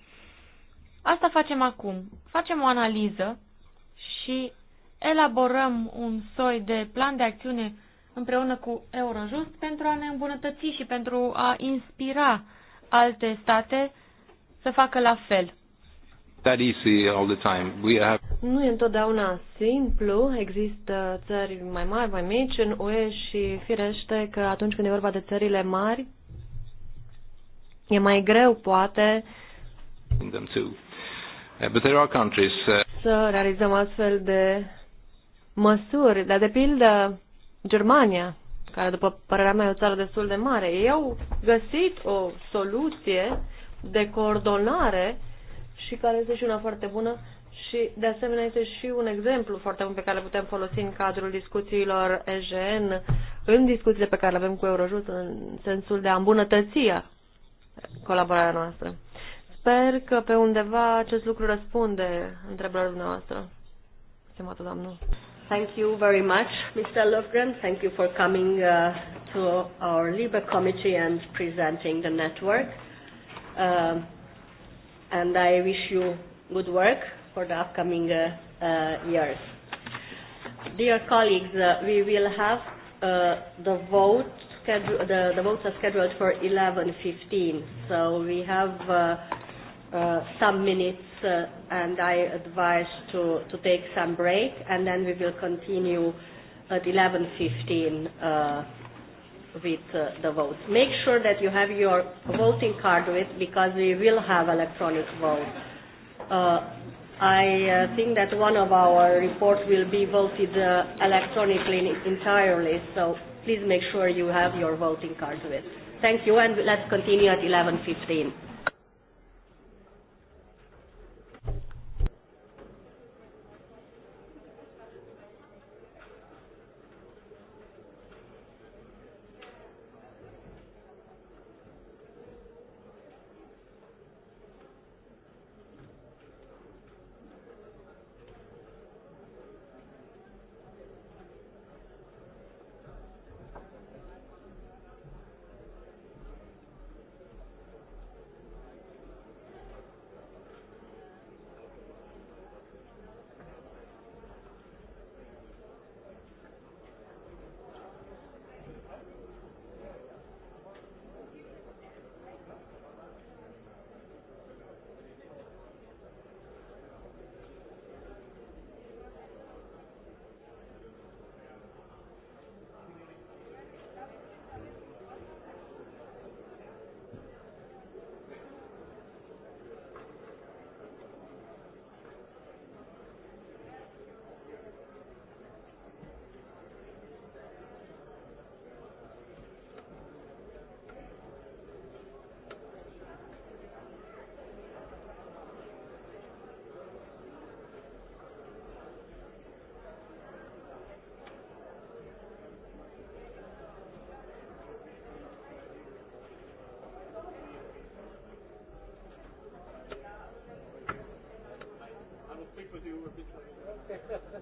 Speaker 2: Asta facem acum. Facem o analiză și elaborăm un soi de plan de acțiune împreună cu Eurojust pentru a ne îmbunătăți și pentru a inspira alte state să facă la fel.
Speaker 1: That easy all the time. We have...
Speaker 2: Nu e întotdeauna
Speaker 3: simplu, există țări mai mari, mai mici în UE și firește că atunci când e vorba de țările mari, e mai greu poate them too. Uh, but there are countries, uh... să realizăm astfel de măsuri, dar de pildă Germania, care după părerea mea e o țară destul de mare, ei au găsit o soluție de coordonare și care este și una foarte bună și de asemenea este și un exemplu foarte bun pe care putem folosi în cadrul discuțiilor EGN, în discuțiile pe care le avem cu Eurojust, în sensul de a îmbunătăți colaborarea noastră. Sper că pe undeva acest lucru răspunde întrebările noastre. Stimată doamnă. Thank you very much, Mr. Lovgren. Thank you for coming uh, to our LIBE committee and presenting the network. Um, and I wish you good work for the upcoming uh, uh, years. Dear colleagues, uh, we will have uh, the vote. the, the votes are scheduled for 11.15, so we have uh, uh, some minutes uh, and I advise to, to take some break and then we will continue at 11.15 uh, with uh, the votes. Make sure that you have your voting card with because we will have electronic vote. Uh, I uh, think that one of our reports will be voted uh, electronically entirely, so please make sure you have your voting cards with. Thank you, and let's continue at 11.15.
Speaker 1: do with each other.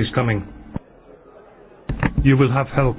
Speaker 1: is coming. You will have help.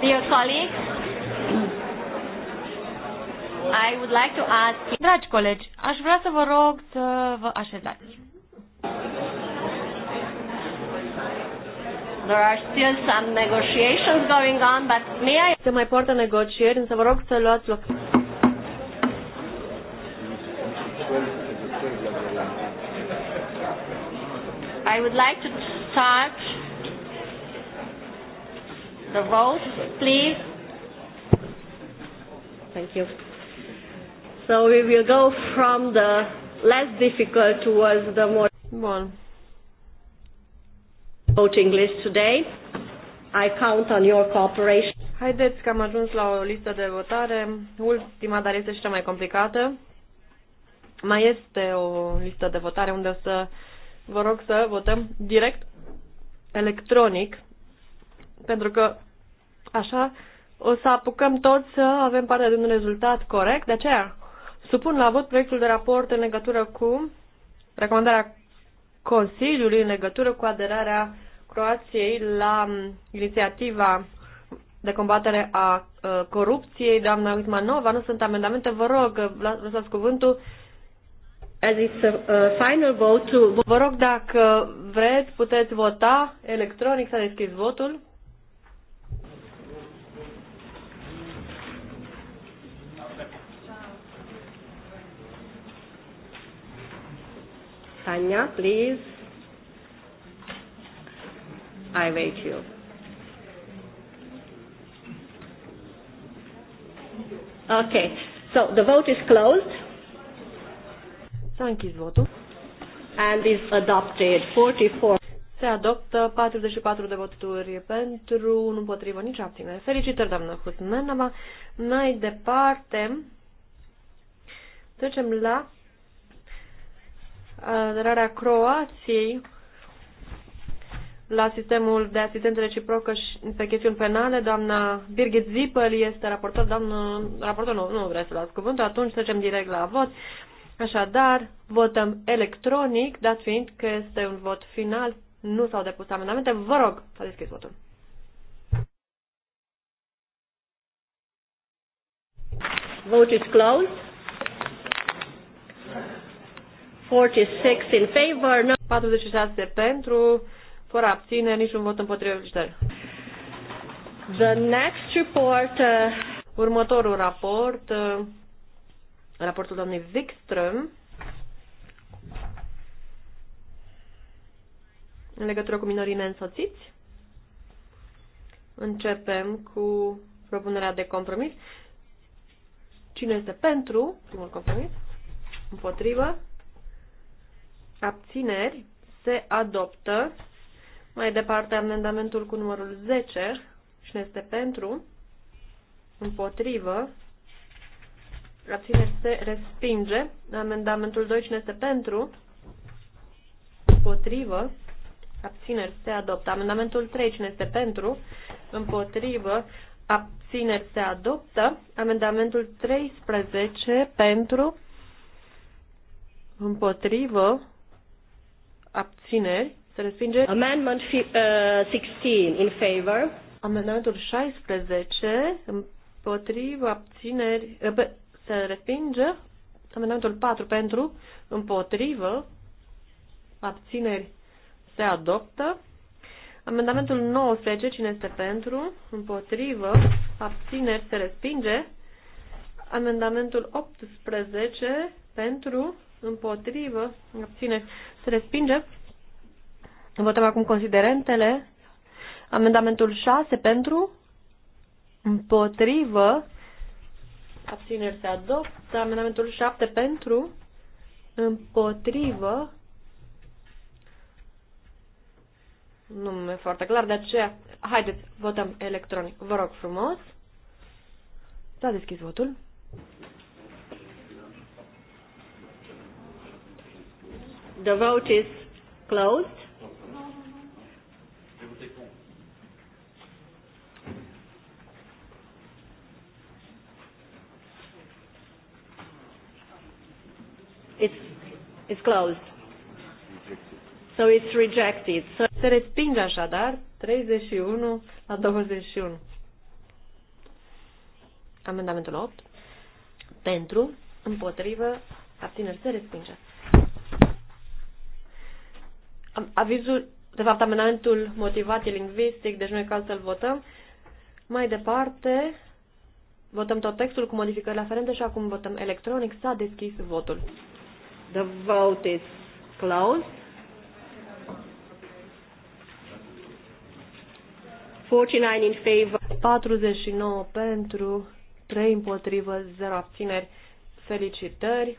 Speaker 2: Dear colleagues, I would like to ask... Dragi colegi, aș vrea să vă rog să vă așezați.
Speaker 3: There are still some negotiations going on, but may I... Se mai poartă negocieri, însă vă rog să luați loc.
Speaker 2: I would like to start The vote, please.
Speaker 3: Thank you. So we will go from the less difficult towards the more Bun. voting list today. I count on your cooperation. Haideți că am ajuns la o listă de votare. Ultima, dar este și cea mai complicată. Mai este o listă de votare unde o să vă rog să votăm direct electronic pentru că așa o să apucăm toți să avem parte de un rezultat corect. De aceea, supun la vot proiectul de raport în legătură cu recomandarea Consiliului în legătură cu aderarea Croației la mm, inițiativa de combatere a ă, corupției. Doamna Uitmanova, nu sunt amendamente, vă rog, lăsați cuvântul. As it's a uh, final vote to... Vă rog, dacă vreți, puteți vota electronic, s-a deschis votul. Tanya, please. I wait you. Okay, so the vote is closed. Thank you, votul. And is adopted 44. Se adoptă 44 de voturi pentru, nu împotrivă nici abținere. Felicitări, doamnă Hutmenova. Mai departe, trecem la aderarea Croației la sistemul de asistență reciprocă și pe chestiuni penale. Doamna Birgit Zipel este raportor, doamnă, raportor nu, nu vreți să luați cuvântul, atunci trecem direct la vot. Așadar, votăm electronic, dat fiind că este un vot final, nu s-au depus amendamente. Vă rog, să a deschis votul. Vote is closed. 46 in favor, 46 de pentru, fără abține, niciun vot împotriva felicitări. The next report, uh, următorul raport, uh, raportul doamnei Wikström, în legătură cu minorii neînsoțiți. Începem cu propunerea de compromis. Cine este pentru primul compromis? Împotrivă? abțineri, se adoptă. Mai departe, amendamentul cu numărul 10, ne este pentru, împotrivă, abțineri, se respinge. Amendamentul 2, ne este pentru, împotrivă, abțineri, se adoptă. Amendamentul 3, ne este pentru, împotrivă, abțineri, se adoptă. Amendamentul 13, pentru, împotrivă, Abțineri. Se respinge. Amendment fi, uh, 16 in favor. Amendamentul 16 împotriva abțineri. Uh, se respinge. Amendamentul 4 pentru împotrivă abțineri se adoptă. Amendamentul 19, cine este pentru, împotrivă, abțineri, se respinge. Amendamentul 18, pentru, împotrivă, abține, se respinge. Votăm acum considerentele. Amendamentul 6 pentru, împotrivă, abțineri se adoptă. Amendamentul 7 pentru, împotrivă, nu e foarte clar, de aceea, haideți, votăm electronic, vă rog frumos. S-a deschis votul.
Speaker 1: The vote is
Speaker 3: closed. It's, it's closed. So it's rejected. So Se respinge așadar 31 la 21. Amendamentul 8. Pentru, împotrivă, abțineri se respinge avizul, de fapt amendamentul motivat e lingvistic, deci nu e caz să-l votăm. Mai departe, votăm tot textul cu modificări aferente și acum votăm electronic. S-a deschis votul. The vote is closed. 49 in favor. 49 pentru, 3 împotrivă, 0 abțineri. Felicitări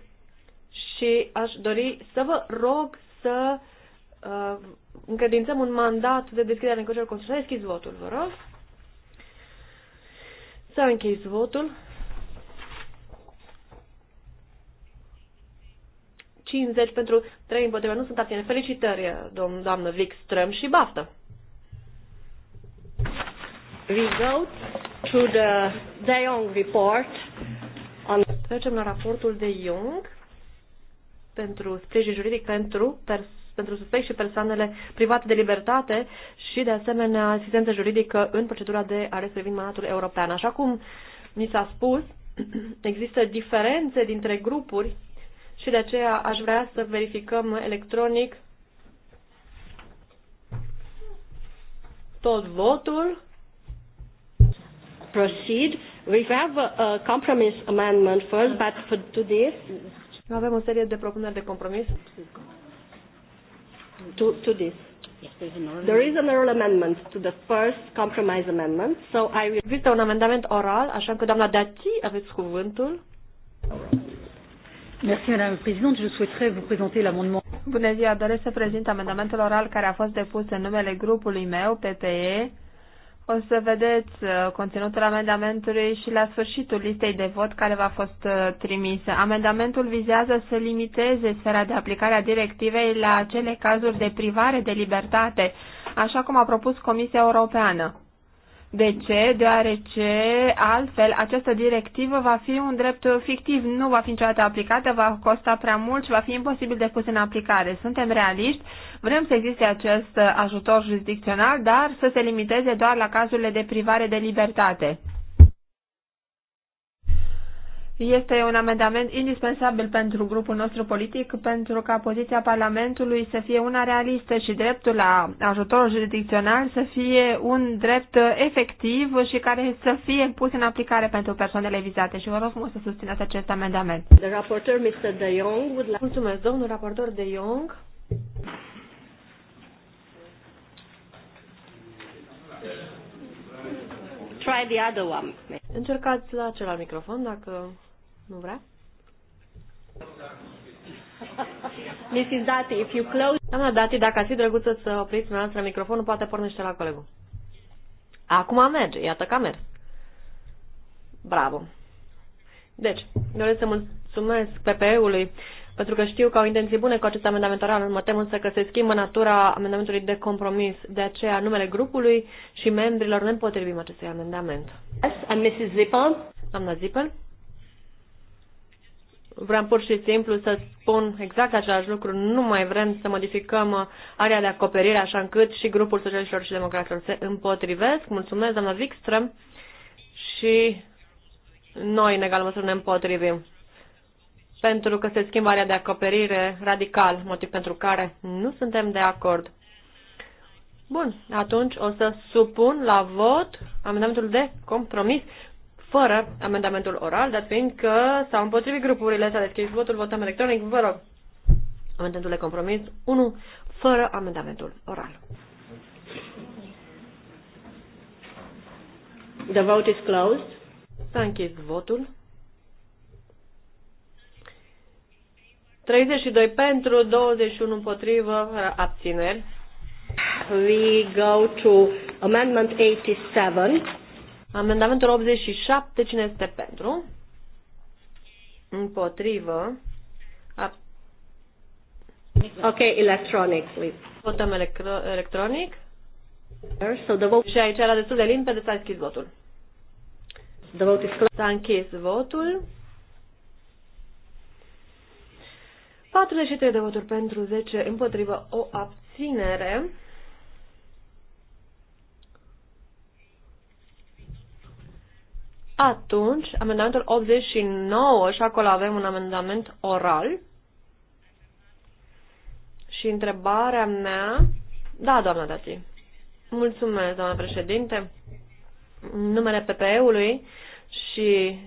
Speaker 3: și aș dori să vă rog să Uh, încredințăm un mandat de deschidere a negocierilor constituționale. Deschis votul, vă rog. S-a închis votul. 50 pentru 3 împotriva. Nu sunt abține. Felicitări, domn, doamnă Wikström și baftă. We go to the De Jong report. On... Trecem la raportul de Jong pentru sprijin juridic pentru persoane pentru suspect și persoanele private de libertate și, de asemenea, asistență juridică în procedura de arest privind mandatul european. Așa cum mi s-a spus, există diferențe dintre grupuri și de aceea aș vrea să verificăm electronic tot votul. Proceed. We have a, a compromise amendment first, but for to this... Avem o serie de propuneri de compromis to, to this.
Speaker 1: Yes, there, is an oral
Speaker 3: amendment to the first compromise amendment, so I will... Există un amendament oral, așa că, doamna Dati, aveți
Speaker 4: cuvântul.
Speaker 1: Merci, Madame la Présidente. Je souhaiterais vous présenter l'amendement.
Speaker 4: Bună ziua, doresc să prezint amendamentul oral care a fost depus în numele grupului meu, PPE, o să vedeți uh, conținutul amendamentului și la sfârșitul listei de vot care v-a fost uh, trimisă. Amendamentul vizează să limiteze sfera de aplicare a directivei la acele cazuri de privare de libertate, așa cum a propus Comisia Europeană. De ce? Deoarece altfel această directivă va fi un drept fictiv, nu va fi niciodată aplicată, va costa prea mult și va fi imposibil de pus în aplicare. Suntem realiști, vrem să existe acest ajutor jurisdicțional, dar să se limiteze doar la cazurile de privare de libertate. Este un amendament indispensabil pentru grupul nostru politic pentru ca poziția Parlamentului să fie una realistă și dreptul la ajutor jurisdicțional să fie un drept efectiv și care să fie pus în aplicare pentru persoanele vizate. Și vă rog frumos să susțineți acest amendament.
Speaker 3: The rapporteur, Mr. De Jong, would like... Mulțumesc, domnul raportor De Jong. Try the other one. Încercați la acela microfon dacă nu vrea?
Speaker 1: Mrs. Dati, if you close...
Speaker 3: Doamna Dati, dacă ați fi drăguță să opriți dumneavoastră microfonul, poate pornește la colegul. Acum merge, iată că a mers. Bravo. Deci, doresc să mulțumesc PPE-ului pentru că știu că au intenții bune cu acest amendament oral, mă tem însă că se schimbă natura amendamentului de compromis. De aceea, numele grupului și membrilor ne împotrivim acestui amendament. Yes, and Mrs. Zippel. Doamna Zippel vreau pur și simplu să spun exact același lucru. Nu mai vrem să modificăm uh, area de acoperire așa încât și grupul socialiștilor și democraților se împotrivesc. Mulțumesc, doamna Wikström. Și noi, în egală măsură, ne împotrivim. Pentru că se schimbă area de acoperire radical, motiv pentru care nu suntem de acord. Bun, atunci o să supun la vot amendamentul de compromis fără amendamentul oral, dat fiind că s-au împotrivit grupurile, s-a deschis votul, votăm electronic, vă rog. Amendamentul de compromis 1, fără amendamentul oral.
Speaker 1: The vote is closed.
Speaker 3: S-a închis votul. 32 pentru, 21 împotrivă, abțineri. We go to amendment 87. Amendamentul 87, cine este pentru? Împotrivă. A... Ok, electronic, please. Votăm electro electronic. So the vote... Și aici era destul de limpede, s-a deschis votul. The vote is S-a închis votul. 43 de voturi pentru 10 împotrivă o abținere. Atunci, amendamentul 89 și acolo avem un amendament oral. Și întrebarea mea... Da, doamna dati, Mulțumesc, doamna președinte. Numele PPE-ului și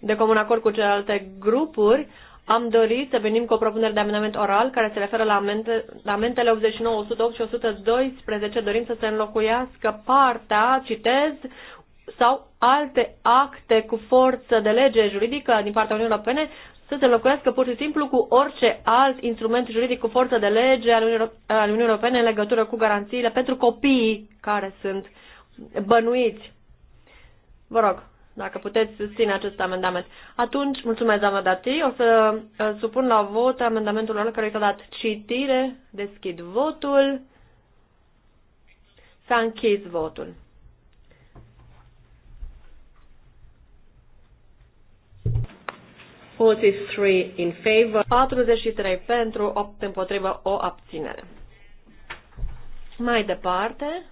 Speaker 3: de comun acord cu celelalte grupuri, am dorit să venim cu o propunere de amendament oral care se referă la amendamentele 89, 108 și 112. Dorim să se înlocuiască partea, citez, sau alte acte cu forță de lege juridică din partea Uniunii Europene să se locuiască pur și simplu cu orice alt instrument juridic cu forță de lege al Uniunii Europene în legătură cu garanțiile pentru copiii care sunt bănuiți. Vă rog, dacă puteți susține acest amendament. Atunci, mulțumesc, doamna Dati. O să uh, supun la vot amendamentul lor care i s-a dat citire. Deschid votul. S-a închis votul. 43 in favor. 43 pentru, 8 împotrivă, o abținere. Mai departe,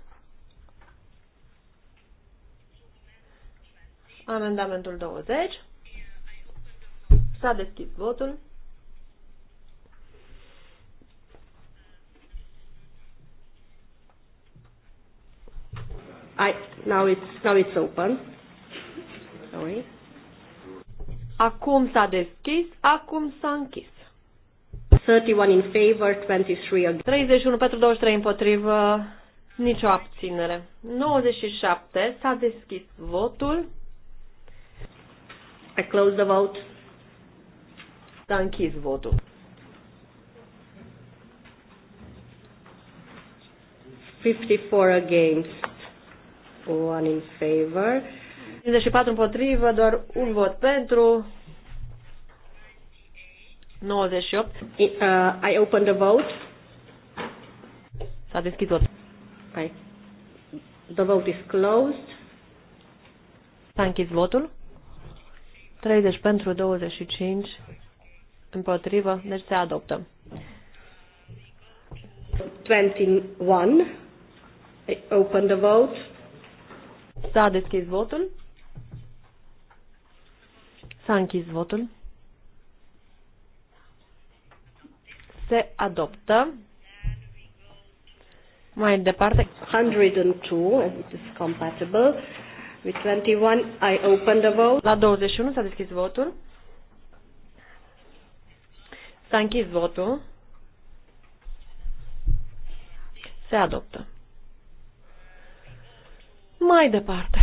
Speaker 3: amendamentul 20. S-a deschis votul. I, now it's now it's open. Sorry. Acum s-a deschis, acum s-a închis. 31 in favor, 23 against. 31 pentru 23 împotrivă, nicio abținere. 97 s-a deschis votul. I close the vote. S-a închis votul. Fifty-four against, one in favor. 54 împotrivă, doar un vot pentru. 98. I, uh, I open the vote. S-a deschis votul. I... The vote is closed. S-a închis votul. 30 pentru 25 împotrivă, deci se adoptă. 21. I open the vote. S-a deschis votul. S-a închis votul. Se adoptă. Mai departe. 102, it is compatible. With 21, I open the vote. La 21 s-a deschis votul. S-a închis votul. Se adoptă. Mai departe.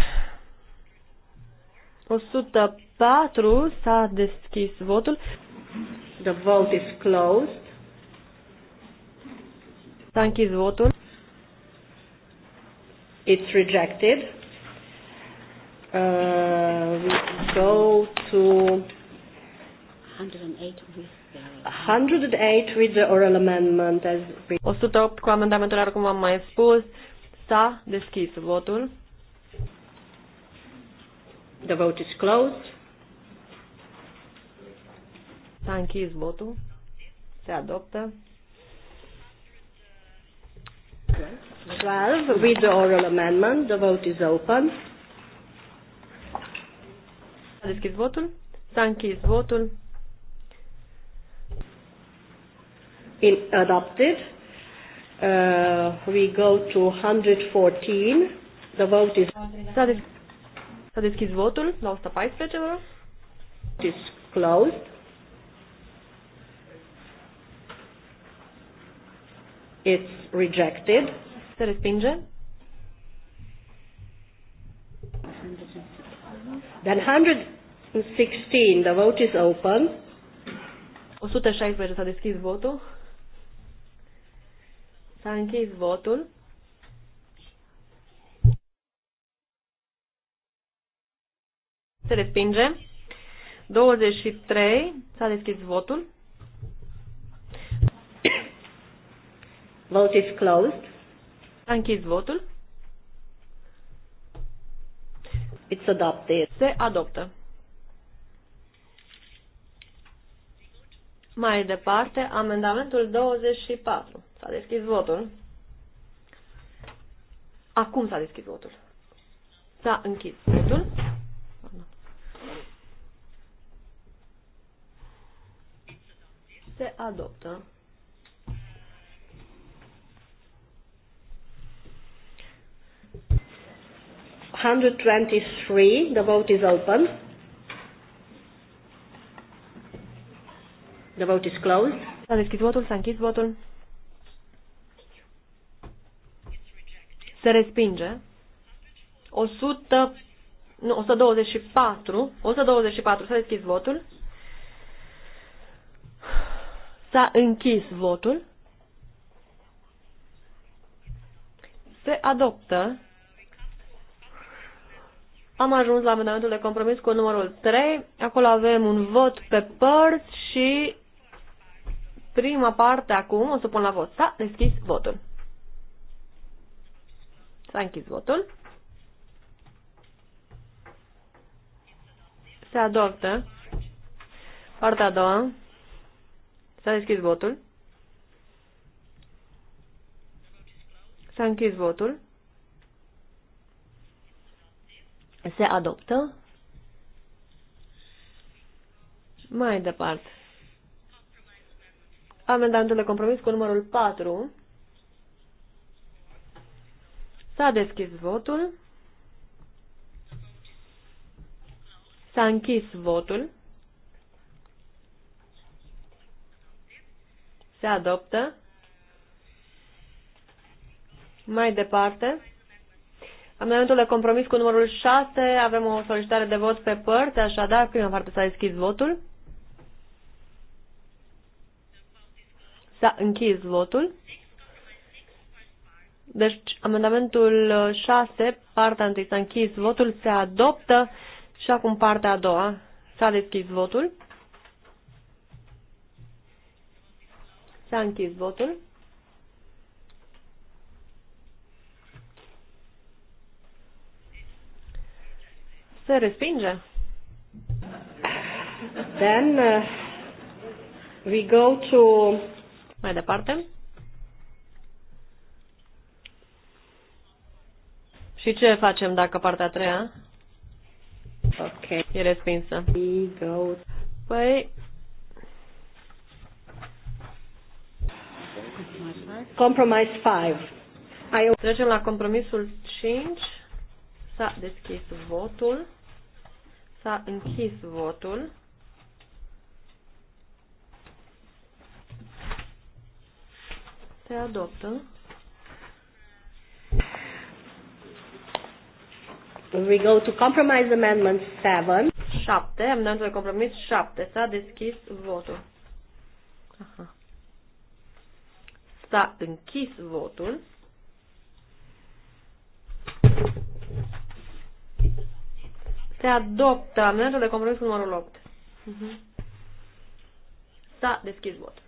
Speaker 3: 104 s-a deschis votul. The vote is closed. S-a închis votul. It's rejected. Uh, we go to
Speaker 1: 108 with
Speaker 3: 108 with the oral amendment as 108 cu amendamentul, cum am mai spus, s-a deschis votul.
Speaker 1: The vote is closed.
Speaker 3: S-a închis votul. Se adoptă.
Speaker 1: 12 with the
Speaker 3: oral amendment. The vote is open. S-a deschis votul. S-a închis votul. In adopted. Uh, we go to 114. The vote is... Să deschizi votul la 114, vă rog. It is closed. It's rejected. Se respinge. Then 116, the vote is open. 116 s-a deschis votul. S-a închis votul. Se respinge. 23. S-a deschis votul. Vote is closed. S-a închis votul. It's adopted. Se adoptă. Mai departe, amendamentul 24. S-a deschis votul. Acum s-a deschis votul. S-a închis votul. se adoptă. Hundred twenty-three. The vote is open. The vote is closed. S-a deschis votul, s-a închis votul. Se respinge. 100, nu, 124. 124. S-a deschis votul. S-a închis votul. Se adoptă. Am ajuns la amendamentul de compromis cu numărul 3. Acolo avem un vot pe părți și prima parte acum o să pun la vot. S-a deschis votul. S-a închis votul. Se adoptă. Partea a doua. S-a deschis votul. S-a închis votul. Se adoptă. Mai departe. Amendamentul de compromis cu numărul 4. S-a deschis votul. S-a închis votul. Se adoptă. Mai departe. Amendamentul de compromis cu numărul 6. Avem o solicitare de vot pe părți, așadar, prima parte s-a deschis votul. S-a închis votul. Deci, amendamentul 6, partea întâi s-a închis votul, se adoptă și acum partea a doua s-a deschis votul. S-a închis votul. Se respinge.
Speaker 1: Then uh,
Speaker 3: we go to mai departe. Și ce facem dacă partea a treia? Ok. E respinsă. We go. Păi,
Speaker 1: Compromise
Speaker 3: 5. Trecem la compromisul 5. S-a deschis votul. S-a închis votul. Se adoptă. We go to compromise amendment 7. 7, amendamentul de compromis 7. S-a deschis votul. Aha. S-a închis votul. Se adoptă amendamentul de compromis numărul 8. Mhm. S-a deschis votul.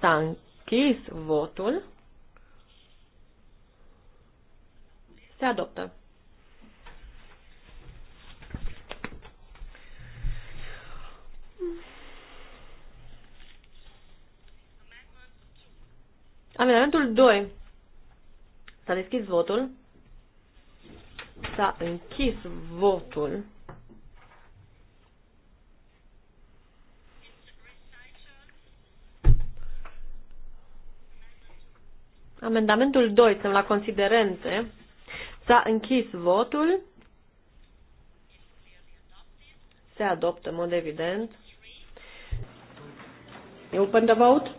Speaker 3: S-a închis votul. Se adoptă. Amendamentul 2. S-a deschis votul. S-a închis votul. Amendamentul 2, suntem la considerente. S-a închis votul. Se adoptă, în mod evident. Eu open the vote?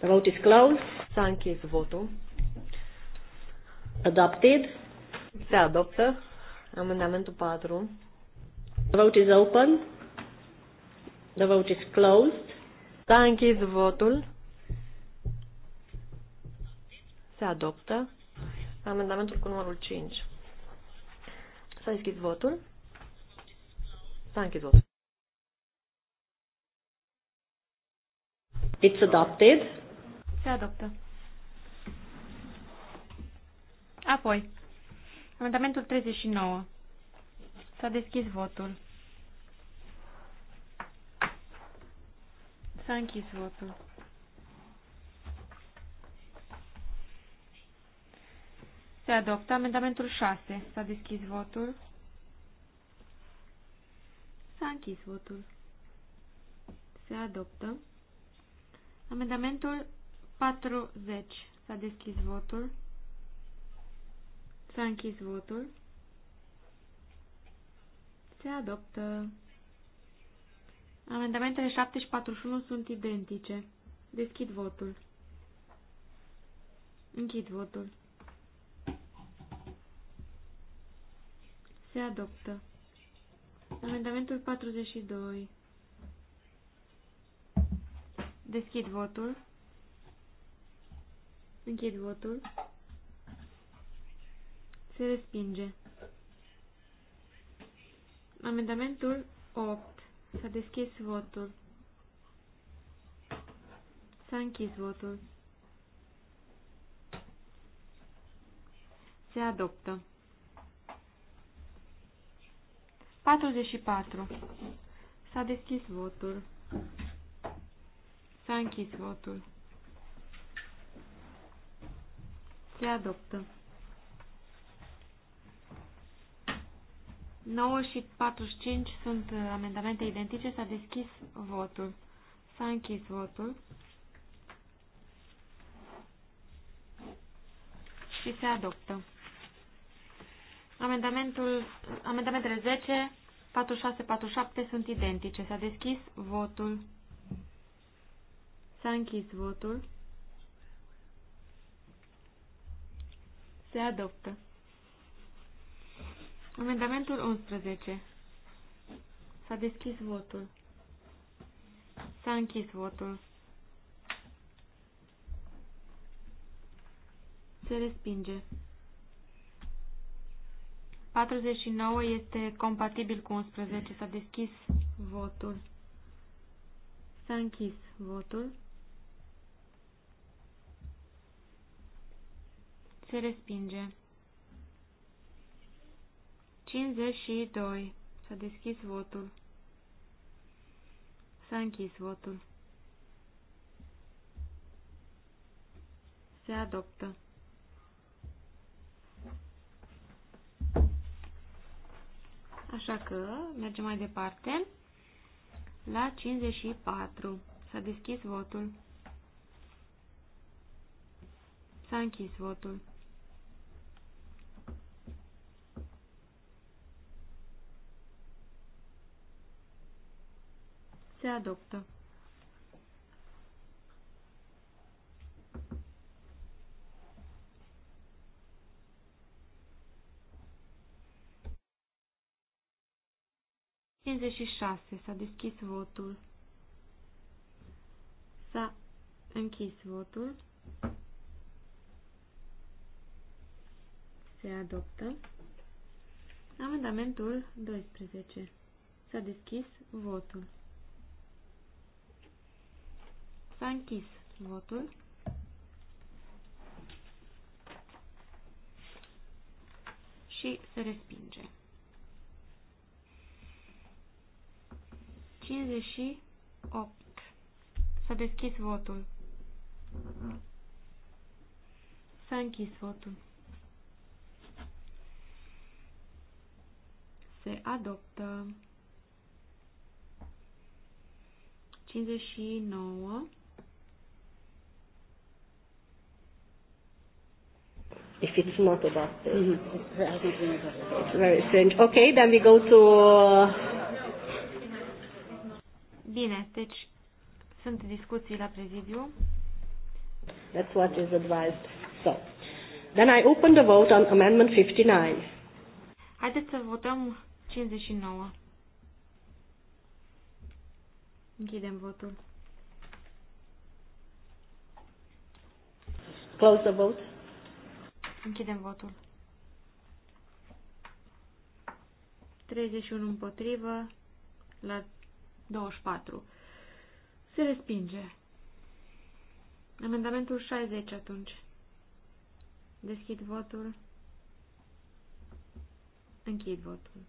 Speaker 3: The vote is closed. S-a închis votul. Adopted. Se adoptă. Amendamentul 4. The vote is open. The vote is closed. S-a închis votul. Se adoptă. Amendamentul cu numărul 5. S-a deschis votul. S-a închis votul. It's adopted.
Speaker 2: Se adoptă. Apoi, amendamentul 39. S-a deschis votul. S-a închis votul. Se adoptă amendamentul 6. S-a deschis votul. S-a închis votul. Se adoptă amendamentul 40. S-a deschis votul. S-a închis votul. Se adoptă. Amendamentele 7 și 41 sunt identice. Deschid votul. Închid votul. Se adoptă. Amendamentul 42. Deschid votul. Închid votul. Se respinge. Amendamentul 8. S-a deschis votul. S-a închis votul. Se adoptă. 44. S-a deschis votul. S-a închis votul. Se adoptă. 9 și 45 sunt uh, amendamente identice. S-a deschis votul. S-a închis votul. Și se adoptă. Amendamentul, amendamentele 10, 46, 47 sunt identice. S-a deschis votul. S-a închis votul. Se adoptă. Amendamentul 11. S-a deschis votul. S-a închis votul. Se respinge. 49 este compatibil cu 11. S-a deschis votul. S-a închis votul. se respinge. 52. S-a deschis votul. S-a închis votul. Se adoptă. Așa că mergem mai departe. La 54 s-a deschis votul. S-a închis votul. Se adoptă. S-a deschis votul. S-a închis votul. Se adoptă. Amendamentul 12. S-a deschis votul. S-a închis votul. Și se respinge. 58. S-a deschis votul. S-a închis votul. Se adoptă. 59.
Speaker 1: if it's not about this. Mm-hmm. It's very strange. Okay, then we
Speaker 3: go to... Uh,
Speaker 2: Bine, deci sunt discuții la prezidiu.
Speaker 3: That's what is advised. So, then I open the vote on amendment 59.
Speaker 2: Haideți să votăm 59. Închidem votul. Close the vote. Închidem votul. 31 împotrivă la 24. Se respinge. Amendamentul 60 atunci. Deschid votul. Închid votul.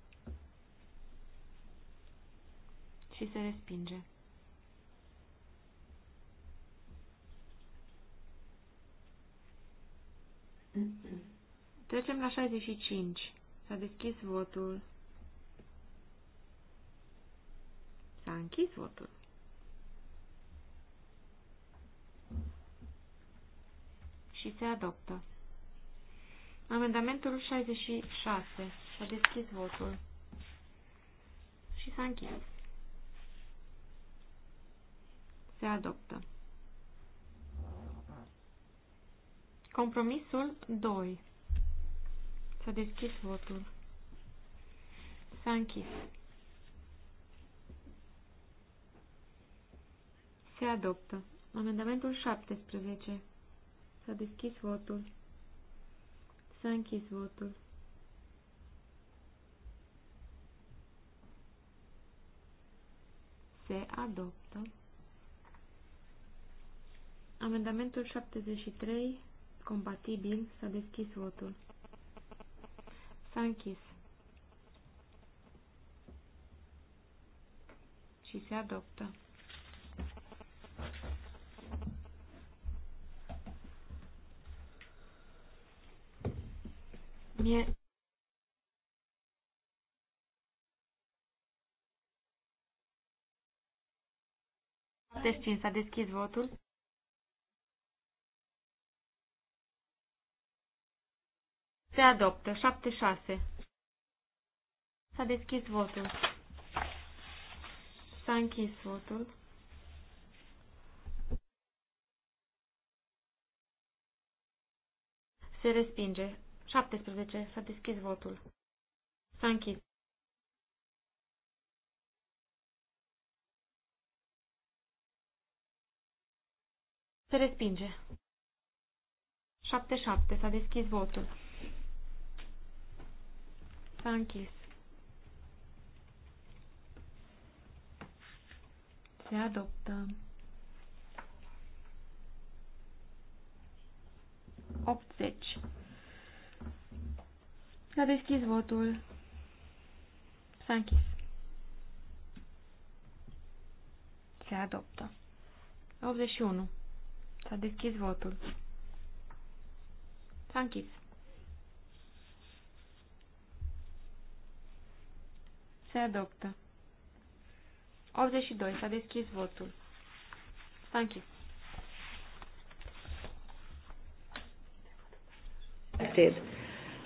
Speaker 2: Și se respinge. Trecem la 65. S-a deschis votul. S-a închis votul. Și se adoptă. Amendamentul 66. S-a deschis votul. Și s-a închis. Se adoptă. Compromisul 2. S-a deschis votul. S-a închis. Se adoptă. Amendamentul 17. S-a deschis votul. S-a închis votul. Se adoptă. Amendamentul 73 compatibil, s-a deschis votul. S-a închis. Și se adoptă. Mie... S-a deschis votul. Se adoptă. 76. S-a deschis votul. S-a închis votul. Se respinge. 17. S-a deschis votul. S-a închis. Se respinge. 7-7. S-a deschis votul. S-a închis. Se adoptă. Optzeci. S-a deschis votul. S-a închis. Se adoptă. 81. S-a deschis votul. S-a închis. Se adoptă. 82. S-a deschis votul. S-a închis.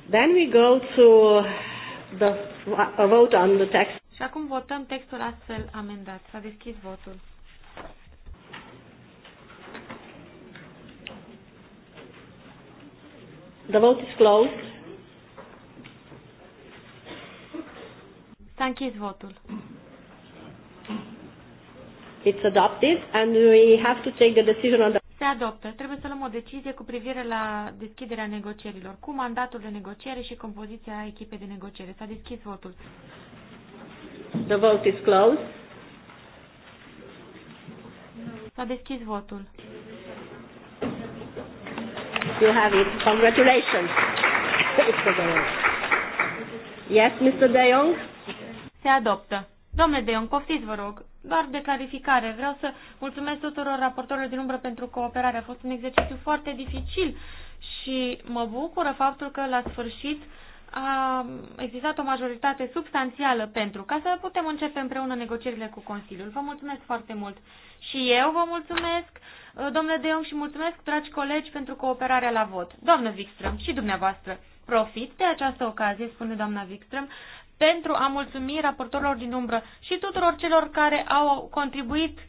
Speaker 3: Then we go to the vote on the text.
Speaker 2: Și acum votăm textul astfel amendat. S-a deschis votul.
Speaker 3: The vote is closed. S-a închis votul. It's adopted and we have to take the decision on the
Speaker 2: se adoptă. Trebuie să luăm o decizie cu privire la deschiderea negocierilor, cu mandatul de negociere și compoziția echipei de negociere. S-a deschis votul. The vote is closed. S-a deschis votul. You have it. Congratulations. yes,
Speaker 3: Mr. De Jong?
Speaker 2: Se adoptă. Domnule De Ion, vă rog. Doar de clarificare. Vreau să mulțumesc tuturor raportorilor din umbră pentru cooperare. A fost un exercițiu foarte dificil și mă bucură faptul că la sfârșit a existat o majoritate substanțială pentru ca să putem începe împreună negocierile cu Consiliul. Vă mulțumesc foarte mult și eu vă mulțumesc, domnule De și mulțumesc, dragi colegi, pentru cooperarea la vot. Doamnă Wikström și dumneavoastră, profit de această ocazie, spune doamna Wikström, pentru a mulțumi raportorilor din umbră și tuturor celor care au contribuit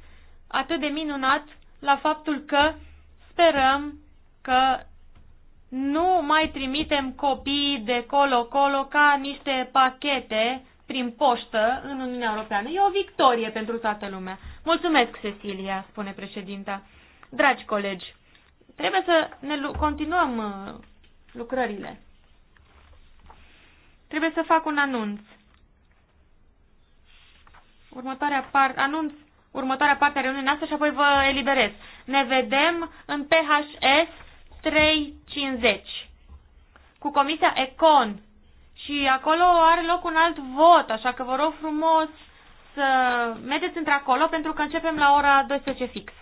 Speaker 2: atât de minunat la faptul că sperăm că nu mai trimitem copii de colo-colo ca niște pachete prin poștă în Uniunea Europeană. E o victorie pentru toată lumea. Mulțumesc, Cecilia, spune președinta. Dragi colegi, trebuie să ne continuăm uh, lucrările. Trebuie să fac un anunț. Următoarea parte, anunț următoarea parte a reuniunii noastre și apoi vă eliberez. Ne vedem în PHS 350 cu Comisia Econ și acolo are loc un alt vot, așa că vă rog frumos să mergeți într-acolo pentru că începem la ora 12 fix.